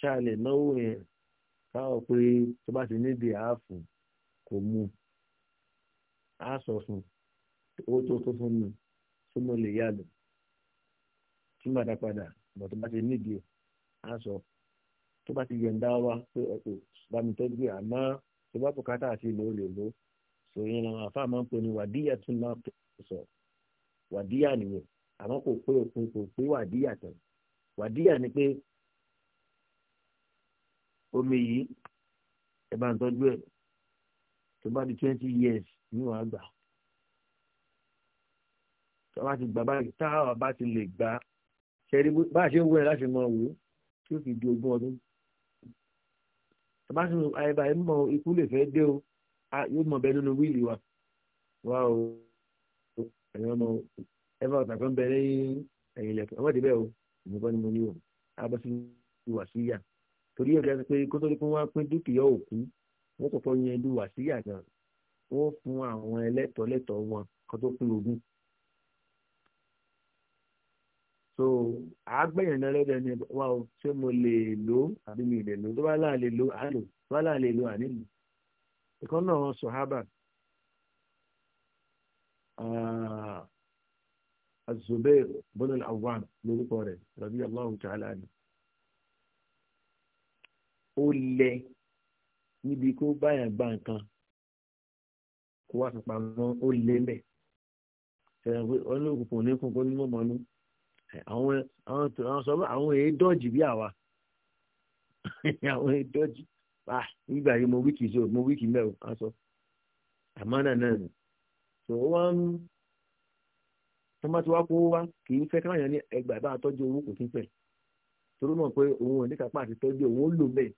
ṣáàlẹ̀ náwó yẹn káwọ̀ pé tó bá ti níbi àáfù kò mú a sọ fún owó tó tó fún mi tó mo lè yá lò tí màdá padà bọ̀ tó bá ti níbi a sọ tó bá ti yọ̀ǹda wa pé ọ̀pọ̀ bá mi tọ́jú pé àmọ́ tó bá bùkátà àti ìlò lè lò sòyìn làwọn àfáà máa ń pè ní wàdíyà tún máa ń sọ wàdíyà nìyẹn àmọ́ kò pé òpin kò pé wàdíyà tán wàdíyà ni pé omi yìí ẹ bá ń tọ́jú ẹ̀ tó bá di twenty years ní wàá gbà tó bá ti gbà báyìí táwa bá ti lè gbà ṣẹ́rí bá a ṣe ń wẹ̀ láti mọ wò ó tí ó fi di ogún ọdún tó bá ti àyèbá ẹ̀ mọ ikú lè fẹ́ dé o yóò mọ bẹ́ẹ̀ nínú wíìlì wa wá o ẹ̀yin ọmọ ẹ bá ọ̀tà kan bẹ lẹ́yìn ẹ̀yìn ilẹ̀kùn ẹ̀ wọ́n ti bẹ́ẹ̀ o ìmọ̀kọ́ ni mo ní o abọ́sí wà sí yà torí ẹ̀dá ti pé kó tó di pé wọ́n á pín dúkìá òkú wọ́n kọ́kọ́ yanjú wàsíyà náà wọ́n fún àwọn ẹlẹ́tọ̀ọ́lẹ́tọ̀ọ́ wọn kó tó pín ogún. so àgbẹ̀yàn náà lọ́dọ̀ ni wà ó ṣé mo lè lò ó àbí mi lè lò ó tó bá láà lè lò ó àlò tó bá láà lè lò ó ìkan náà sọ̀hábà ah, Az-Zubair ibn al-Awwam lórúkọ rẹ̀ radiyallahu ta'ala anhu ó lẹ níbi kó báyàn gba nǹkan kó wá fipá mọ́ ó lé mbẹ́ ṣẹlẹ̀ pé ọlọ́ọ̀kùnkùn ní kúnkún ní mọ̀mọ́nú àwọn àwọn sọ àwọn èyí dọ́jì bí àwa àwọn èyí dọ́jì wá ah, nígbà yìí mo wíkì so mo wíkì mẹ́rin á sọ àmánà náà nù tó wá ń tó má ti wá kó wá kì í fẹ́ káwọn yẹn ní ẹgbàá bá a tọ́jú owó kò kí ń pẹ̀lú torí mọ̀ pé òun ò ní kápá àti tọ́jú òun ó lò bẹ́ẹ̀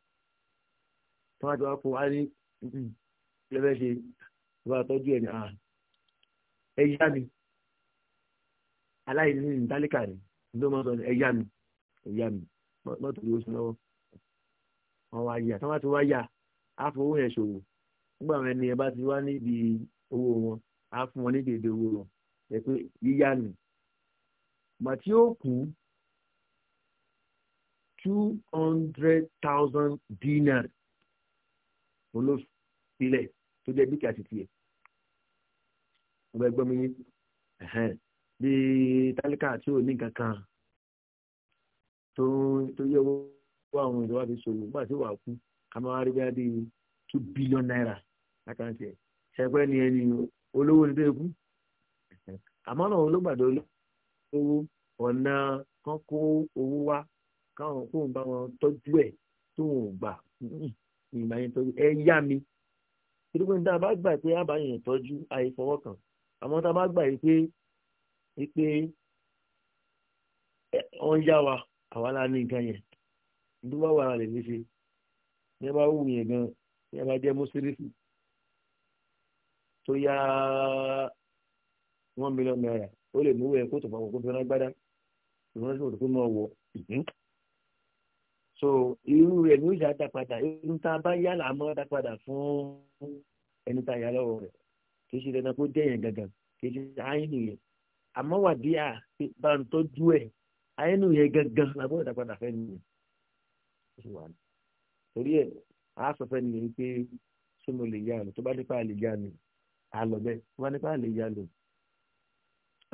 tí wọ́n ti wá fún wa ní hmm, lẹ́fẹ́ ṣe ìwà tọ́jú ẹ̀ ní à ah, ẹ̀yá mi aláìní ní ìdálẹ́kà ni ló máa sọ ẹ̀yá mi ẹ̀yá mi mọ́tò yóò sọ lọ́wọ́ wọn wá yà tí ti wá yà á fowó yẹn ṣòwò nígbà wọn ni ẹ bá ti wá níbi owó wọn á fún wọn ní dèdè owó wọn ẹ pé yíyá mi màtí ó kù two hundred thousand dinar olóṣèlè tó jẹ́ dúkìá ti tiẹ̀ ọgbà ẹgbẹ́ mi ní bí tálíkà tí ò ní kankan tó tó yẹ owó àwọn ìjọba fi ṣòwò nígbà tí wàá kú ká máa rí bíi bíi two billion naira lákàntì ẹ̀ ṣẹpẹ́ ni ẹni olówó ni tó yẹ kú àmọ́ náà ló gbàdọ̀ olówó ọ̀nà kan kó owó wá káwọn kó ń bá wọn tọ́jú ẹ̀ tó ń gbà hmm. ìgbà yẹn tọ́jú ẹ yá mi torí pé níta bá gbà pé àbá yẹn tọ́jú àìfọwọ́kàn àmọ́ tá a bá gbà yìí pé yìí pé ọ̀ ń yá wa àwa la ní nǹkan yẹn tó bá wà lè ní ṣe ní ẹ bá wù yẹn gan ní ẹ bá jẹ́ mọ́sírífù tó yá one million naira ó lè mú ẹ kó tó fà wọ́n kó fẹ́ràn gbádá ìrànlọ́sọ̀rọ̀ tó máa wọ̀ ìdín hmm so irú rẹ̀ ni ó yà dá padà irú tá a bá yálà á máa dá padà fún ẹni tá a yà lọ́wọ́ rẹ̀ kì í ṣe dandan kó jẹ́ yẹn gangan kì í ṣe àyínú yẹn àmọ́ wà bí a bá ń tọ́jú ẹ̀ àyínú yẹn gangan la gbọ́dọ̀ fẹ́ nìyẹn torí ẹ̀ á nìyẹn pé ṣé mo lè yá lò tó bá nípa lè yá lò á bẹ́ẹ̀ tó bá nípa lè yá lò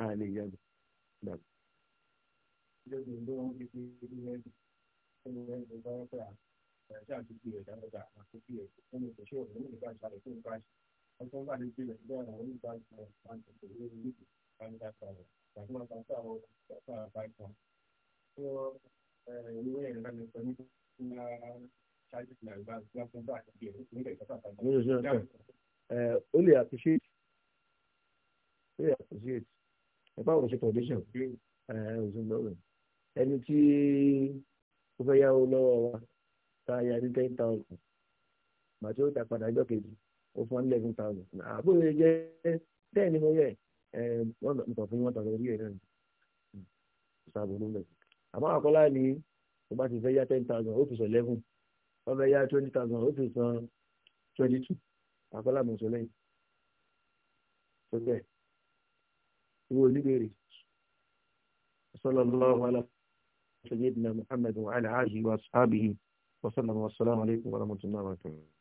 á yá lò. 这里面有关会啊，呃，这样去避免两个感啊，去避免跟你不是有伦理关系还是性关系，那中间的避免这样伦理关系呢，完全不是一体，完全不同，两个方向在在在同，说呃，因为那个文啊，下一次两个要分段，也是你给个范本，是是是，呃，我俩必须，我俩必须，你把我去搞对象，哎，我说没问，哎，你去。ó fẹ́ yáwó lọ́wọ́ wa tá a yá ní ten thousand màtí ó ta padà ọjọ́ kejì ó fún one eleven thousand àbúrò rẹ jẹ́ ten ni mo yẹ wọ́n eh, tọ̀ fún wọn tọ̀ lórí ẹ̀ náà ṣàbò ló mẹ́sì àmọ́ àkọ́lá ni ó bá ti fẹ́ yá ten thousand ó fi sọ eleven ó fẹ́ twenty thousand ó fi san twenty two àkọ́lá mi sọ lẹ́yìn tó bẹ́ẹ̀ ìwọ oníbèrè sọlọ lọ́wọ́ wọn lọ́wọ́. سيدنا محمد وعلى آله وأصحابه وسلم والسلام عليكم ورحمة الله وبركاته